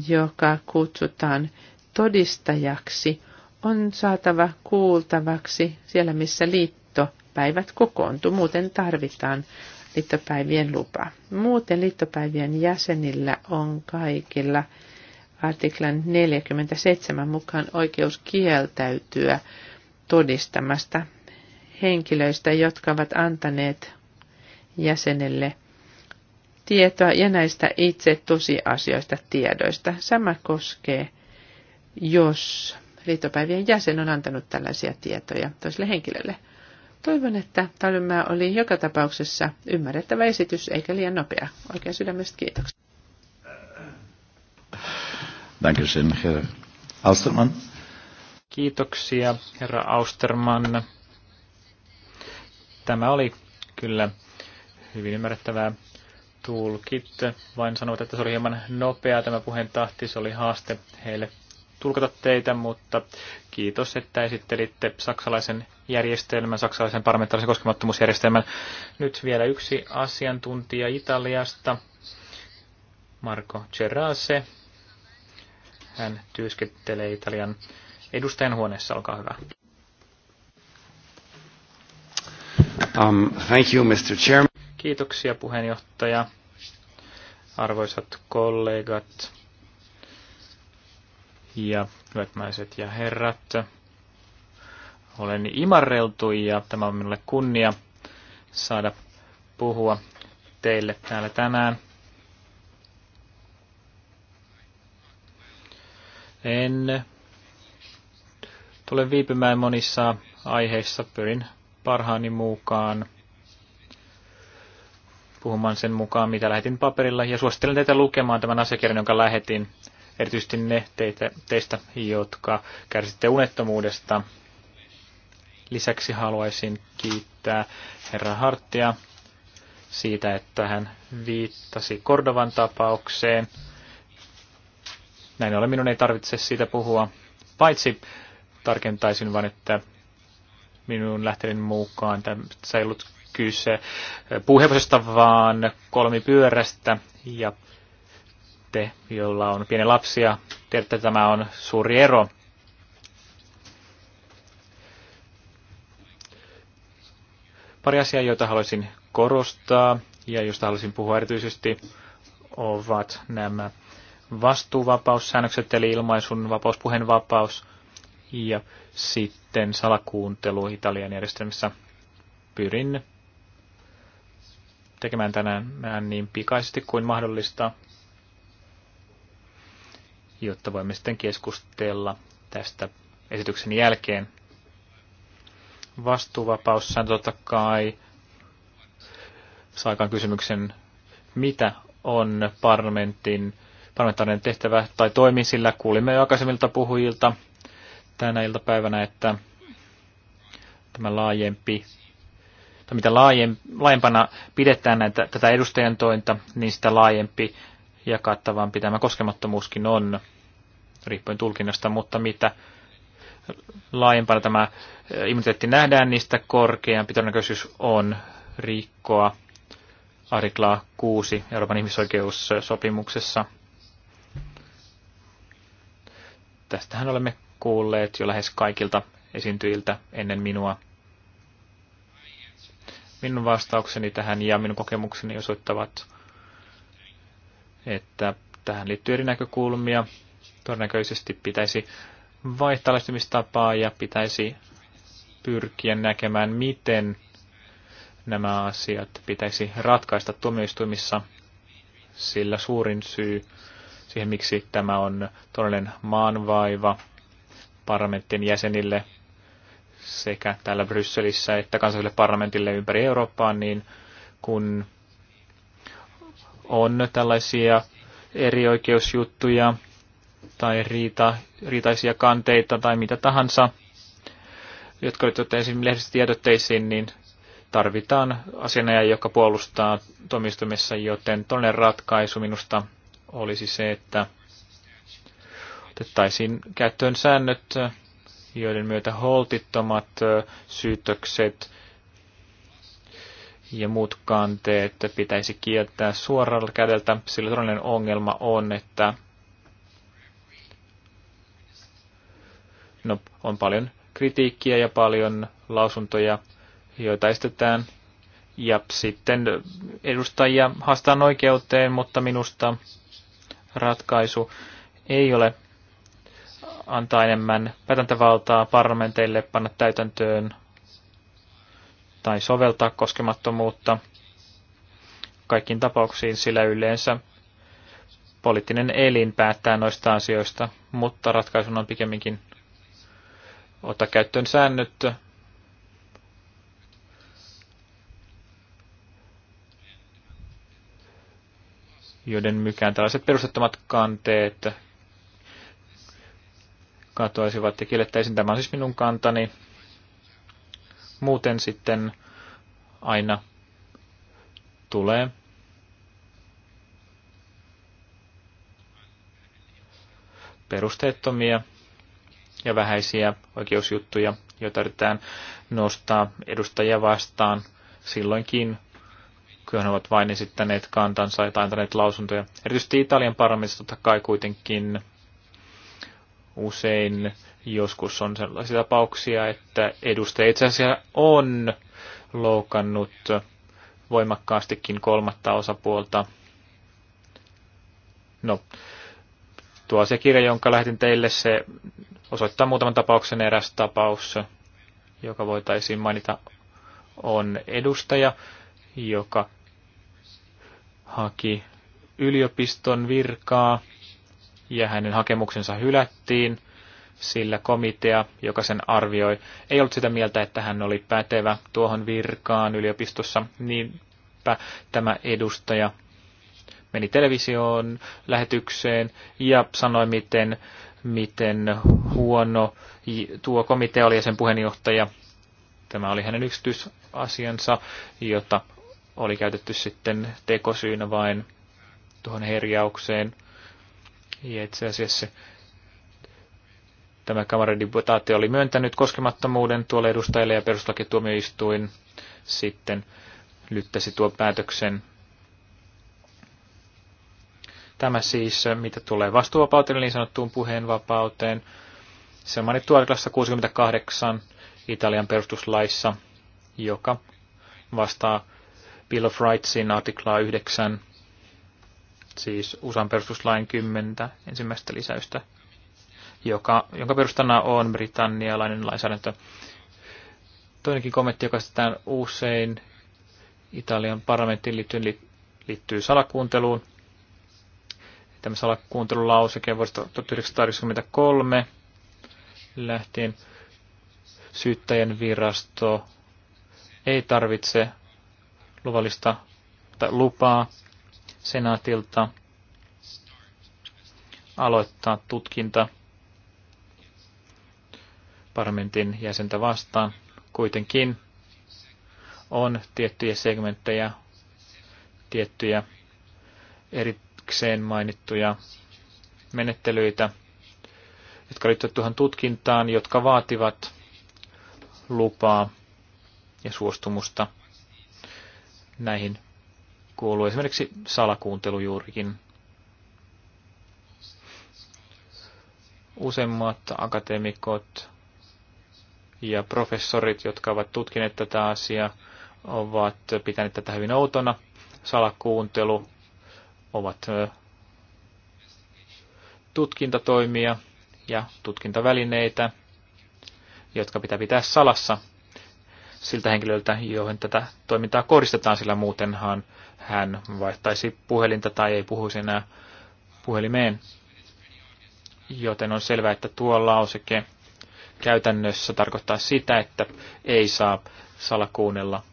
joka kutsutaan todistajaksi, on saatava kuultavaksi siellä, missä liittopäivät kokoontuu. Muuten tarvitaan liittopäivien lupa. Muuten liittopäivien jäsenillä on kaikilla artiklan 47 mukaan oikeus kieltäytyä todistamasta henkilöistä, jotka ovat antaneet jäsenelle – tietoa ja näistä itse tosiasioista tiedoista. Sama koskee, jos liittopäivien jäsen on antanut tällaisia tietoja toiselle henkilölle. Toivon, että talvimaa oli joka tapauksessa ymmärrettävä esitys eikä liian nopea. Oikein sydämestä kiitoksia. Dankeschön, herra Austerman. Kiitoksia, herra Austerman. Tämä oli kyllä hyvin ymmärrettävää tulkit vain sanovat, että se oli hieman nopea tämä puheen tahti, se oli haaste heille tulkata teitä, mutta kiitos, että esittelitte saksalaisen järjestelmän, saksalaisen parlamentaarisen koskemattomuusjärjestelmän. Nyt vielä yksi asiantuntija Italiasta, Marco Cerase. Hän työskentelee Italian edustajan huoneessa, olkaa hyvä. Um, thank you, Mr. Chairman. Kiitoksia puheenjohtaja arvoisat kollegat ja hyvät naiset ja herrat. Olen imarreltu ja tämä on minulle kunnia saada puhua teille täällä tänään. En tule viipymään monissa aiheissa, pyrin parhaani mukaan – puhumaan sen mukaan, mitä lähetin paperilla, ja suosittelen teitä lukemaan tämän asiakirjan, jonka lähetin, erityisesti ne teitä, teistä, jotka kärsitte unettomuudesta. Lisäksi haluaisin kiittää herra Harttia siitä, että hän viittasi Kordovan tapaukseen. Näin ollen minun ei tarvitse siitä puhua, paitsi tarkentaisin vain, että minun lähtenin mukaan. tämä ei ollut kyse puuhevosesta, vaan kolmipyörästä. Ja te, jolla on pieni lapsia, tiedätte, että tämä on suuri ero. Pari asiaa, joita haluaisin korostaa ja josta haluaisin puhua erityisesti, ovat nämä vastuuvapaussäännökset, eli ilmaisun vapaus, puheenvapaus ja sitten salakuuntelu Italian järjestelmissä. Pyrin tekemään tänään niin pikaisesti kuin mahdollista, jotta voimme sitten keskustella tästä esityksen jälkeen. Vastuuvapaus totta kai saakaan kysymyksen, mitä on parlamentin parlamentaarinen tehtävä tai toimi, sillä kuulimme jo aikaisemmilta puhujilta tänä iltapäivänä, että tämä laajempi tai mitä laajempana pidetään näitä, tätä edustajantointa, niin sitä laajempi ja kattavampi tämä koskemattomuuskin on, riippuen tulkinnasta, mutta mitä laajempana tämä eh, immuniteetti nähdään, niin sitä korkeampi todennäköisyys on rikkoa artiklaa 6 Euroopan ihmisoikeussopimuksessa. Tästähän olemme kuulleet jo lähes kaikilta esiintyjiltä ennen minua. Minun vastaukseni tähän ja minun kokemukseni osoittavat, että tähän liittyy eri näkökulmia. Todennäköisesti pitäisi vaihtaa lähestymistapaa ja pitäisi pyrkiä näkemään, miten nämä asiat pitäisi ratkaista tuomioistuimissa, sillä suurin syy siihen, miksi tämä on todellinen maanvaiva parlamentin jäsenille, sekä täällä Brysselissä että kansalliselle parlamentille ympäri Eurooppaa, niin kun on tällaisia eri oikeusjuttuja tai riita, riitaisia kanteita tai mitä tahansa, jotka liittyvät ensin lehdistötiedotteisiin, niin tarvitaan asianajaja, joka puolustaa tuomioistuimessa, joten toinen ratkaisu minusta olisi se, että otettaisiin käyttöön säännöt, joiden myötä holtittomat syytökset ja muut kanteet pitäisi kieltää suoralla kädeltä, sillä todellinen ongelma on, että no, on paljon kritiikkiä ja paljon lausuntoja, joita estetään. Ja sitten edustajia haastaan oikeuteen, mutta minusta ratkaisu ei ole antaa enemmän päätäntävaltaa parlamenteille panna täytäntöön tai soveltaa koskemattomuutta kaikkiin tapauksiin, sillä yleensä poliittinen elin päättää noista asioista, mutta ratkaisun on pikemminkin ottaa käyttöön säännöt, joiden mykään tällaiset perustettomat kanteet katoaisivat ja kiellettäisiin. Tämä on siis minun kantani. Muuten sitten aina tulee perusteettomia ja vähäisiä oikeusjuttuja, joita yritetään nostaa edustajia vastaan silloinkin, kun he ovat vain esittäneet kantansa ja antaneet lausuntoja. Erityisesti Italian parlamentissa totta kai kuitenkin usein joskus on sellaisia tapauksia, että edustaja itse asiassa on loukannut voimakkaastikin kolmatta osapuolta. No, tuo se kirja, jonka lähetin teille, se osoittaa muutaman tapauksen eräs tapaus, joka voitaisiin mainita, on edustaja, joka haki yliopiston virkaa ja hänen hakemuksensa hylättiin, sillä komitea, joka sen arvioi, ei ollut sitä mieltä, että hän oli pätevä tuohon virkaan yliopistossa, niinpä tämä edustaja meni televisioon lähetykseen ja sanoi, miten, miten huono tuo komitea oli ja sen puheenjohtaja. Tämä oli hänen yksityisasiansa, jota oli käytetty sitten tekosyynä vain tuohon herjaukseen – ja itse asiassa tämä kamaradiputaatio oli myöntänyt koskemattomuuden tuolle edustajalle ja perustuslakituomioistuin sitten lyttäsi tuo päätöksen. Tämä siis, mitä tulee vastuuvapauteen, niin sanottuun puheenvapauteen. Se on mainittu artiklassa 68 Italian perustuslaissa, joka vastaa Bill of Rightsin artiklaa 9 siis USAn perustuslain 10 ensimmäistä lisäystä, joka, jonka perustana on britannialainen lainsäädäntö. Toinenkin kommentti, joka sitten usein Italian parlamenttiin liittyy, liittyy salakuunteluun. Tämä salakuuntelulauseke vuodesta 1993 lähtien syyttäjän virasto ei tarvitse luvallista tai lupaa senaatilta aloittaa tutkinta parlamentin jäsentä vastaan. Kuitenkin on tiettyjä segmenttejä, tiettyjä erikseen mainittuja menettelyitä, jotka liittyvät tuohon tutkintaan, jotka vaativat lupaa ja suostumusta näihin kuuluu esimerkiksi salakuuntelu juurikin. Useimmat akateemikot ja professorit, jotka ovat tutkineet tätä asiaa, ovat pitäneet tätä hyvin outona. Salakuuntelu ovat tutkintatoimia ja tutkintavälineitä, jotka pitää pitää salassa siltä henkilöltä, johon tätä toimintaa koristetaan, sillä muutenhan hän vaihtaisi puhelinta tai ei puhuisi enää puhelimeen. Joten on selvää, että tuo lauseke käytännössä tarkoittaa sitä, että ei saa salakuunnella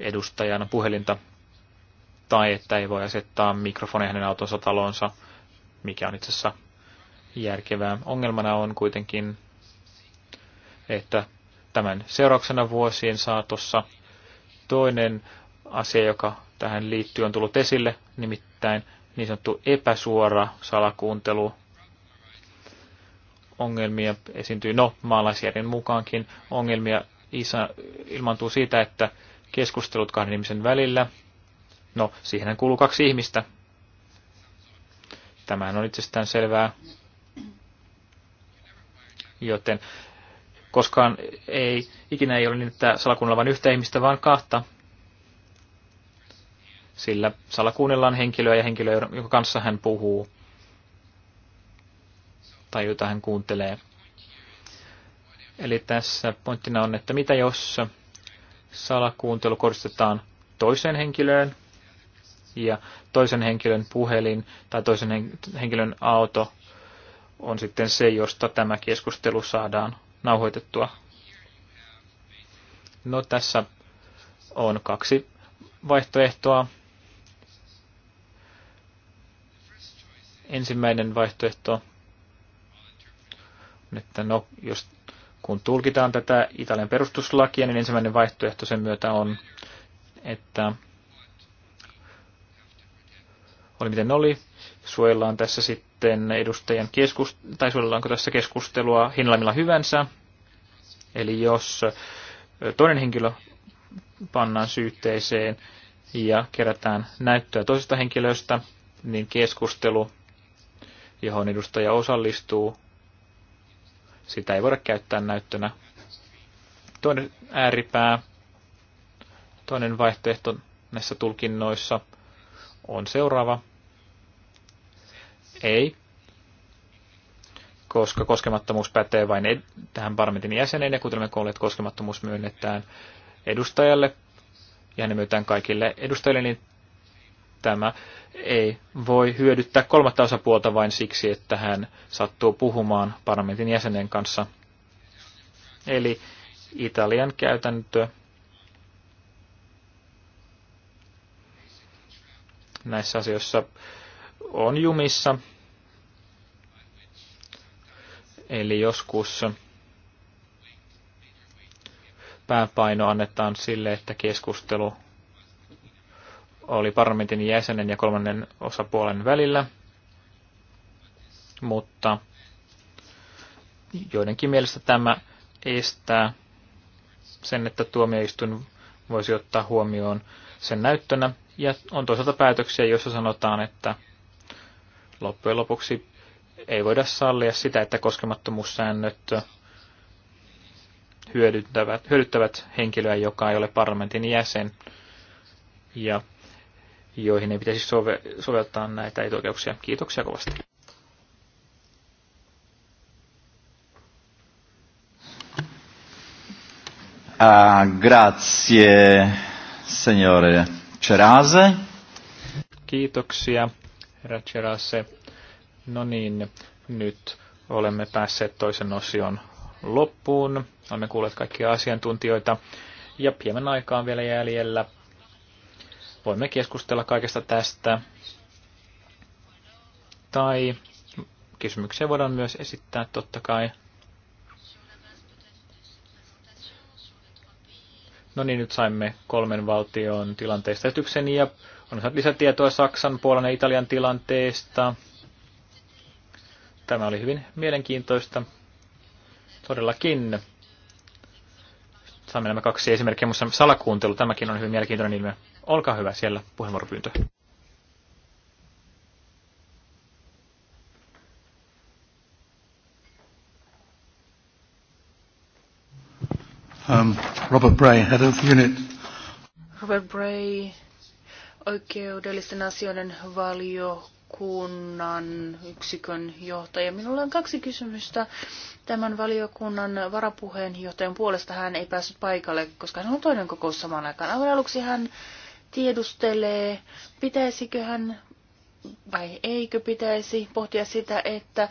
edustajana puhelinta tai että ei voi asettaa mikrofonia hänen autonsa talonsa, mikä on itse asiassa järkevää. Ongelmana on kuitenkin, että tämän seurauksena vuosien saatossa. Toinen asia, joka tähän liittyy, on tullut esille, nimittäin niin sanottu epäsuora salakuuntelu. Ongelmia esiintyy, no maalaisjärjen mukaankin, ongelmia isä, ilmantuu siitä, että keskustelut kahden ihmisen välillä, no siihen kuuluu kaksi ihmistä. Tämähän on itsestään selvää. Joten koskaan ei, ikinä ei ole niin, että salakuunnella vain yhtä ihmistä, vaan kahta. Sillä salakuunnellaan henkilöä ja henkilöä, jonka kanssa hän puhuu tai jota hän kuuntelee. Eli tässä pointtina on, että mitä jos salakuuntelu koristetaan toiseen henkilöön ja toisen henkilön puhelin tai toisen henkilön auto on sitten se, josta tämä keskustelu saadaan nauhoitettua. No tässä on kaksi vaihtoehtoa. Ensimmäinen vaihtoehto on, että no, jos, kun tulkitaan tätä Italian perustuslakia, niin ensimmäinen vaihtoehto sen myötä on, että oli miten oli, suojellaan tässä sitten sitten edustajan keskustelua, tai suojellaanko tässä keskustelua hinnalla hyvänsä. Eli jos toinen henkilö pannaan syytteeseen ja kerätään näyttöä toisesta henkilöstä, niin keskustelu, johon edustaja osallistuu, sitä ei voida käyttää näyttönä. Toinen ääripää, toinen vaihtoehto näissä tulkinnoissa on seuraava – ei, koska koskemattomuus pätee vain ed- tähän parlamentin jäseneen, ja kuten me kuulleet, koskemattomuus myönnetään edustajalle, ja ne myönnetään kaikille edustajille, niin tämä ei voi hyödyttää kolmatta osapuolta vain siksi, että hän sattuu puhumaan parlamentin jäsenen kanssa. Eli Italian käytäntö näissä asioissa on jumissa. Eli joskus pääpaino annetaan sille, että keskustelu oli parlamentin jäsenen ja kolmannen osapuolen välillä, mutta joidenkin mielestä tämä estää sen, että tuomioistuin voisi ottaa huomioon sen näyttönä. Ja on toisaalta päätöksiä, joissa sanotaan, että Loppujen lopuksi ei voida sallia sitä, että koskemattomuussäännöt hyödyttävät, hyödyttävät henkilöä, joka ei ole parlamentin jäsen ja joihin ei pitäisi sove, soveltaa näitä etuoikeuksia. Kiitoksia kovasti. Uh, grazie, signore Cerase. Kiitoksia, herra Gerase. No niin, nyt olemme päässeet toisen osion loppuun. Olemme kuulleet kaikkia asiantuntijoita ja hieman aikaa on vielä jäljellä. Voimme keskustella kaikesta tästä. Tai kysymyksiä voidaan myös esittää totta kai. No niin, nyt saimme kolmen valtion tilanteesta ja on saanut lisätietoa Saksan, Puolan ja Italian tilanteesta. Tämä oli hyvin mielenkiintoista. Todellakin. Saamme nämä kaksi esimerkkiä, mutta salakuuntelu, tämäkin on hyvin mielenkiintoinen ilmiö. Olkaa hyvä siellä puheenvuoropyyntö. Um, Robert Bray, head of unit. Robert Bray, oikeudellisten asioiden valiokunnan yksikön johtaja. Minulla on kaksi kysymystä tämän valiokunnan varapuheenjohtajan puolesta. Hän ei päässyt paikalle, koska hän on toinen kokous samaan aikaan. Aivan aluksi hän tiedustelee, pitäisikö hän vai eikö pitäisi pohtia sitä, että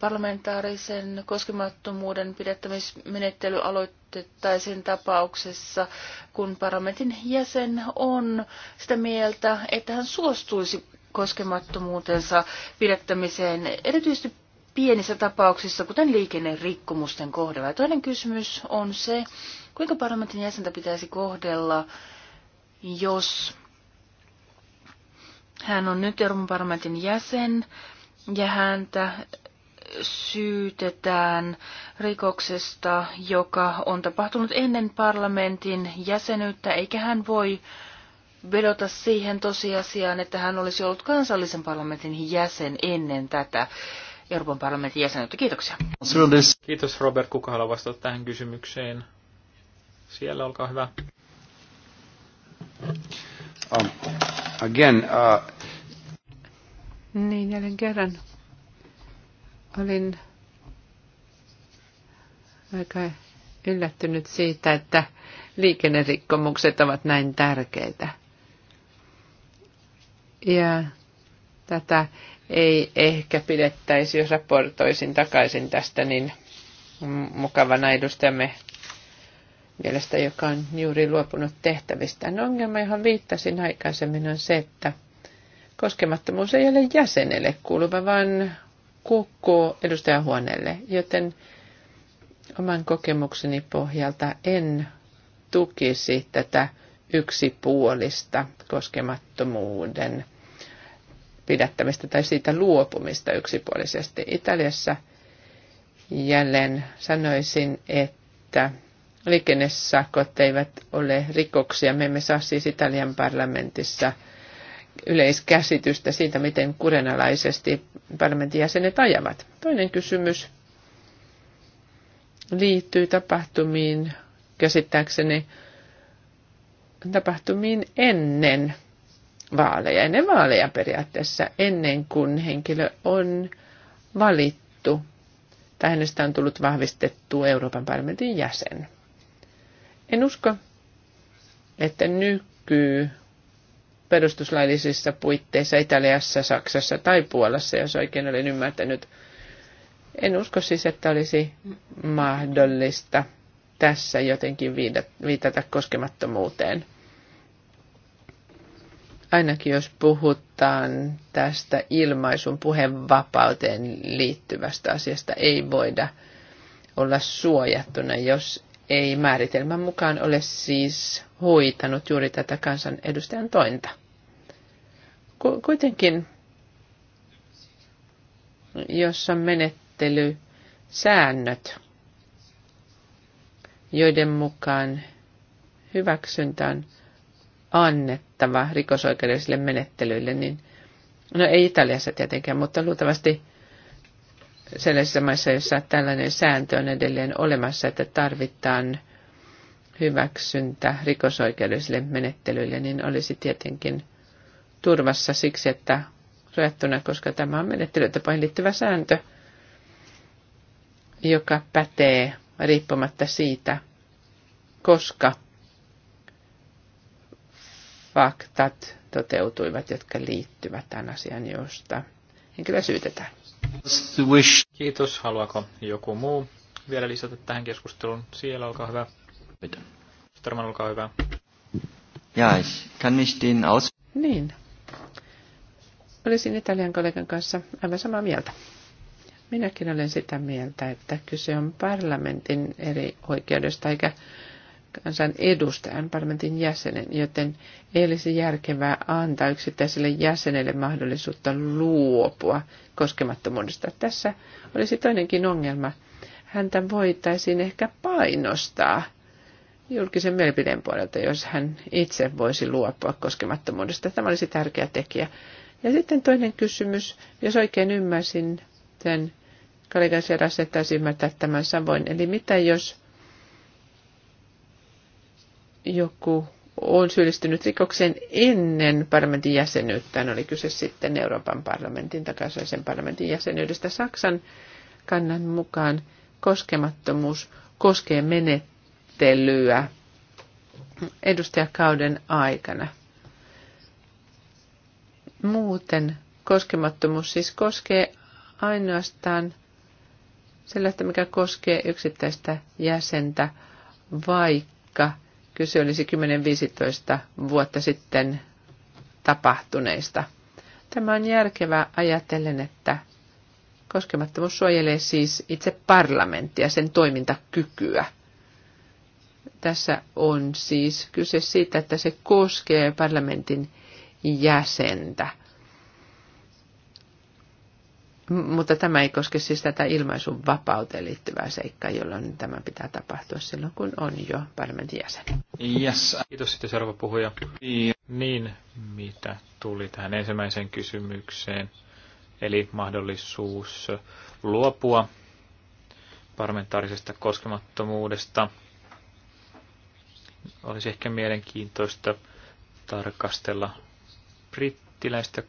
parlamentaarisen koskemattomuuden pidättämismenettely aloitettaisiin tapauksessa, kun parlamentin jäsen on sitä mieltä, että hän suostuisi koskemattomuutensa pidättämiseen, erityisesti pienissä tapauksissa, kuten liikennerikkomusten kohdalla. Ja toinen kysymys on se, kuinka parlamentin jäsentä pitäisi kohdella, jos hän on nyt Euroopan parlamentin jäsen ja häntä syytetään rikoksesta, joka on tapahtunut ennen parlamentin jäsenyyttä, eikä hän voi vedota siihen tosiasiaan, että hän olisi ollut kansallisen parlamentin jäsen ennen tätä Euroopan parlamentin jäsenyyttä. Kiitoksia. Kiitos Robert. Kuka haluaa vastata tähän kysymykseen? Siellä, olkaa hyvä. Um, again, uh... Niin, jälleen kerran olin aika yllättynyt siitä, että liikennerikkomukset ovat näin tärkeitä. Ja tätä ei ehkä pidettäisi, jos raportoisin takaisin tästä, niin mukavana edustajamme mielestä, joka on juuri luopunut tehtävistä, No Ongelma, johon viittasin aikaisemmin, on se, että koskemattomuus ei ole jäsenelle kuuluva, vaan kukkuu edustajahuoneelle, joten oman kokemukseni pohjalta en tukisi tätä yksipuolista koskemattomuuden pidättämistä tai siitä luopumista yksipuolisesti. Italiassa jälleen sanoisin, että liikennesakot eivät ole rikoksia. Me emme saa siis Italian parlamentissa yleiskäsitystä siitä, miten kurenalaisesti parlamentin jäsenet ajavat. Toinen kysymys liittyy tapahtumiin, käsittääkseni tapahtumiin ennen vaaleja, ennen vaaleja periaatteessa, ennen kuin henkilö on valittu tai hänestä on tullut vahvistettu Euroopan parlamentin jäsen. En usko, että nyky perustuslaillisissa puitteissa Italiassa, Saksassa tai Puolassa, jos oikein olen ymmärtänyt. En usko siis, että olisi mahdollista tässä jotenkin viitata koskemattomuuteen. Ainakin jos puhutaan tästä ilmaisun puheenvapauteen liittyvästä asiasta, ei voida olla suojattuna, jos ei määritelmän mukaan ole siis hoitanut juuri tätä kansanedustajan tointa. Kuitenkin, jos on menettelysäännöt, joiden mukaan hyväksyntä on annettava rikosoikeudellisille menettelyille, niin no ei Italiassa tietenkään, mutta luultavasti sellaisissa maissa, joissa tällainen sääntö on edelleen olemassa, että tarvitaan hyväksyntä rikosoikeudellisille menettelyille, niin olisi tietenkin turvassa siksi, että rajattuna, koska tämä on menettelytapoihin liittyvä sääntö, joka pätee riippumatta siitä, koska faktat toteutuivat, jotka liittyvät tämän asian, josta henkilö syytetään. Kiitos. Haluaako joku muu vielä lisätä tähän keskusteluun? Siellä, olkaa hyvä. Bitte. Sterman, olkaa hyvä. Ja, ich kann mich den aus... Niin. Olisin Italian kollegan kanssa aivan samaa mieltä. Minäkin olen sitä mieltä, että kyse on parlamentin eri oikeudesta, eikä kansan edustajan, parlamentin jäsenen, joten ei olisi järkevää antaa yksittäiselle jäsenelle mahdollisuutta luopua koskemattomuudesta. Tässä olisi toinenkin ongelma. Häntä voitaisiin ehkä painostaa julkisen mielipiteen puolelta, jos hän itse voisi luopua koskemattomuudesta. Tämä olisi tärkeä tekijä. Ja sitten toinen kysymys, jos oikein ymmärsin sen, Kalikas ja ymmärtää tämän savoin. Eli mitä jos joku on syyllistynyt rikokseen ennen parlamentin jäsenyyttään, oli kyse sitten Euroopan parlamentin takaisin parlamentin jäsenyydestä. Saksan kannan mukaan koskemattomuus koskee menettelyä edustajakauden aikana. Muuten koskemattomuus siis koskee ainoastaan sellaista, mikä koskee yksittäistä jäsentä, vaikka – kyse olisi 10-15 vuotta sitten tapahtuneista. Tämä on järkevää ajatellen, että koskemattomuus suojelee siis itse parlamenttia, sen toimintakykyä. Tässä on siis kyse siitä, että se koskee parlamentin jäsentä – mutta tämä ei koske siis tätä ilmaisun vapauteen liittyvää seikkaa, jolloin tämä pitää tapahtua silloin, kun on jo parlamentin jäsen. Yes. Kiitos sitten seuraava puhuja. Niin, mitä tuli tähän ensimmäiseen kysymykseen, eli mahdollisuus luopua parlamentaarisesta koskemattomuudesta. Olisi ehkä mielenkiintoista tarkastella brittiläistä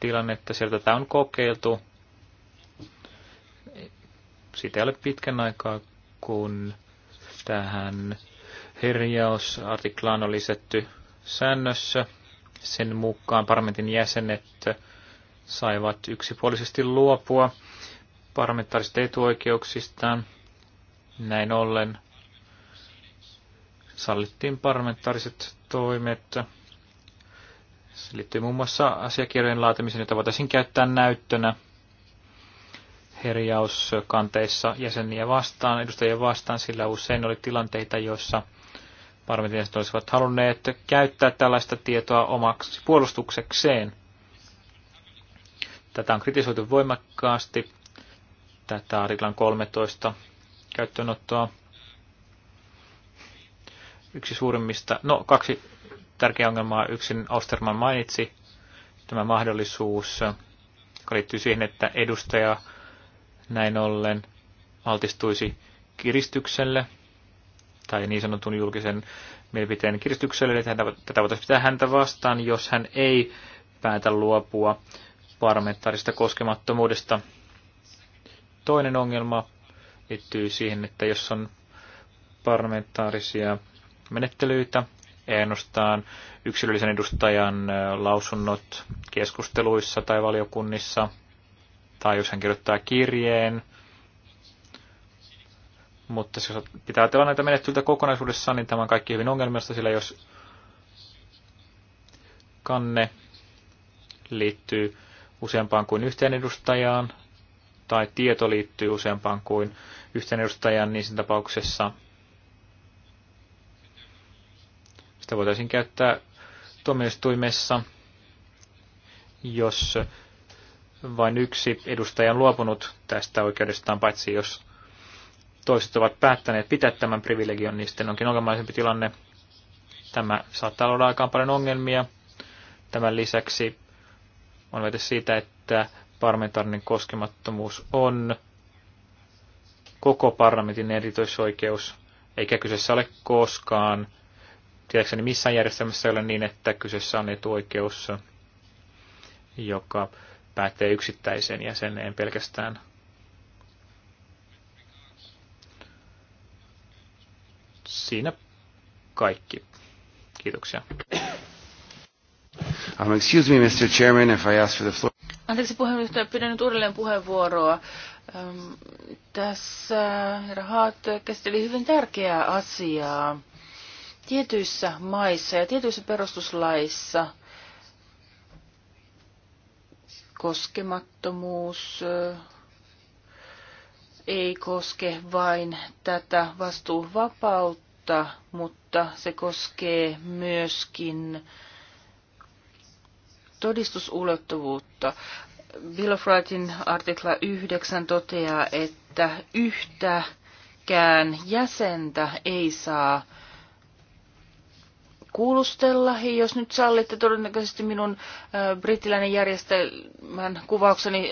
tilannetta. Sieltä tämä on kokeiltu siitä ei ole pitkän aikaa, kun tähän herjausartiklaan on lisätty säännössä. Sen mukaan parlamentin jäsenet saivat yksipuolisesti luopua parlamentaarisista etuoikeuksistaan. Näin ollen sallittiin parlamentaariset toimet. Se liittyy muun muassa asiakirjojen laatimiseen, jota voitaisiin käyttää näyttönä herjauskanteissa jäseniä vastaan, edustajia vastaan, sillä usein oli tilanteita, joissa parlamentin olisivat halunneet käyttää tällaista tietoa omaksi puolustuksekseen. Tätä on kritisoitu voimakkaasti, tätä artiklan 13 käyttöönottoa. Yksi suurimmista, no kaksi tärkeää ongelmaa, yksin Austerman mainitsi, tämä mahdollisuus, joka liittyy siihen, että edustaja näin ollen altistuisi kiristykselle tai niin sanotun julkisen mielipiteen kiristykselle, eli tätä voitaisiin pitää häntä vastaan, jos hän ei päätä luopua parlamentaarista koskemattomuudesta. Toinen ongelma liittyy siihen, että jos on parlamentaarisia menettelyitä, ennustaan yksilöllisen edustajan lausunnot keskusteluissa tai valiokunnissa – tai jos hän kirjoittaa kirjeen. Mutta jos pitää ajatella näitä menettelyitä kokonaisuudessaan, niin tämä on kaikki hyvin ongelmista, sillä jos kanne liittyy useampaan kuin yhteen edustajaan, tai tieto liittyy useampaan kuin yhteen edustajaan, niin siinä tapauksessa sitä voitaisiin käyttää tuomioistuimessa, jos vain yksi edustaja on luopunut tästä oikeudestaan, paitsi jos toiset ovat päättäneet pitää tämän privilegion, niin sitten onkin ongelmallisempi tilanne. Tämä saattaa olla aikaan paljon ongelmia. Tämän lisäksi on väite siitä, että parlamentaarinen koskemattomuus on koko parlamentin erityisoikeus, eikä kyseessä ole koskaan. Tiedäkseni missään järjestelmässä ei ole niin, että kyseessä on etuoikeus, joka pätee yksittäiseen jäseneen pelkästään. Siinä kaikki. Kiitoksia. Um, excuse me, Mr. Chairman, if I ask for the floor. Anteeksi puheenjohtaja, pidän nyt uudelleen puheenvuoroa. Ähm, tässä herra Haat käsitteli hyvin tärkeää asiaa. Tietyissä maissa ja tietyissä perustuslaissa – koskemattomuus ei koske vain tätä vastuuvapautta, mutta se koskee myöskin todistusulottuvuutta. Bill of Rightin artikla 9 toteaa, että yhtäkään jäsentä ei saa kuulustella. Jos nyt sallitte, todennäköisesti minun brittiläinen järjestelmän kuvaukseni,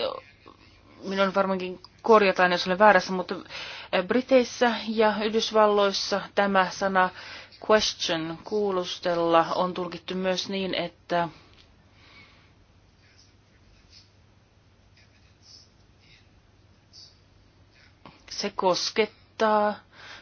minun varmaankin korjataan, jos olen väärässä, mutta Briteissä ja Yhdysvalloissa tämä sana question, kuulustella, on tulkittu myös niin, että se koskettaa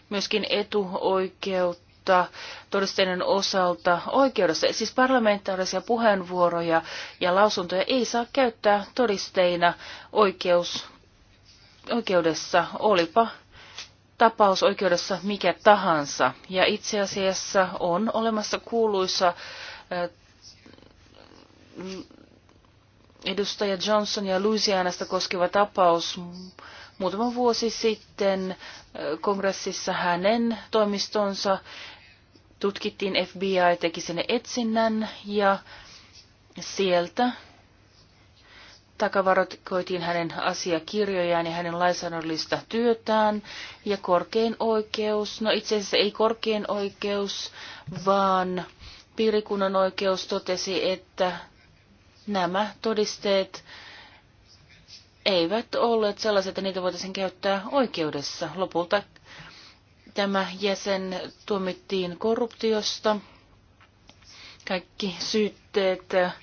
myöskin etuoikeutta mutta todisteiden osalta oikeudessa. Siis parlamentaarisia puheenvuoroja ja lausuntoja ei saa käyttää todisteina oikeus, oikeudessa, olipa tapaus oikeudessa mikä tahansa. Ja itse asiassa on olemassa kuuluisa äh, edustaja Johnson ja Louisianasta koskeva tapaus muutama vuosi sitten äh, kongressissa hänen toimistonsa tutkittiin, FBI teki sinne etsinnän ja sieltä takavarot koitiin hänen asiakirjojaan ja hänen lainsäädännöllistä työtään. Ja korkein oikeus, no itse asiassa ei korkein oikeus, vaan piirikunnan oikeus totesi, että nämä todisteet eivät olleet sellaiset, että niitä voitaisiin käyttää oikeudessa. Lopulta Tämä jäsen tuomittiin korruptiosta. Kaikki syytteet äh,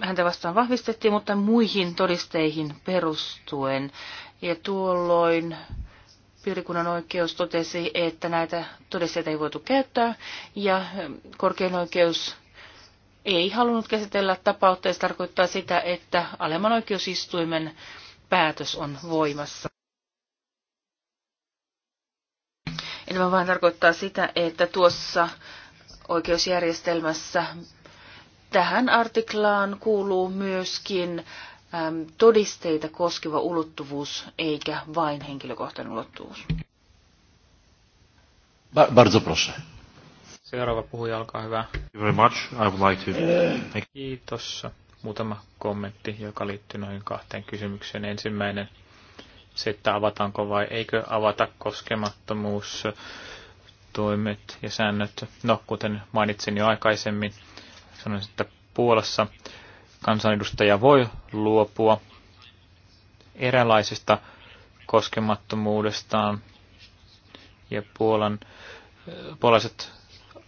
häntä vastaan vahvistettiin, mutta muihin todisteihin perustuen. Ja tuolloin piirikunnan oikeus totesi, että näitä todisteita ei voitu käyttää, ja äh, korkein oikeus ei halunnut käsitellä tapautta, ja se tarkoittaa sitä, että alemman oikeusistuimen päätös on voimassa. Enemmän vain tarkoittaa sitä, että tuossa oikeusjärjestelmässä tähän artiklaan kuuluu myöskin todisteita koskeva ulottuvuus, eikä vain henkilökohtainen ulottuvuus. bardzo proszę. Seuraava puhuja, olkaa hyvä. very much. I would like to... Kiitos. Muutama kommentti, joka liittyy noihin kahteen kysymykseen. Ensimmäinen se, että avataanko vai eikö avata koskemattomuus toimet ja säännöt. No, kuten mainitsin jo aikaisemmin, sanoisin, että Puolassa kansanedustaja voi luopua erilaisista koskemattomuudestaan ja Puolan, puolaiset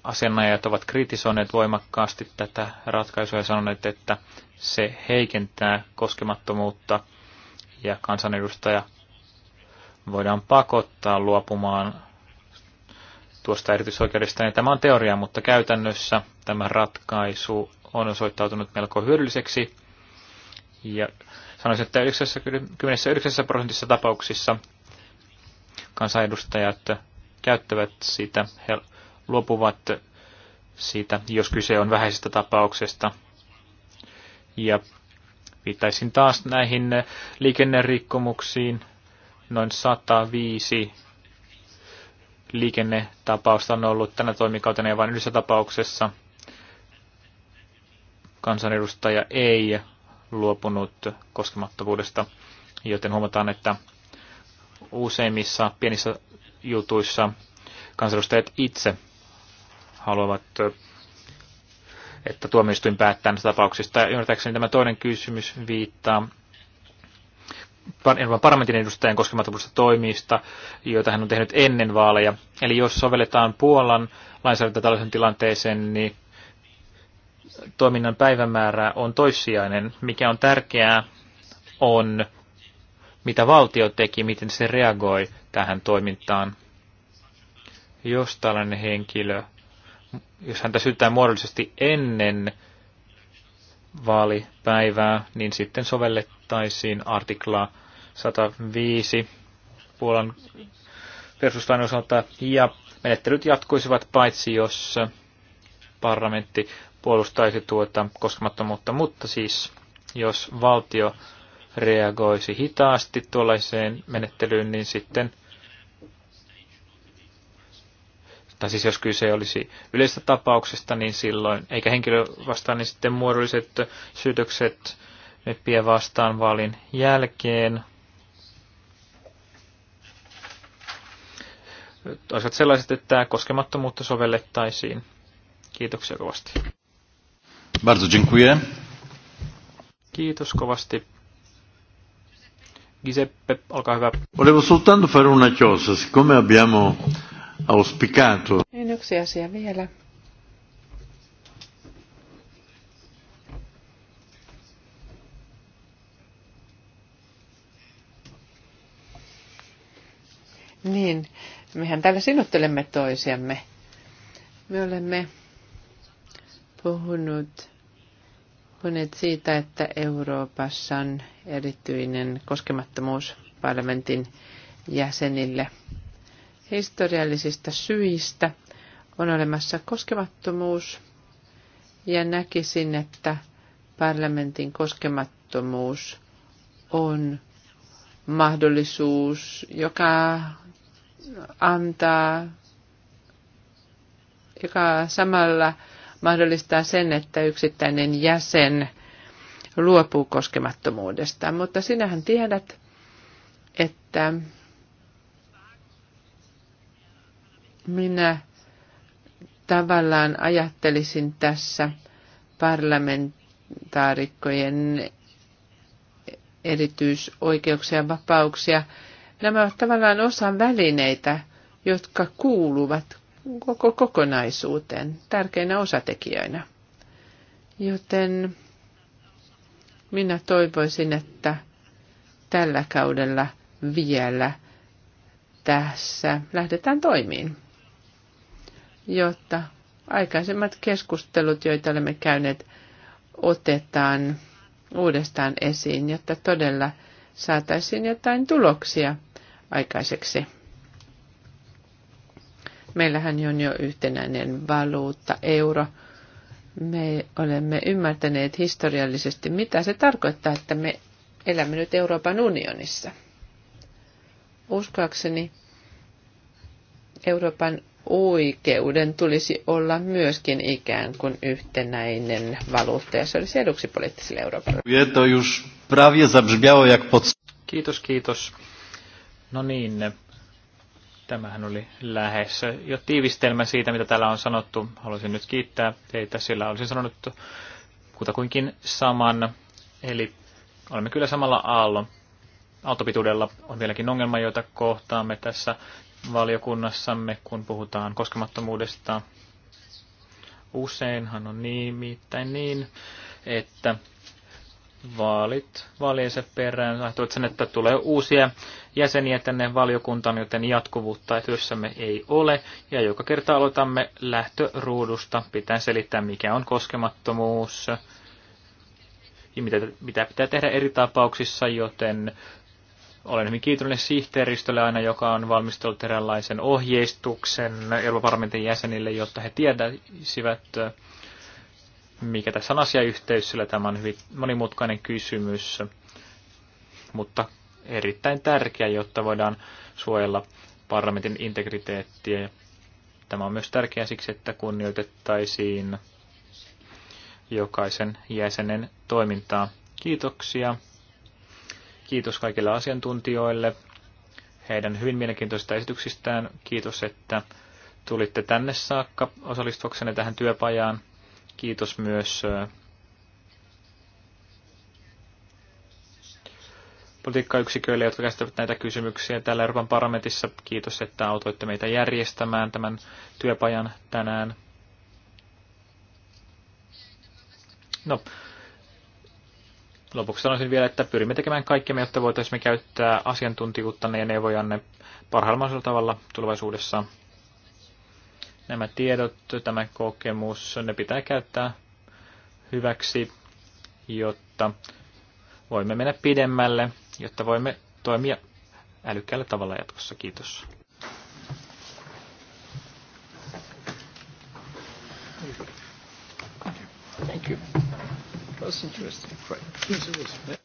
asianajajat ovat kritisoineet voimakkaasti tätä ratkaisua ja sanoneet, että se heikentää koskemattomuutta ja kansanedustaja voidaan pakottaa luopumaan tuosta erityisoikeudesta. Ja niin tämä on teoria, mutta käytännössä tämä ratkaisu on osoittautunut melko hyödylliseksi. Ja sanoisin, että 99 prosentissa tapauksissa kansanedustajat käyttävät sitä, he luopuvat siitä, jos kyse on vähäisestä tapauksesta. Ja viittaisin taas näihin liikennerikkomuksiin, noin 105 liikennetapausta on ollut tänä toimikautena ja vain yhdessä tapauksessa kansanedustaja ei luopunut koskemattomuudesta, joten huomataan, että useimmissa pienissä jutuissa kansanedustajat itse haluavat, että tuomioistuin päättää näistä tapauksista. Ja ymmärtääkseni tämä toinen kysymys viittaa Euroopan parlamentin edustajan koskemattomuudesta toimista, joita hän on tehnyt ennen vaaleja. Eli jos sovelletaan Puolan lainsäädäntöä tällaisen tilanteeseen, niin toiminnan päivämäärä on toissijainen. Mikä on tärkeää, on mitä valtio teki, miten se reagoi tähän toimintaan. Jos tällainen henkilö, jos häntä syytetään muodollisesti ennen vaalipäivää, niin sitten sovelletaan noudatettaisiin artiklaa 105 Puolan perustuslain osalta ja menettelyt jatkuisivat paitsi jos parlamentti puolustaisi tuota koskemattomuutta, mutta siis jos valtio reagoisi hitaasti tuollaiseen menettelyyn, niin sitten tai siis jos kyse olisi yleisestä tapauksesta, niin silloin, eikä henkilö vastaa, niin sitten muodolliset syytökset meppiä vastaan vaalin jälkeen. Olisivat sellaiset, että koskemattomuutta sovellettaisiin. Kiitoksia kovasti. Bardzo dziękuję. Kiitos kovasti. Giuseppe, olkaa hyvä. Volevo soltanto fare una cosa, siccome abbiamo auspicato. Niin yksi asia vielä. Niin, mehän täällä sinuttelemme toisiamme. Me olemme puhunut, puhunut siitä, että Euroopassa on erityinen koskemattomuus parlamentin jäsenille. Historiallisista syistä on olemassa koskemattomuus ja näkisin, että parlamentin koskemattomuus on mahdollisuus, joka antaa, joka samalla mahdollistaa sen, että yksittäinen jäsen luopuu koskemattomuudesta. Mutta sinähän tiedät, että minä tavallaan ajattelisin tässä parlamentaarikkojen erityisoikeuksia ja vapauksia – Nämä ovat tavallaan osa välineitä, jotka kuuluvat koko kokonaisuuteen tärkeinä osatekijöinä. Joten minä toivoisin, että tällä kaudella vielä tässä lähdetään toimiin, jotta aikaisemmat keskustelut, joita olemme käyneet, otetaan uudestaan esiin, jotta todella saataisiin jotain tuloksia – aikaiseksi. Meillähän on jo yhtenäinen valuutta, euro. Me olemme ymmärtäneet historiallisesti, mitä se tarkoittaa, että me elämme nyt Euroopan unionissa. Uskoakseni Euroopan oikeuden tulisi olla myöskin ikään kuin yhtenäinen valuutta, ja se olisi eduksi poliittiselle Euroopalle. Kiitos, kiitos. No niin, tämähän oli lähes jo tiivistelmä siitä, mitä täällä on sanottu. Haluaisin nyt kiittää teitä, sillä olisin sanonut kutakuinkin saman. Eli olemme kyllä samalla aallon. Autopituudella on vieläkin ongelma, joita kohtaamme tässä valiokunnassamme, kun puhutaan koskemattomuudesta. Useinhan on nimittäin niin, että vaalit vaaliensa perään Ajattelut sen, että tulee uusia jäseniä tänne valiokuntaan, joten jatkuvuutta työssämme ei ole. Ja joka kerta aloitamme lähtöruudusta. Pitää selittää, mikä on koskemattomuus ja mitä, mitä pitää tehdä eri tapauksissa, joten olen hyvin kiitollinen sihteeristölle aina, joka on valmistellut eräänlaisen ohjeistuksen Euroopan parlamentin jäsenille, jotta he tietäisivät, mikä tässä on asiayhteys, sillä tämä on hyvin monimutkainen kysymys, mutta erittäin tärkeä, jotta voidaan suojella parlamentin integriteettiä. Tämä on myös tärkeää siksi, että kunnioitettaisiin jokaisen jäsenen toimintaa. Kiitoksia. Kiitos kaikille asiantuntijoille heidän hyvin mielenkiintoisista esityksistään. Kiitos, että tulitte tänne saakka osallistuksenne tähän työpajaan. Kiitos myös politiikkayksiköille, jotka käsittävät näitä kysymyksiä täällä Euroopan parlamentissa. Kiitos, että autoitte meitä järjestämään tämän työpajan tänään. No, lopuksi sanoisin vielä, että pyrimme tekemään kaikkemme, jotta voitaisiin käyttää asiantuntijuuttanne ja neuvojanne parhaalla mahdollisella tavalla tulevaisuudessa. Nämä tiedot, tämä kokemus, ne pitää käyttää hyväksi, jotta voimme mennä pidemmälle, jotta voimme toimia älykkäällä tavalla jatkossa. Kiitos. Thank you. That was interesting. Right.